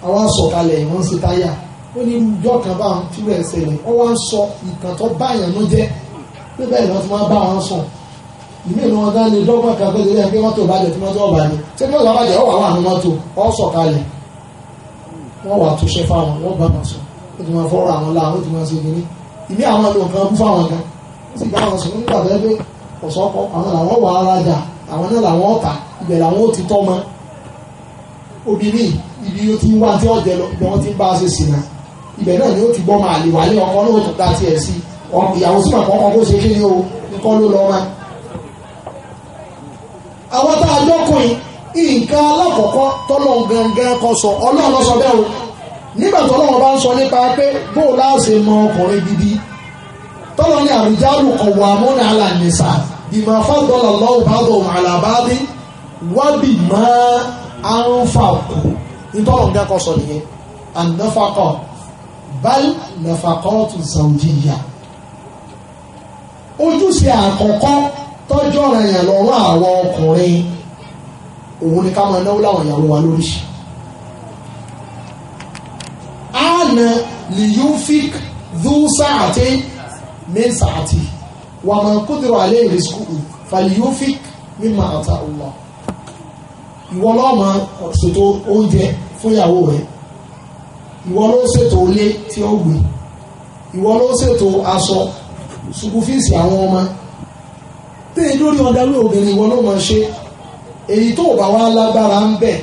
A: àwọn sọ̀kalẹ̀ ìwọ̀n sí táyà ó ní ìjọ kan bá wọn tí wọ́n ẹ̀sẹ̀ rẹ̀ ó wá ń sọ ìkàn tó báyàn ló jẹ́ pé bẹ́ẹ̀ ni wọ́n ti máa bá wọn sùn mílíọ̀nù wọn gán ni lọ́gbọ̀n kan pé lórí ẹgbẹ́ mọ́tò bàjẹ́ tí mọ́tò ọ̀bà ni tí mọ́tò bàjẹ́ ọ̀wà wà ní mọ́tò ọ̀sọ̀ kalẹ̀ wọ́n wà túnṣe fáwọn wọ́n bá wọn sọ ó ti máa fọ́rọ̀ àwọn láàrín ó ti máa ṣe ìgbìní ìní àwọn ọmọ nǹkan bú fáwọn gan ó sì bá wọn sọ nígbà tó yẹ pé ọ̀sọ́kọ àwọn làwọn wà á rajà àwọn náà làwọn ọ̀tà ibẹ̀ làwọn ó ti tọ́ mọ obìnrin ibi ó ti wá tí ọ̀jẹ̀ lọ ibẹ̀ wọ́n ti ń bá a ṣe sìnà ibẹ̀ náà ni ó ti gbọ́ máa lè wálé ọkọ náà ó tún dá tiẹ̀ sí ìyàwó sí màkà ọkọ bó ṣe kí ni o nǹkan ló lọ́ máa àwọn tá a jọ́kùnrin nǹkan alákọ̀ọ́kọ́ tọ́lọ́hun gangan kọ sọ ọlọ́run ló sọ bẹ́ẹ̀ o nígbà tọ́lọ́hun bá ń sọ nípa pé bó o láàṣẹ mọ ọkùnrin gidi tọ́lọ́ ní àrùjálù kọ̀wọ́ àmúnà alànìsà bímọ fàdọ́lọ̀ lọ́wọ́ bàdọ̀ àlàbádé wábì má a ń fà kù nítorọ̀ nǹkan kọ sọ nìyẹn ànáfàkọ̀ báyìí nàfàkọ̀ tù zàwùjì yá ojúṣe àkọ́kọ́ tọ́jú ọ̀rọ̀ èèyàn lọ́wọ́ àwọn ọkùnrin òun ni ká máa náwó láwọn ìyàwó wa lóríṣi. àna liyufik dúsà àti mẹ́sà àti wà máa kúndùrọ̀ alẹ́ ìrìsíkù fàliyufik mímọ àtà ọ̀la. ìwọ ló máa ṣètò oúnjẹ fún ìyàwó rẹ ìwọ ló ṣètò ilé tí ó gbé ìwọ ló ṣètò aṣọ sukùfíìsì àwọn ọmọ. tẹ́lẹ̀ lórí ọ̀dàlú obìnrin wọn ló máa ṣe èyí tó bá wá lágbára ń bẹ̀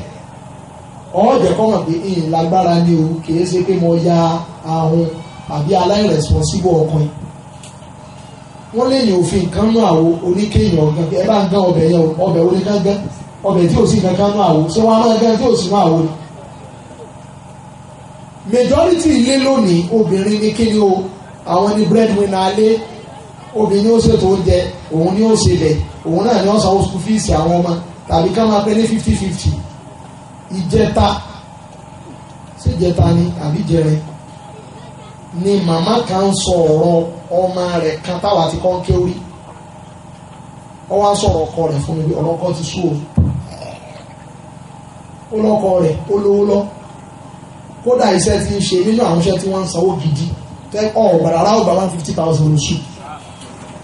A: ọ̀ọ́dẹ̀ kọ́mọ̀ pé ìyìn lágbára ni o kì í ṣe pé mo ya ahun àbí ọkùnrin wọ́n léyìn òfin àwo oníkéyìn ẹ bá ń gán tí ò sí àwo ṣé wọ́n tí ò sí àwo obìnrin ó ṣètò oúnjẹ òun ni ó ṣe lẹ̀ òun náà ni ó sanwó school fees àwọn ọmọ tàbí ká máa pẹ́ ní fifty fifty ìjẹta ṣèjẹta ni àbí jẹrẹ ni màmá kan sọ ọ̀rọ̀ ọmọ rẹ̀ kan táwa ti kọ́ ń kéwì ọ wá sọ̀rọ̀ ọkọ rẹ̀ fún mi bí ọlọ́kọ ti sú o ó lọ́kọ rẹ̀ ó lówó lọ kódà iṣẹ́ ti ń ṣe nínú àwọn iṣẹ́ tí wọ́n ń sanwó gidi tẹ́ ọ̀ gbàrà ráwọ̀ bá fifty thousand oṣù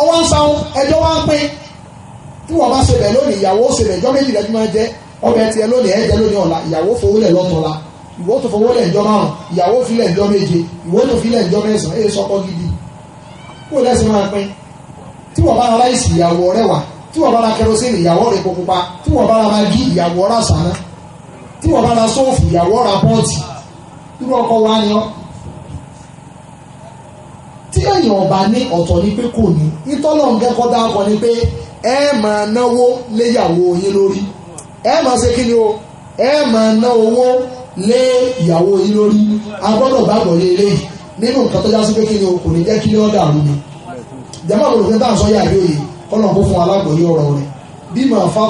A: ọwọ́ ń sanwó ẹjọ́ wá ń pín tí wọ́n bá ṣe bẹ̀ lónìí ìyàwó ṣe bẹ̀ ẹjọ́ méjì lẹ́jọ́ máa jẹ ọbẹ̀ tiẹ̀ lónìí ẹ̀jẹ̀ lónìí ọ̀la ìyàwó fowó lẹ̀ lọ́tọ̀ la ìwọ tó fowó lẹ̀ ẹjọ́ márùn ìyàwó filẹ̀ ẹjọ́ méje ìwọ tó filẹ̀ ẹjọ́ mẹ́sàn ẹ̀ sọ́kọ́ gidi kó lẹ́sìn máa pín tí wọ́n bá ra láìsí ìyàwó rẹ̀ wà tí wọ́n bá ra kerosene ìyàwó rẹ̀ kó pupa tí wọ́n bá ra magi ìyàwó rà sànà tí wọ́n bá ra sóòfù ìyàwó rà pọ́ọ̀tì irú ọkọ wa ni ọ́ tí èèyàn ọba ní ọ̀tọ̀ ni pé kò ní ìtọ́lọ̀ ń kẹ́kọ̀ọ́ dáàbọ̀ ni pé ẹ máa náwó léyàwó yín lórí ẹ máa ṣe kí ni o ẹ máa ná owó lé ìyàwó yín lórí a gbọ́dọ̀ gbàgbọ́ lé eléyìí nínú nǹkan tó já sí pé kí ni o kò ní jẹ́ kí ni àbúrò táwọn sọ́yà yóò kọ́nà kó fún fa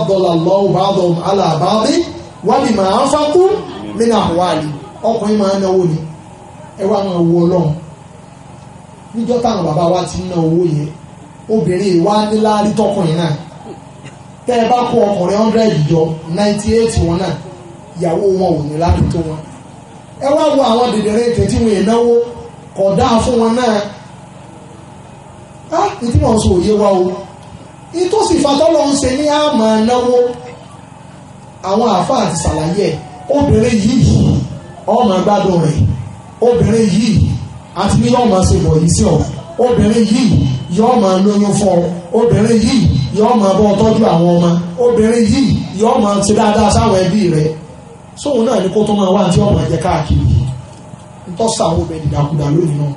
A: dọ́là dọ̀ níjọ́ táwọn bàbá wa ti ń ná owó yẹn obìnrin wa ní láàrí tọkùnrin náà tẹ́ ẹ bá kó ọkùnrin hundred jọ ninety eight wọn náà ìyàwó wọn ò ní láti tó wọn ẹ wá wo àwọn dèdèrè ètò tí wọn ìnáwó kò dáa fún wọn náà á ah, ìdí wọn sọ òye wa o ìtòsí fatọ́lọ́ ń ṣe ní àmà náwó àwọn àáfàá àti ṣàlàyé obìnrin yìí ọmọ gbádùn rẹ̀ obìnrin yìí àti bí yọ́ọ̀ máa ṣe bọ̀ yìí sí ọ obìnrin yìí yọ́ọ̀ máa lóyún fún ọ obìnrin yìí yọ́ọ̀ máa bọ́ tọ́jú àwọn ọmọ obìnrin yìí yọ́ọ̀ máa ṣe dáadáa sáwọn ẹbí rẹ sóhun náà ni kó tó máa wá àti ọmọ ẹ̀jẹ̀ káàkiri ntọ́sà àwọn obìnrin dàkúdà lónìí náà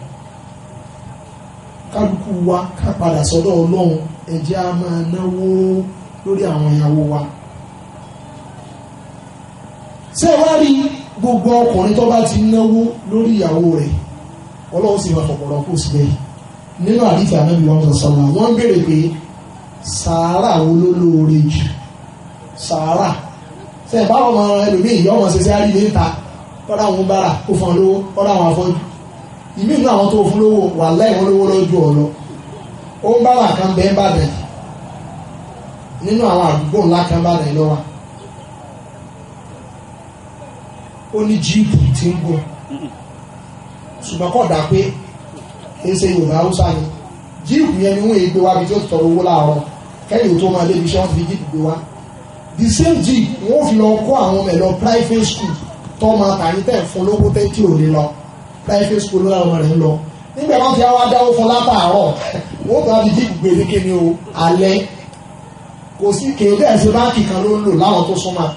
A: kálukú wa ká padà sọ́dọ̀ ọlọ́run ẹ jẹ́ á máa náwó lórí àwọn ìyàwó wa ṣé wá rí gbogbo ọkùnrin tó bá ti náwó lórí ìyàwó rẹ̀ ọlọ́run sì máa fọ̀pọ̀rọ̀ nínú àdìtì ànábì wọn sọ sọlá wọ́n béèrè pé sàárà wo ló lóore jù sàárà sẹ́yìn báwọn ọmọ ẹlòmíì ọmọ ṣẹṣẹ́ àrí ní ta ọ̀rọ̀ bára ìmí àwọn tó fún lówó wà ọ̀lọ́ ó ń bára kan bẹ́ẹ̀ bàbẹ̀ nínú àwọn àdúgbò ńlá kan bàbẹ̀ lọ́wọ́ ó ní ṣùgbọ́n kọ̀ dà pé èsè yorùbá haúsá ni jíìpù yẹn ni wọ́n ègbé wa bí tí ó tọrọ owó láàárọ̀ kẹ́yìn tó máa débi ṣé wọ́n fi jíìpù gbé wa the same jíìpù wọ́n fi lọ kó àwọn ọmọ ẹ̀ lọ private school tó máa tàyín tẹ̀ fún lówó tẹ́ tí ò ní lọ private school ló láwọn rẹ̀ ń lọ nígbà wọn fi wá dáwó fún látàárọ̀ [laughs] wọ́n bá fi jíìpù gbé nìkan ni o alẹ́ kò sí kéde ẹ̀sìn báńkì kan ló ń lò láwọn tó súnmọ́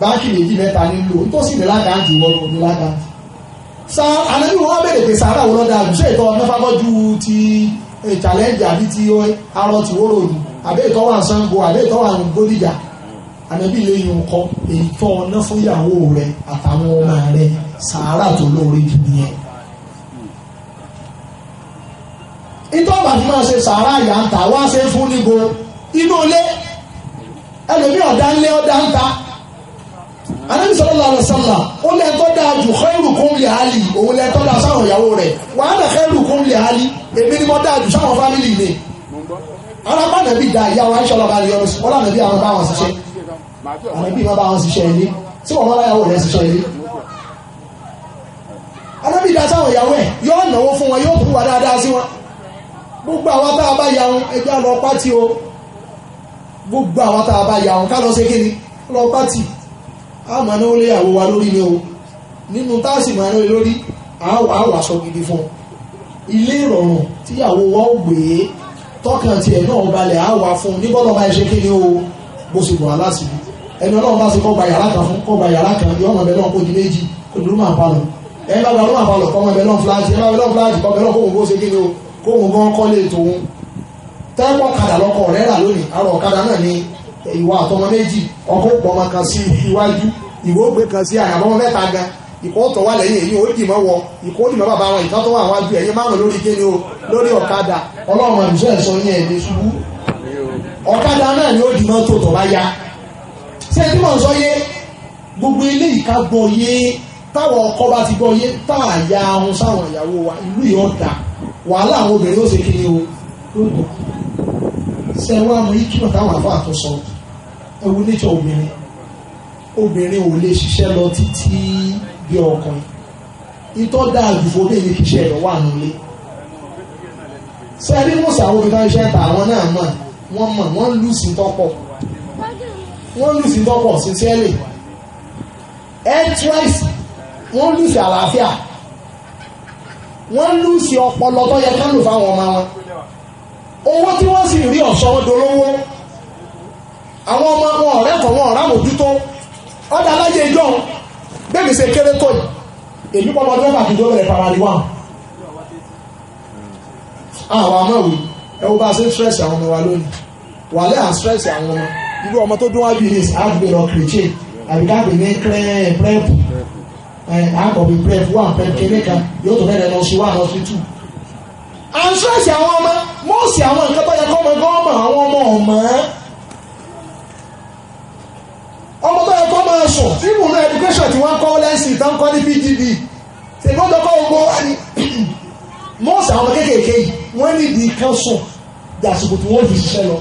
A: báńkì méjì mẹ́ta nílò nítòsí ní lágàájì wọ́n lò ní lágàájì sa anabi wọn bèrè pé sàárà wọn lọ́dà àdùsẹ́ ìtọ́ mẹ́fàmọ́jú ti eh, challenge àbí ti arọ ti wóró ni àbẹ́ ìtọ́ wà Ṣàngó àbẹ́ ìtọ́ wà Bódìjà anabi lẹ́yìn nǹkan èyí tọ́ ọ̀nà fún ìyàwó rẹ àtàwọn ọmọ rẹ sàárà tó lóore jù nìyẹn. ìtọ́ àbàtí máa ṣe sàárà yà ń ta wá ṣe fún níbo inú ilé ẹlòmíọ̀ dá ń lé ọ́ dá ń ta anabi sallallahu alaihi wasallam ó lẹ tó dáa jù khairukum li ahli òun lẹ tó dáa sáwọn ìyàwó rẹ̀ wa ana khairukum li ahli èmi ni mo dáa jù sáwọn fámìlì mi alábà nàbí da ìyàwó aṣọ ọlọba ni ọrùn wọn là nàbí àwọn bá wọn ṣiṣẹ́ ànàbí máa bá wọn ṣiṣẹ́ ilé tí wọn bá yàwó rẹ̀ ṣiṣẹ́ ilé alábì da sáwọn ìyàwó ẹ yóò náwó fún wọn yóò tún wà dáadáa sí wọn gbogbo àwọn tá a bá ya wọn ẹgbẹ́ lọ pátì o gbogbo àwọn tá a bá ya wọn ká lọ ṣe kí ni lọ pátì a máa lé ìyàwó wa lórí ni o nínú táàsì máa náwó lórí a wà sọ gidi fún ilé ìrọ̀rùn tíyàwó wa ó gbé tọkàn tiẹ̀ náà balẹ̀ a wà fún níbọ̀lọ́ bá ṣe kí ni o bó ṣe bọ̀ aláṣì ẹni ọlọ́run bá ṣe kọ́ gba yàrá kan fún kọ́ gba yàrá kan yọ ọmọ ẹbẹ náà kó di méjì kó di rúmà palọ̀ ẹ bá gba rúmà palọ̀ kọ́ ọmọ ẹbẹ náà fúláàtì ẹ bá gba fúláàtì kọ́ ọmọ ẹbẹ náà kó o kó ìwọ àtọmọ méjì ọkọ pọ̀ kan sí iwájú ìwọ gbé kan sí àyàbọ̀ mẹta gan ìkọ́ tọ̀ wà lẹ́yìn èyí ó wọ ìkọ́ dìmọ́ bàbá wọn ìkọ́ tó wà wájú ẹ̀yìn márùn lórí o lórí okada ọlọ́run àdùsọ́ ẹ̀sọ́ yẹn ẹ̀mí ṣubú ni ó tó bá ya ṣé tí sọ yé gbogbo ilé ìka yé ọkọ bá ti ya ahun sáwọn ìyàwó wa ìlú yìí ọ̀dà wàhálà àwọn obìnrin ó o ṣe wá mọ ikímọ̀ táwọn àfọ àtúnṣọ ẹwú níṣọ obìnrin obìnrin ò lè ṣiṣẹ́ lọ títí bí ọkùnrin ìtọ́ dáa jù fún obìnrin kì í ṣe ẹ̀rọ wà nílé sẹ́ẹ̀rí mùsà àwọn obìnrin iṣẹ́ ta àwọn náà mọ̀ wọ́n mọ̀ wọ́n lù sí tọ́pọ̀ wọ́n lù sí tọ́pọ̀ sincerely entrance wọ́n lù sí àlàáfíà wọ́n lù sí ọpọlọ tó yẹ kánò fáwọn ọmọ wọn owó tí wọ́n sì rí ọ̀sọ́ wọn dolówó àwọn ọmọ wọn ọ̀rẹ́ kan wọn ọ̀rá mójútó ọ̀dà aláyé ijọ́ bẹ́ẹ̀ni ṣe kéré tó yìí èmi pọ́pọ́ dọ́gba àti ìjọba rẹ̀ paramari wà. àwọn amáwì ẹ wo bá a ṣe ń stress àwọn ọmọ wa lónìí wàlẹ́ à ń stress àwọn ọmọ irú ọmọ tó dún wá bí ní àgbè lọ kìrìtì àbíkáàbì ní prẹ́ẹ̀pù àkọ̀bí prẹ́ẹ̀pù wà prẹ́ẹ̀pù kékeré kan yóò tó fẹ́ẹ́ lọ sí wà lọ sí tù. à ń stress àwọn ọmọ wọ́n sì àwọn nǹkan tó yẹ kọ́mọ gọ́ọ̀mọ̀ àwọn ọmọ ọ̀mọ́ ọmọ tó yẹ kọ́mọ sùn nínú náà education tí wọ́n kọ́ lẹ́sìn tó ń kọ́ ní pgb tèmọ́tò kọ́ gbogbo wa ni mọ́ọ̀sì àwọn kéékèèké yìí wọ́n ní ìdí kan sùn dàsìkò tí wọ́n fi ṣiṣẹ́ lọ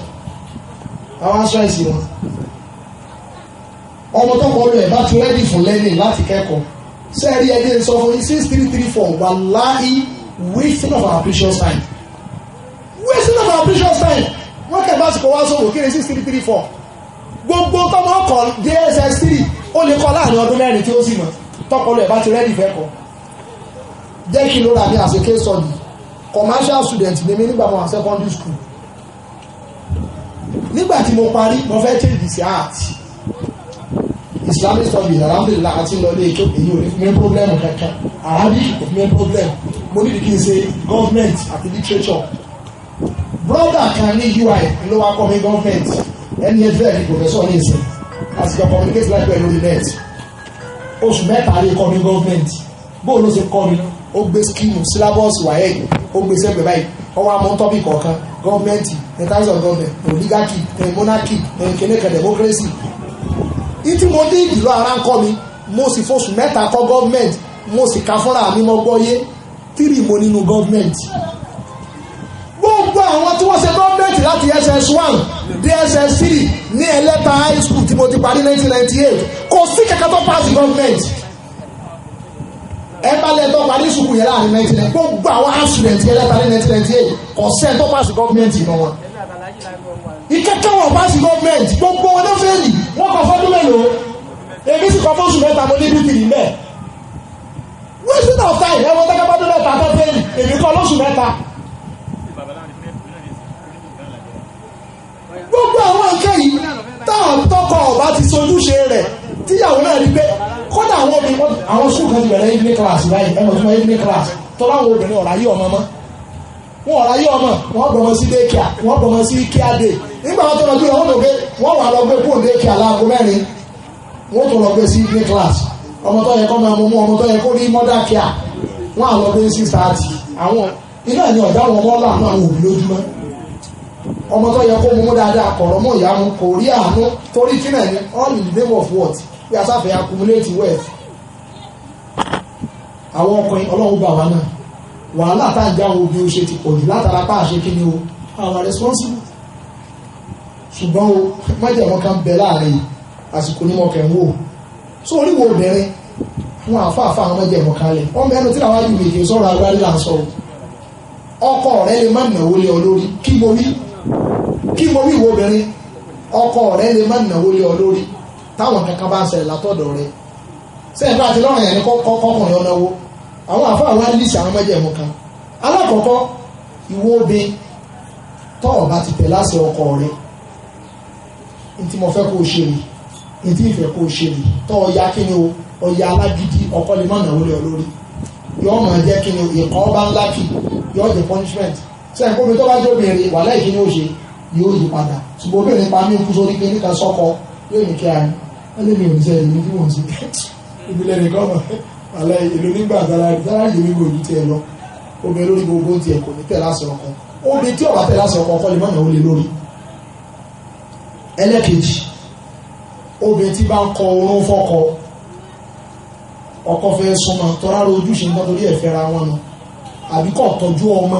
A: àwọn aṣọ ẹ̀sìn wọn ọmọ tó kọ́ lọ ẹ̀ bá ti rẹ́dì fún lẹ́nì láti kẹ́kọ̀ọ́ sẹ́ẹ̀rí ẹni sọ fún yín six three three four wàláhì wasting of our precious time wasting of our precious time wọ́n kẹ̀ bá sìkò wá sóhùn kí ni six three three four gbogbo tọmọ ọkọ̀ jss three ó lè kọ́ láàrin ọdún mẹ́rin tí ó sì mọ̀ tọpọlọ ẹ̀ bá ti rẹ́dì fẹ́ kọ́ jẹ́ kí ló rà ní àṣekè sọ́ọ̀dì commercial student ni mi nígbà mo wà secondary school nígbà tí mo parí mo fẹ́ change sí art islamic studies alhamdulilah àti lọlé ètò èyí ò ní fún mi problem kankan arabic ò fún mi problem mo ní kí n ṣe government àti literature brother kan ní UI ló wá kọ́ mi government ẹni ẹ fẹ́ẹ̀ ni professor ní ìsìn àsìkò communicate láìpẹ́ lórí net oṣù mẹ́ta lè kọ́ mi government bóun ló ṣe kọ́ mi ó gbé skimu syllabus wáyé ó gbé sẹ́gbẹ̀ báyìí ọwọ́ àmọ́ tọ́pì kọ̀ọ̀kan gọ́ọ̀mẹ́ntì ẹ̀táìsọ̀ gọ́ọ̀mẹ̀ oligarchy monarchy kẹ́nẹ́kẹ́ democracy ìtí mo dé ìdìlọ ara ń kọ́ mi mo sì fóṣù mẹ́ta kọ́ gọ́ọ̀mẹ̀ntì mo sì ka fúnra mi mọ́ gbọ́yé tírì mo nínú gọ́ọ̀mẹ̀ntì àwọn tí wọ́n ṣe gọ́ọ̀mẹ̀ntì láti SS1 DSS3 ní ẹlẹ́ta high school tí mo ti parí 1998 kò sí kẹ̀kẹ́ tó pass gọ́ọ̀mẹ̀ntì ẹ bá lẹ́tọ́ parí sùkúù yẹn láàrin 1998 gbogbo àwọn asùnẹ̀ntì ẹlẹ́ta ní 1998 kò sẹ́ẹ̀ tó pass gọ́ọ̀mẹ̀ntì náà wọn ìkẹ́kẹ́ wọn bá sí gọ́ọ̀mẹ̀ntì gbogbo wọn lọ́fẹ́ yìí wọ́n kọ̀ fọ́dún mélòó èmi sì kọ́ fóṣù mẹ́ta mo ní bíbí nílẹ̀ wíṣítà ọ̀tá ìyẹ́wọ́ tẹ́kẹ́ bá dún mẹ́ta tó fẹ́ èmi kọ́ lóṣù mẹ́ta gbogbo àwọn nǹkan yìí táwọn tọkọ ọba ti sojúṣe rẹ̀ tíyàwó náà rí pé kódà àwọn obìnrin àwọn sùn kan bẹ̀rẹ̀ ilé class báyìí ẹ̀mọ̀ tó mọ class tọ́lá àwọn obìnrin ọ̀rá yí ọmọ mọ́ wọn ọ̀rá yí ọmọ wọn bọ̀ sí dékìá wọn bọ̀ sí kíá dé nígbà wọn tó lọ gbé wọn lò gbé wọn wà lọ gbé kóòn dékìá láago mẹ́rin wọn tó lọ gbé sí ilé class ọmọ tó yẹ kó máa mú mú ọmọ tó yẹ kó rí mọ́dà kíá wọn àlọ́ gbé sí sáàtì àwọn iná ni ọ̀dá wọn mọ́ ọmọ tó yẹ kó mú dáadáa kọ̀rọ̀ mọ́ ìyá mu kò rí àánú torí kí náà ni all in the name of what We are sáfẹ́ accumulate wealth àwọn ọkùnrin ọlọ́run bá wa náà wàhálà tá à ń jáwọ́ bí o ṣe ti pọ̀ jù látara pa àṣẹ kí ni o our responsible ṣùgbọ́n o májèmọ́ kan bẹ láàrin àsìkò onímọ̀ kẹ̀wò so oríwo obìnrin wọn àfáàfá àwọn májèmọ́ kan lẹ̀ wọ́n mẹ́nu tí làwọn àjùmọ̀ èdè sọ̀rọ̀ agbárí là ń sọ ọkọ rẹ lè má nàwó lé ọ lórí kí mo rí kí mo wí ìwọ obìnrin ọkọ rẹ lè má nàwó lé ọ lórí táwọn kankan bá ń ṣẹlẹ̀ látọ̀dọ̀ rẹ sẹ́yìn bá ti lọ́rùn yẹn ní kọ́kọ́kùnrin ọ̀nàwó àwọn àfọ àwọn alíṣẹ́ àwọn mẹ́jẹ̀mú kan alákọ̀ọ́kọ́ ìwọ obìnrin tọ́ ọ ti tẹ̀ láṣẹ ọkọ rẹ ntí mo fẹ́ kó o ṣe rè ntí ìfẹ́ kó o ṣe rè tọ́ ọ ya ni o ọya alágídí ọkọ lè má nàwó lé ọ lórí yọọ máa jẹ́ kí ni ìkọ́ bá ńlá kì yọọ jẹ́ punishment sẹ́yìn kó mi tó bá jó obìnrin wàhálà ìkíni ó ṣe yóò yí padà ṣùgbọ́n obìnrin pa mí kú sórí pé níta sọ́kọ yóò ní kí a ní wọ́n lé mi ò ní sẹ́ ẹ̀mí bí wọ́n ti ìbílẹ̀ nìkan mọ̀ àlẹ́ èlò nígbà sára sára yìí mi gbòòdù tiẹ̀ lọ obìnrin lórí gbogbo tiẹ̀ kò ní tẹ̀ láṣọ ọkọ obìnrin tí ọba tẹ̀ láṣọ ọkọ ọkọ lè mọ̀nyàn ó lè lórí ẹlẹ́kejì obìnrin tí bá ń kọ orún fọ́kọ ọkọ fẹ́ súnmọ́ tọ́ra ojúṣe nítorí ẹ̀fẹ́ ra wọn nù àbíkọ́ tọ́jú ọmọ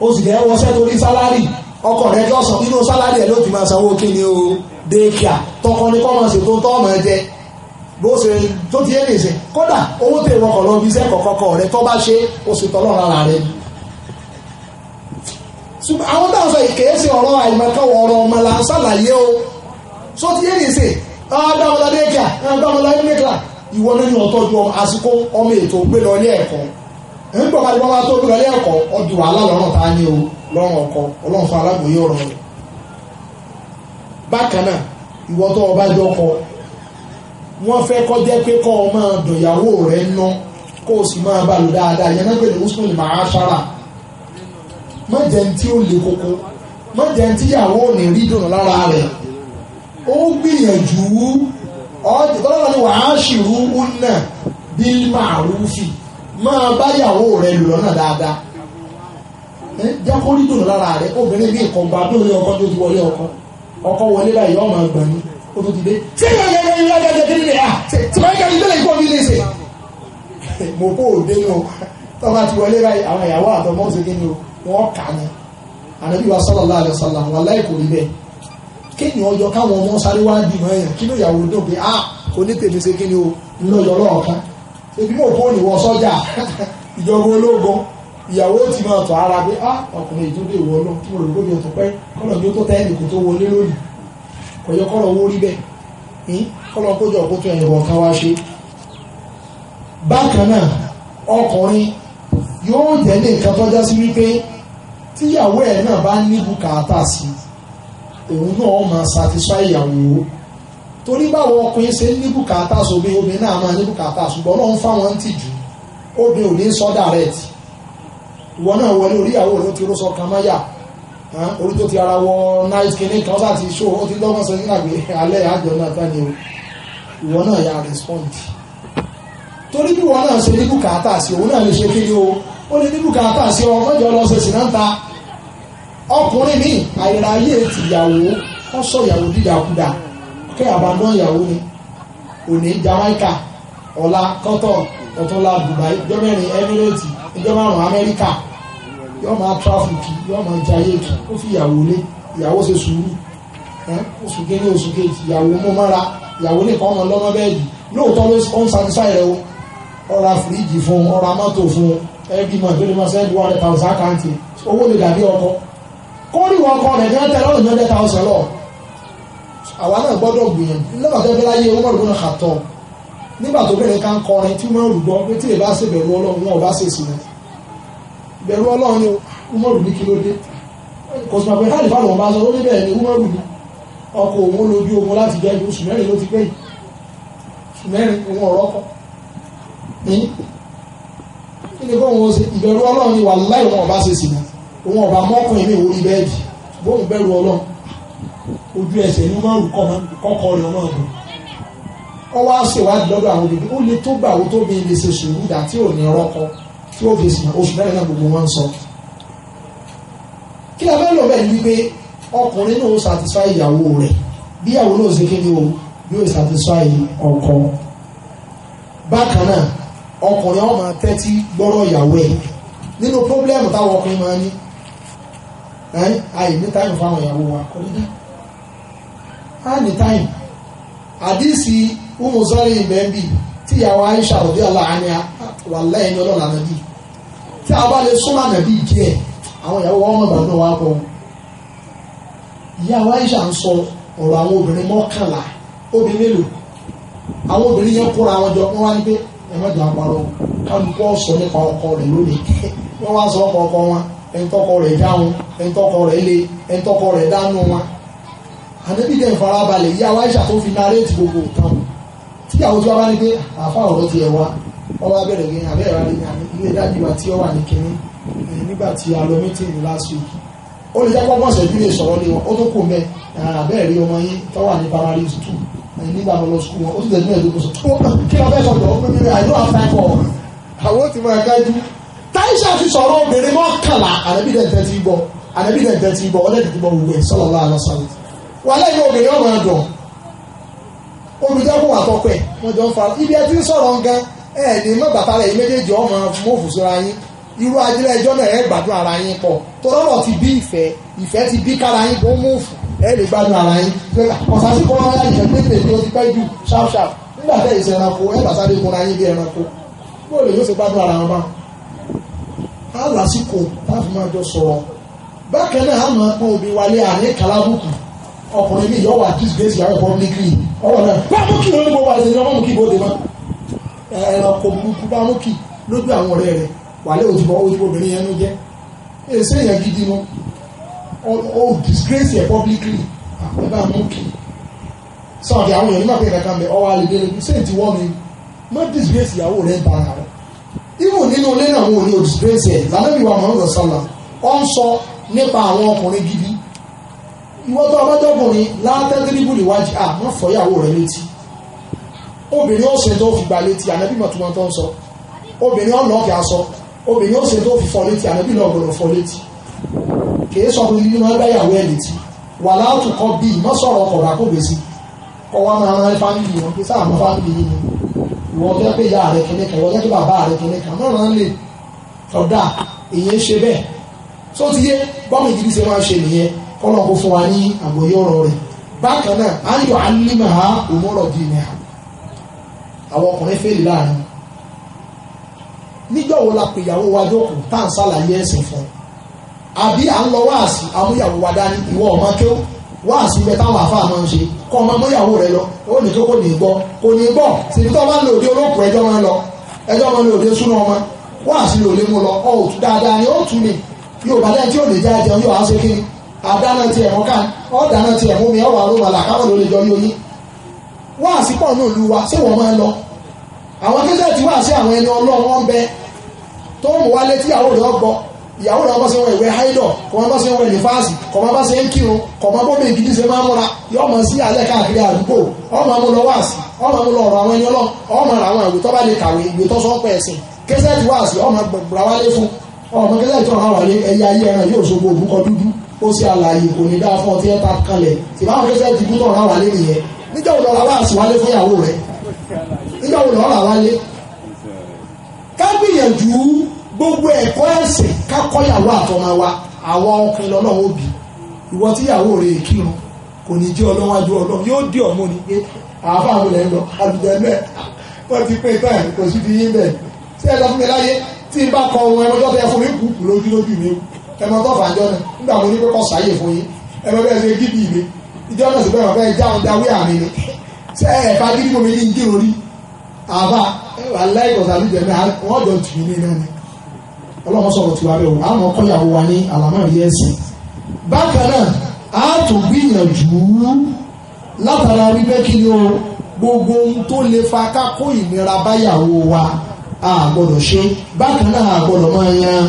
A: o sì fẹ́ wọṣẹ́ torí sálárì ọkọ rẹ jọ sọ inú sálárì ẹ ló ti máa sanwó kí ni o déèkìá tọkọ ni kọ́ máa ṣètò tọ́ máa jẹ bó ṣe tó ti yé lè ṣe kódà owó tè wọkọ̀ lọ ibiṣẹ́ kọ̀kọ́kọ́ rẹ tó bá ṣe o sì tọ́lọ́ ara rẹ. àwọn táwọn sọ ìkèéṣe ọ̀rọ̀ àìmọ̀kọ́wọ̀ ọ̀rọ̀ ọmọ là ń ṣàlàyé o tó ti yé lè ṣe ọ̀dọ́mọlá déèkìá ọ̀dọ́mọlá déèkìá ìwọ náà ni ọ̀tọ́jú àsìkò ọmọ ètò gbé lọ ní ẹ̀kọ́ ń gbọ́ kájú bá wá tó lọ ilé ẹ̀kọ́ ọdún wàhálà lọ́rùn tá a ní o lọ́rùn ọkọ ọlọ́run fún alágbòye ọ̀rọ̀ rẹ̀ bákan náà ìwọ tó o bá jọ kọ wọ́n fẹ́ kọ́ jẹ́ pé kọ́ ọ máa dọ̀yàwó rẹ̀ ná kó o sì máa bá lò dáadáa yẹn náà pé lòun sùn lè máa ṣára má jẹ́ ní tí ó le koko má jẹ́ ní tíyàwó ò ní rí dùn lára rẹ̀ ó gbìyànjú ọ̀dọ́ tọ́lọ́wọ́ ni wàá ṣìrú ń nà bí màrúfì máa báyàwó rẹ lò lọ́nà dáadáa ẹ jákórí dùn lára rẹ obìnrin bí nǹkan gba tó rí ọkọ tó ti wọlé ọkọ ọkọ wọlé báyìí ọmọ àgbà ni ó tó ti dé ṣé ìyá ìyá ìyá ìyá ìyá ìyá ìyá tí wọ́n yẹ ìdílé ìkọ́ e mi lè ṣe. mo kó o dé nù tọ́ba ti wọlé báyìí àwọn ìyàwó àtọmọ́ ṣe kí ni o wọ́n kà ní ànábì wa sallallahu alaihi wasallam wàláì kò rí bẹ́ẹ̀ kéèyàn ọjọ́ káwọn ọmọ sáré wá dì mọ́ èèyàn kí ló yàwó dùn pé ah onítèmi ṣe òbí mò kó ìwọ sọ́jà ìjọba ológun ìyàwó ti máa tọ̀ ara pé ah ọkùnrin ìjọba ìwọ lọ tí mo rò gómìnà tó pẹ́ kọ́lọ̀ ní ó tó tẹ́lẹ̀ kó tó wọlé lónìí kò yẹ kọ́lọ̀ owó rí bẹ́ẹ̀ kọ́lọ̀ kójọ kó tó ẹ̀rọ kan wá ṣe. bákan náà ọkùnrin yóò tẹ̀lé nǹkan tó já sí wípé tíyàwó ẹ̀ náà bá ní bùkátà sí òun náà máa satisfy ìyàwó torí báwọn ọkùnrin ṣe ń ní bùkátà sóbi obìnrin náà máa ní bùkátà ṣùgbọ́n Ọlọ́run fáwọn ń tìjú obìnrin ò ní sọ direct ìwọ náà wọlé orí ìyàwó rẹ ó ti orí ti ara wọ nice kinní kan sáà ṣó ó ti lọ́gbọ́n sọ nígbà pé alẹ́ àjọ náà ni o torí bí ìwọ náà ṣe ní bùkátà sí òun náà lè ṣe kí ni o ó kí àbámọ́ ìyàwó ni òní Jamaica ọ̀la kọ́tọ̀ ọ̀túnla Dubai ìjọ mẹ́rin Emirates ìjọ márùn-ún Amẹ́ríkà yóò máa tráfìkì yóò máa jayé kí ó fi ìyàwó lé ìyàwó ṣe sùúrù oṣù kejì oṣù kejì ìyàwó mú mára ìyàwó nìkan ọmọ lọ́mọ bẹ́ẹ̀dì lóòótọ́ ló ń satisfy rẹ o ọ̀ra fìríjì fún ọ̀ra mọ́tò fún every month tó lè máa send one hundred thousand àkáǹtì owó lè dàbí ọkọ kórìí ọkọ rẹ̀ jẹ́ tẹ́lọ́ọ̀dún hundred thousand lọ́ọ̀ àwa náà gbọ́dọ̀ gbìyànjú nígbà tó bẹ́ẹ̀ láyé owó ọ̀rùn náà kàtọ́ nígbà tó bẹ̀rẹ̀ ká ń kọrin tí wọ́n rúgbọ́ pé tí èbá ṣe bẹ̀rù ọlọ́run wọn ò bá ṣe sí wọn bẹ̀rù ọlọ́run ni umaru ní kí ló dé kò sùn àpẹẹrẹ káàdì fáwọn ọba sọ lórí bẹ́ẹ̀ ni umaru ní ọkọ̀ òun lójú ogun láti jẹ́ ibi oṣù mẹ́rin ló ti pẹ́ yìí oṣù mẹ́rin òun ọ̀rọ̀ kọ́ ní kí ni kóun ó ṣe ìbẹ̀rù ọlọ́run ni wàláì wọn ò bá ṣe sí wọn òun ọ̀bà mọ́kùnrin mi ò rí bẹ́ẹ̀ bóun bẹ̀rù ọlọ́run ojú ẹsẹ̀ ní mọ́rù kọ́kọ́ rẹ̀ ọmọ ọ̀dùn ọ wá ṣèwádìí lọ́dọ̀ àwọn obìnrin ó lè tó gbà ó tó bí ilé ṣe sùúrù dà tí ò ní rọ́kọ tí ó fi sìn oṣù mẹ́rin náà gbogbo wọn ń sọ. kí la lọ bẹ́ẹ̀ ni pé ọkùnrin náà ó satisfy ìyàwó rẹ̀ bí ìyàwó náà ṣe kéde o yóò satisfy ọkọ. bákan náà ọkùnrin ó tẹ́tí gbọ́rọ̀ ìyàwó ẹ̀ nínú pọ́blẹ́mù táwọn ọkùnrin máa ní àìní táyọ̀ fáwọn ìyàwó wa kọ́ anytime àdìsí umuzọ́rí ìbẹ́ẹ̀bì tí ìyàwó Aisha rọ̀bí ọ̀la anya wà lẹ́yìn ọlọ́run ànábì tí a bá lè súnmọ́ ànábì díẹ̀ àwọn ìyàwó ọmọ ìbàdàn wa Aisha ń ọrụ ọ̀rọ̀ àwọn obìnrin kala. Obi mélòó àwọn obìnrin yẹn kóra àwọn jọ nípa ọkọ [laughs] ọkọ ọkọ wọn ànábì dẹ̀ farabalẹ̀ yí àwọn àìsà tó fi narẹ́ẹ̀tì gbogbo nǹkan tí àwọn tí wọ́n bá ní pé àfa ọ̀rọ̀ ti ẹ̀ wá wọ́n bá bẹ̀rẹ̀ yẹn àbẹ́ ìwà lẹ́yìn àní ilé dájú wa tí ó wà ní kínní nígbà tí a lọ mítìnì last week ó lè jápọ̀ mọ̀sẹ̀ bí lè sọ̀rọ̀ lé wọn ó tó kò mẹ́ àbẹ́ ẹ̀rí ọmọ yín tó wà ní primary two nígbà wọn lọ school wọn ó sì tẹ̀lé mẹ́ẹ̀ẹ́dógún sọ kí wọ́n fẹ́ sọ̀rọ̀ ó pé mi I don't have time for àwọn ti máa kájú táìsà ti sọ̀rọ̀ obìnrin mọ́kànlá àdàbí dẹ̀ tẹ́ ti bọ̀ àdàbí dẹ̀ tẹ́ ti bọ̀ ọlẹ́dẹ̀ ti bọ̀ wùwẹ̀ sallallahu alaihi wasallam wà lẹ́yìn obìnrin ọmọ ẹ̀dọ̀ olùjẹ́kùn àtọ́pẹ́ wọ́n jọ ń fara ibi ẹ ti ń sọ̀rọ̀ gan ẹ̀ ní mọ́gbàtà rẹ̀ méjèèjì ọmọ mọ́fù síra yín irú ajílẹ̀ ẹjọ́ náà ẹ̀ gbádùn ara yín pọ̀ tọ́lọ́rọ̀ ti bí ìfẹ́ ìfẹ́ ti bí kára yín bó mọ́fù ẹ̀ lè gbádùn ara yín ọ̀sásí kọ́ máa yáyìn pé tèmi ó ti pẹ́ jù ṣáfṣáf nígbà tẹ́ ìṣe ẹranko ẹ̀ bàtà dé kúnra yín bí ẹranko bóò lè yóò ṣe gbádùn ara wọn á lásìkò táà fi máa jọ sọ̀rọ̀ bákan náà á máa pọ́n obì wálé àní kàlábùkù ọkùnrin mi yọ wà disgrace yàrá publicly ọwọ́ náà bá mú kí lórí gbogbo àti ìyọ́mọ̀ mú kí bóde mọ́ ẹranko burúkú bá mú kí lójú àwọn ọ̀rẹ́ rẹ̀ wàlẹ́ òtúbọ̀ òtúbọ̀ obìnrin yẹn ló jẹ́ èsè yẹn gidi nu ó disgrace yẹ publicly ẹ bá mú kí sọ̀dẹ̀ àwọn èèyàn nígbàgbé kankan bẹ ọwọ́ alẹ́ délé ṣé ti wọ́n mi má disgrace ìyàwó rẹ̀ bá ara rẹ̀ even nínú ilé náà wọn ò ní o disgrace ẹ̀ lànà ìwà mọ̀ọ́dọ̀ sálà ọ ń sọ nípa àwọn ọkùnrin gidi ìwọ́n tó abájọ́kùnrin látẹ́gíríbù níwájú à má fọ́yàwó rẹ létí obìnrin ó ṣe tó fi gbà létí ànábì mọ̀ tó wọn tó ń sọ obìnrin ó lọ́ọ̀kì aṣọ obìnrin ó ṣe tó fi fọ létí ànábì náà gbọdọ̀ fọ létí kìí sọ fún nínú ẹgbẹ́yàwó ẹ̀ létí wà látùkọ́ bíi má sọ̀rọ̀ ọkọ̀ rà kó gbèsè kọ́ wá máa rán fámìlì wọn pé sáà mọ́ fámìlì yìí ni ìwọ́n tó pé ìyá rẹ̀ kìnìkan ìwọ́n tó pé bàbá rẹ̀ kìnìkan mọ́ràn lè tọ́da èyí ń ṣe bẹ́ẹ̀ tó ti yé bọ́mù ìdílé ṣe máa ń ṣe nìyẹn kọ́lọ̀ fún wa ní àgbọ́yé ọ̀rọ̀ rẹ̀ bákan náà ayọ̀ alímọ̀ ha òmùrọ̀ di ha àwọn ọkùnrin fèlè láàrin níjọ́ wo la pè ìyàwó wa jókòó àbí à ń lọ wáàsí amúyàwó wa dání ìwọ ọmọ kéw wáàsí bẹ táwọn àfáà máa ń ṣe kọ ọmọ amúyàwó rẹ lọ ó ní kó kò ní gbọ́ kò ní gbọ́ síbi tó bá ń ní ò àdáná tiẹ̀ wọ́n ká ọ̀dáná tiẹ̀ mi ọ̀wà ló wà làkàwọ̀ ló lè jọ yóò yín wá àsìkò náà lù wa ṣé wọ́n máa lọ àwọn kẹsẹ̀ ti wá sí àwọn ẹni ọlọ́run wọn bẹ tó ń wá létí ìyàwó rẹ̀ ọgbọ ìyàwó rẹ̀ ọgbọ sí wọn ìwé kò bá sí wọn ìfáàsì kò bá sí ẹnkírun kò bẹ́ẹ̀ gidi ṣe máa múra yọ ọmọ sí alẹ́ káàkiri àdúgbò ọmọ mú lọ wáàsì ọmọ lọ ọ̀rọ̀ àwọn ẹni tí ó ṣe àlàyé kò ní dáa fún ọtí ẹ̀ ta kalẹ̀ ìbáwọn tó fẹ́ dìbò náà ráwà lé nìyẹn nígbà wo lọ́ra wá àsùnwálé fún ìyàwó rẹ̀ nígbà wo lọ́ra wálé. ká gbìyànjú gbogbo ẹ̀kọ́ ẹ̀sìn ká kọ́ ìyàwó àtọmọ wa àwọn ọkùnrin lọ́nà òbí ìwọ tí ìyàwó rẹ̀ kírun kò ní jẹ́ ọlọ́wájú ọlọ́run yóò dé ọ̀mọ́ ni pé àáfà mi lẹ́nu lọ àlùjẹ mẹ́ wọ́n ti pé táyà kò sí fi yín bẹ́ẹ̀ sí ẹ̀ lọ fún mi láyé tí n bá kọ ohun ẹ̀rọ lọ́fẹ̀ẹ́ fún mi kù lójú ẹmọ tó fàájọ́ náà nígbà mo ní pé kọ́ sáyè fún yín ẹmọ bẹ́ẹ̀ ṣe gidi ìwé ìjọ náà sì bẹ́ẹ̀ bẹ́ẹ̀ já wọn dáwé àmì ni ṣé ẹ fa gidi mo mi ní jí orí àbá aláìkọ̀sá ló jẹ̀ náà wọ́n jọ tù mí náà ni ọlọ́run sọ̀rọ̀ tiwa bẹ́ẹ̀ wò àwọn ọkọ wa ní àlámọ́ ìyẹ́ ẹ̀sìn bákan náà a tó gbìyànjú látara wípé kí ni o gbogbo ohun tó lè fa ká kó ìnira báyàwó wa a ṣe bákan náà a máa yan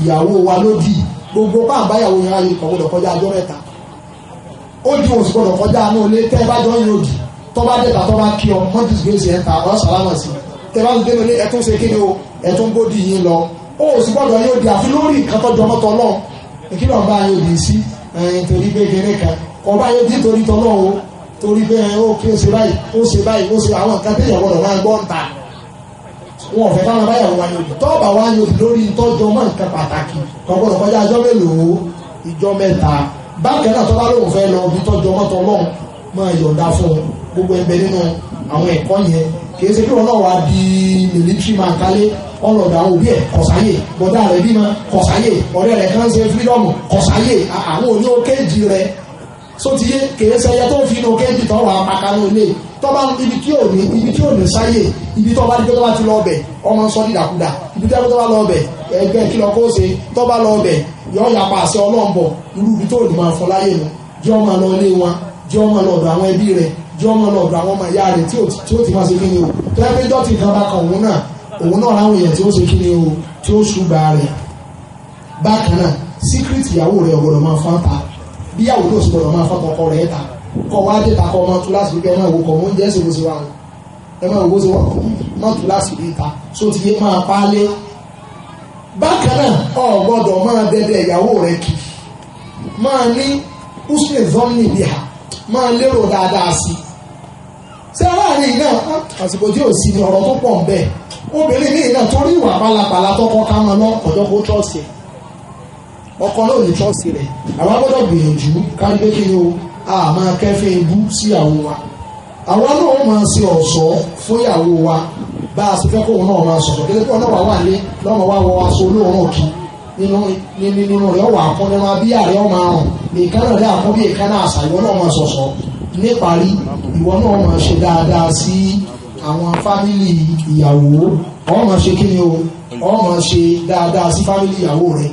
A: ìyàwó wa lódì gbogbo pa àbáyàwó yẹn ayé kan gbọ́dọ̀ kọjá ọjọ́ mẹ́ta ó di oṣù gbọ́dọ̀ kọjá àánú ilé tẹ́ ẹ bá jọ ń yọ òdì tó bá dẹ̀ta tó bá kí ọ mọ́tì gbèsè ẹ̀ta ọ̀rọ̀ sàlámà sí tẹ́ bá ń gbé lórí ẹtún ṣe kéde o ẹtún gbódì yín lọ oṣù gbọ́dọ̀ yóò di àfi lórí nǹkan tó jọmọ́ tọ́ náà èkí náà bá yóò di sí ẹyin torí pé kéré kan ọba yóò di torí tọ́ o torí pé ó kí ó ṣe báyìí ó wọn ò fẹ́ káwọn báyàwó wáyé òdì tọ́ọ̀bà wáyé òdì lórí ìtọ́jú ọmọ nǹkan pàtàkì kọ̀ọ̀kan kọjá ọjọ́ mélòó ìjọ mẹ́ta bákan náà tọ́ba lóun fẹ́ lọ bí tọ́jú ọmọ tọ́lọ́ máa yọ̀ǹda fún gbogbo ẹgbẹ́ nínú àwọn ẹ̀kọ́ yẹn kìí ṣe kí wọn náà wá di military man kálé ọlọ́dà òbí ẹ̀ kọ̀sáyè bọ́dá rẹ̀ bímọ kọ̀sáyè ọ̀rẹ́ rẹ̀ kan ṣe freedom kọ̀sáyè àwọn òní rẹ̀ so ti yé kèé sẹyẹ tó ń fi inú kéèjì tó wà pàkánù ilé tó bá ibi tí ò ní ibi tí ò ní sáyè ibi tó bá di pé tó bá ti lọ ọbẹ ọmọ ń sọ dídàkudà ibi tó bá lọ ọbẹ ẹgbẹ kí lọ kó ṣe tó bá lọ ọbẹ yọ yapa àṣẹ ọlọ́ọ̀bọ irú ibi tó ní máa fọ láyé nu jẹ́ ọmọ lọ ilé wọn jẹ́ ọmọ lọ ọ̀dọ̀ àwọn ẹbí rẹ jẹ́ ọmọ lọ ọ̀dọ̀ àwọn ọmọ ìyá rẹ tí ó o tó yẹ pé dọ́tì kan bá kan òun náà òun náà ráwọn èèyàn tí ó ṣe kí ni o tí ó bí àwọn olóò sì gbọdọ̀ máa ọkọ rẹ̀ ta kọ́ wá dé takọ ọmọ kíláàsì wípé ẹ máa wò kọ́ mọ́ oúnjẹ ṣe wọ́sí wa ẹ máa wò sí wọ́n mọ́ kíláàsì rí ta só ti yé máa pálé bákan náà ọ gbọdọ̀ máa dẹdẹ ìyàwó rẹ kì máa ní usman zonni bíhà máa lérò dáadáa sí ṣé aláàárín náà àsìkò tí ò sí ni ọ̀rọ̀ tó pọ̀ ń bẹ́ẹ̀ obìnrin míì náà torí ìwà pálapàla tọkọ ká máa lọ ọ̀dọ́kọ̀ trọ́ọ̀sì ẹ̀ ọkọ náà ní trọ́ọ̀sì rẹ̀ àwọn gbọ́dọ̀ gbìyànjú kárí pé kí ni o a máa kẹ́fẹ́ ibú síyàwó wa àwọn náà ó máa ṣe ọ̀ṣọ́ fúnyàwó wa bá a ṣe fẹ́ kóun náà máa sọ̀rọ̀ kí lóko náà wà wà lé lọ́mọ wá wọ aṣọ olóòórùn kí nínú nínú rẹ̀ ọ̀wà àpọ́n nínú abíyà rẹ̀ ọ̀mà rùn nìkan náà rẹ̀ àpọ́n bí ìkan náà àṣà ìwọ náà máa sọ̀sọ̀ níparí ìwọ náà máa ṣe dáadáa sí àwọn fámìlì ìyàwó o máa ṣe kí ni o o máa ṣe dáadáa sí fámìlì ìyàwó rẹ̀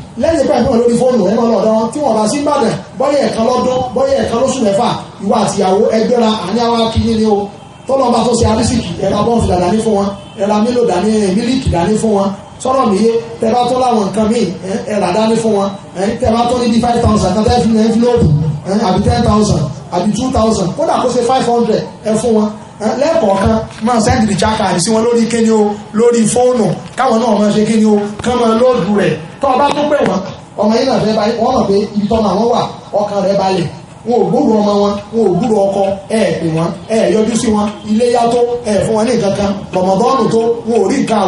A: lẹ́yìn pẹ̀lú wọn lórí fóònù ẹ máa lọ ọ̀dọ̀ wọn tí wọn bá sí gbàdàn bóyá ẹ̀kan lọ́dún bóyá ẹ̀kan lóṣù mẹ́fà ìwà àtìyàwó ẹgbẹ́ra àní àwọn akínyìn ni o tọ́lọ́ bá tó ṣe arísìkì ẹ̀rọ abọ́n fìlà dání fún wọn ẹ̀rọ amílò dání mílíkì dání fún wọn sọ́rọ̀ mi yé tẹ́bá tó láwọn nǹkan míì ẹ̀rà dání fún wọn tẹ́bá tó ní five thousand kan tẹ́fún ẹ̀fúnlọ́ọ̀bù àbí ten thousand àbí two thousand kódà kó five hundred ẹ fún wọn lẹ́kọ̀ọ̀kan máa sẹ́ndì ìjà kàrí sí wọn lórí kíni o lórí fóònù káwọn náà máa ṣe kíni o kán máa lóòdù rẹ̀ tó ọba tó pè wọ́n ọmọ yìí náà fẹ́ báyìí wọ́n mọ̀ pé ibi wà ọkàn rẹ̀ balẹ̀ wọn ò ọmọ wọn wọn ò ọkọ pè wọn yọjú tó fún wọn ní kan tó wọn ò rí nǹkan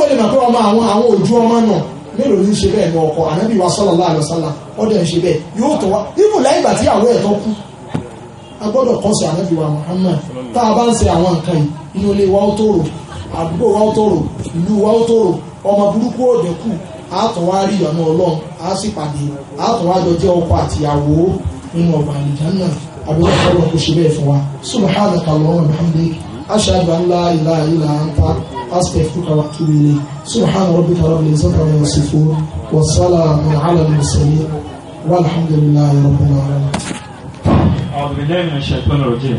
A: àwẹ̀ gbà mélòó ní ṣe bẹ́ẹ̀ ní ọkọ ànábì wa sallallahu alaihi wasallam ọdẹ ń ṣe bẹ́ẹ̀ yóò tọ́ wa nínú lẹ́yìn ìgbà tí àwọn kú a kọ́ sí ànábì wa Muhammad tá a bá ń ṣe àwọn nǹkan yìí inú ilé wa ó tòrò àdúgbò wa ó tòrò ìlú wa ó ọmọ burúkú kù àátọ̀ rí ọlọ́run á sì ọkọ àtìyàwó nínú ṣe bẹ́ẹ̀ fún wa wa أشهد أن لا إله إلا أنت أستغفرك وأتوب إليك سبحان ربك رب العزة عما يصفون
B: والسلام على المرسلين والحمد لله رب العالمين. أعوذ بالله من الشيطان الرجيم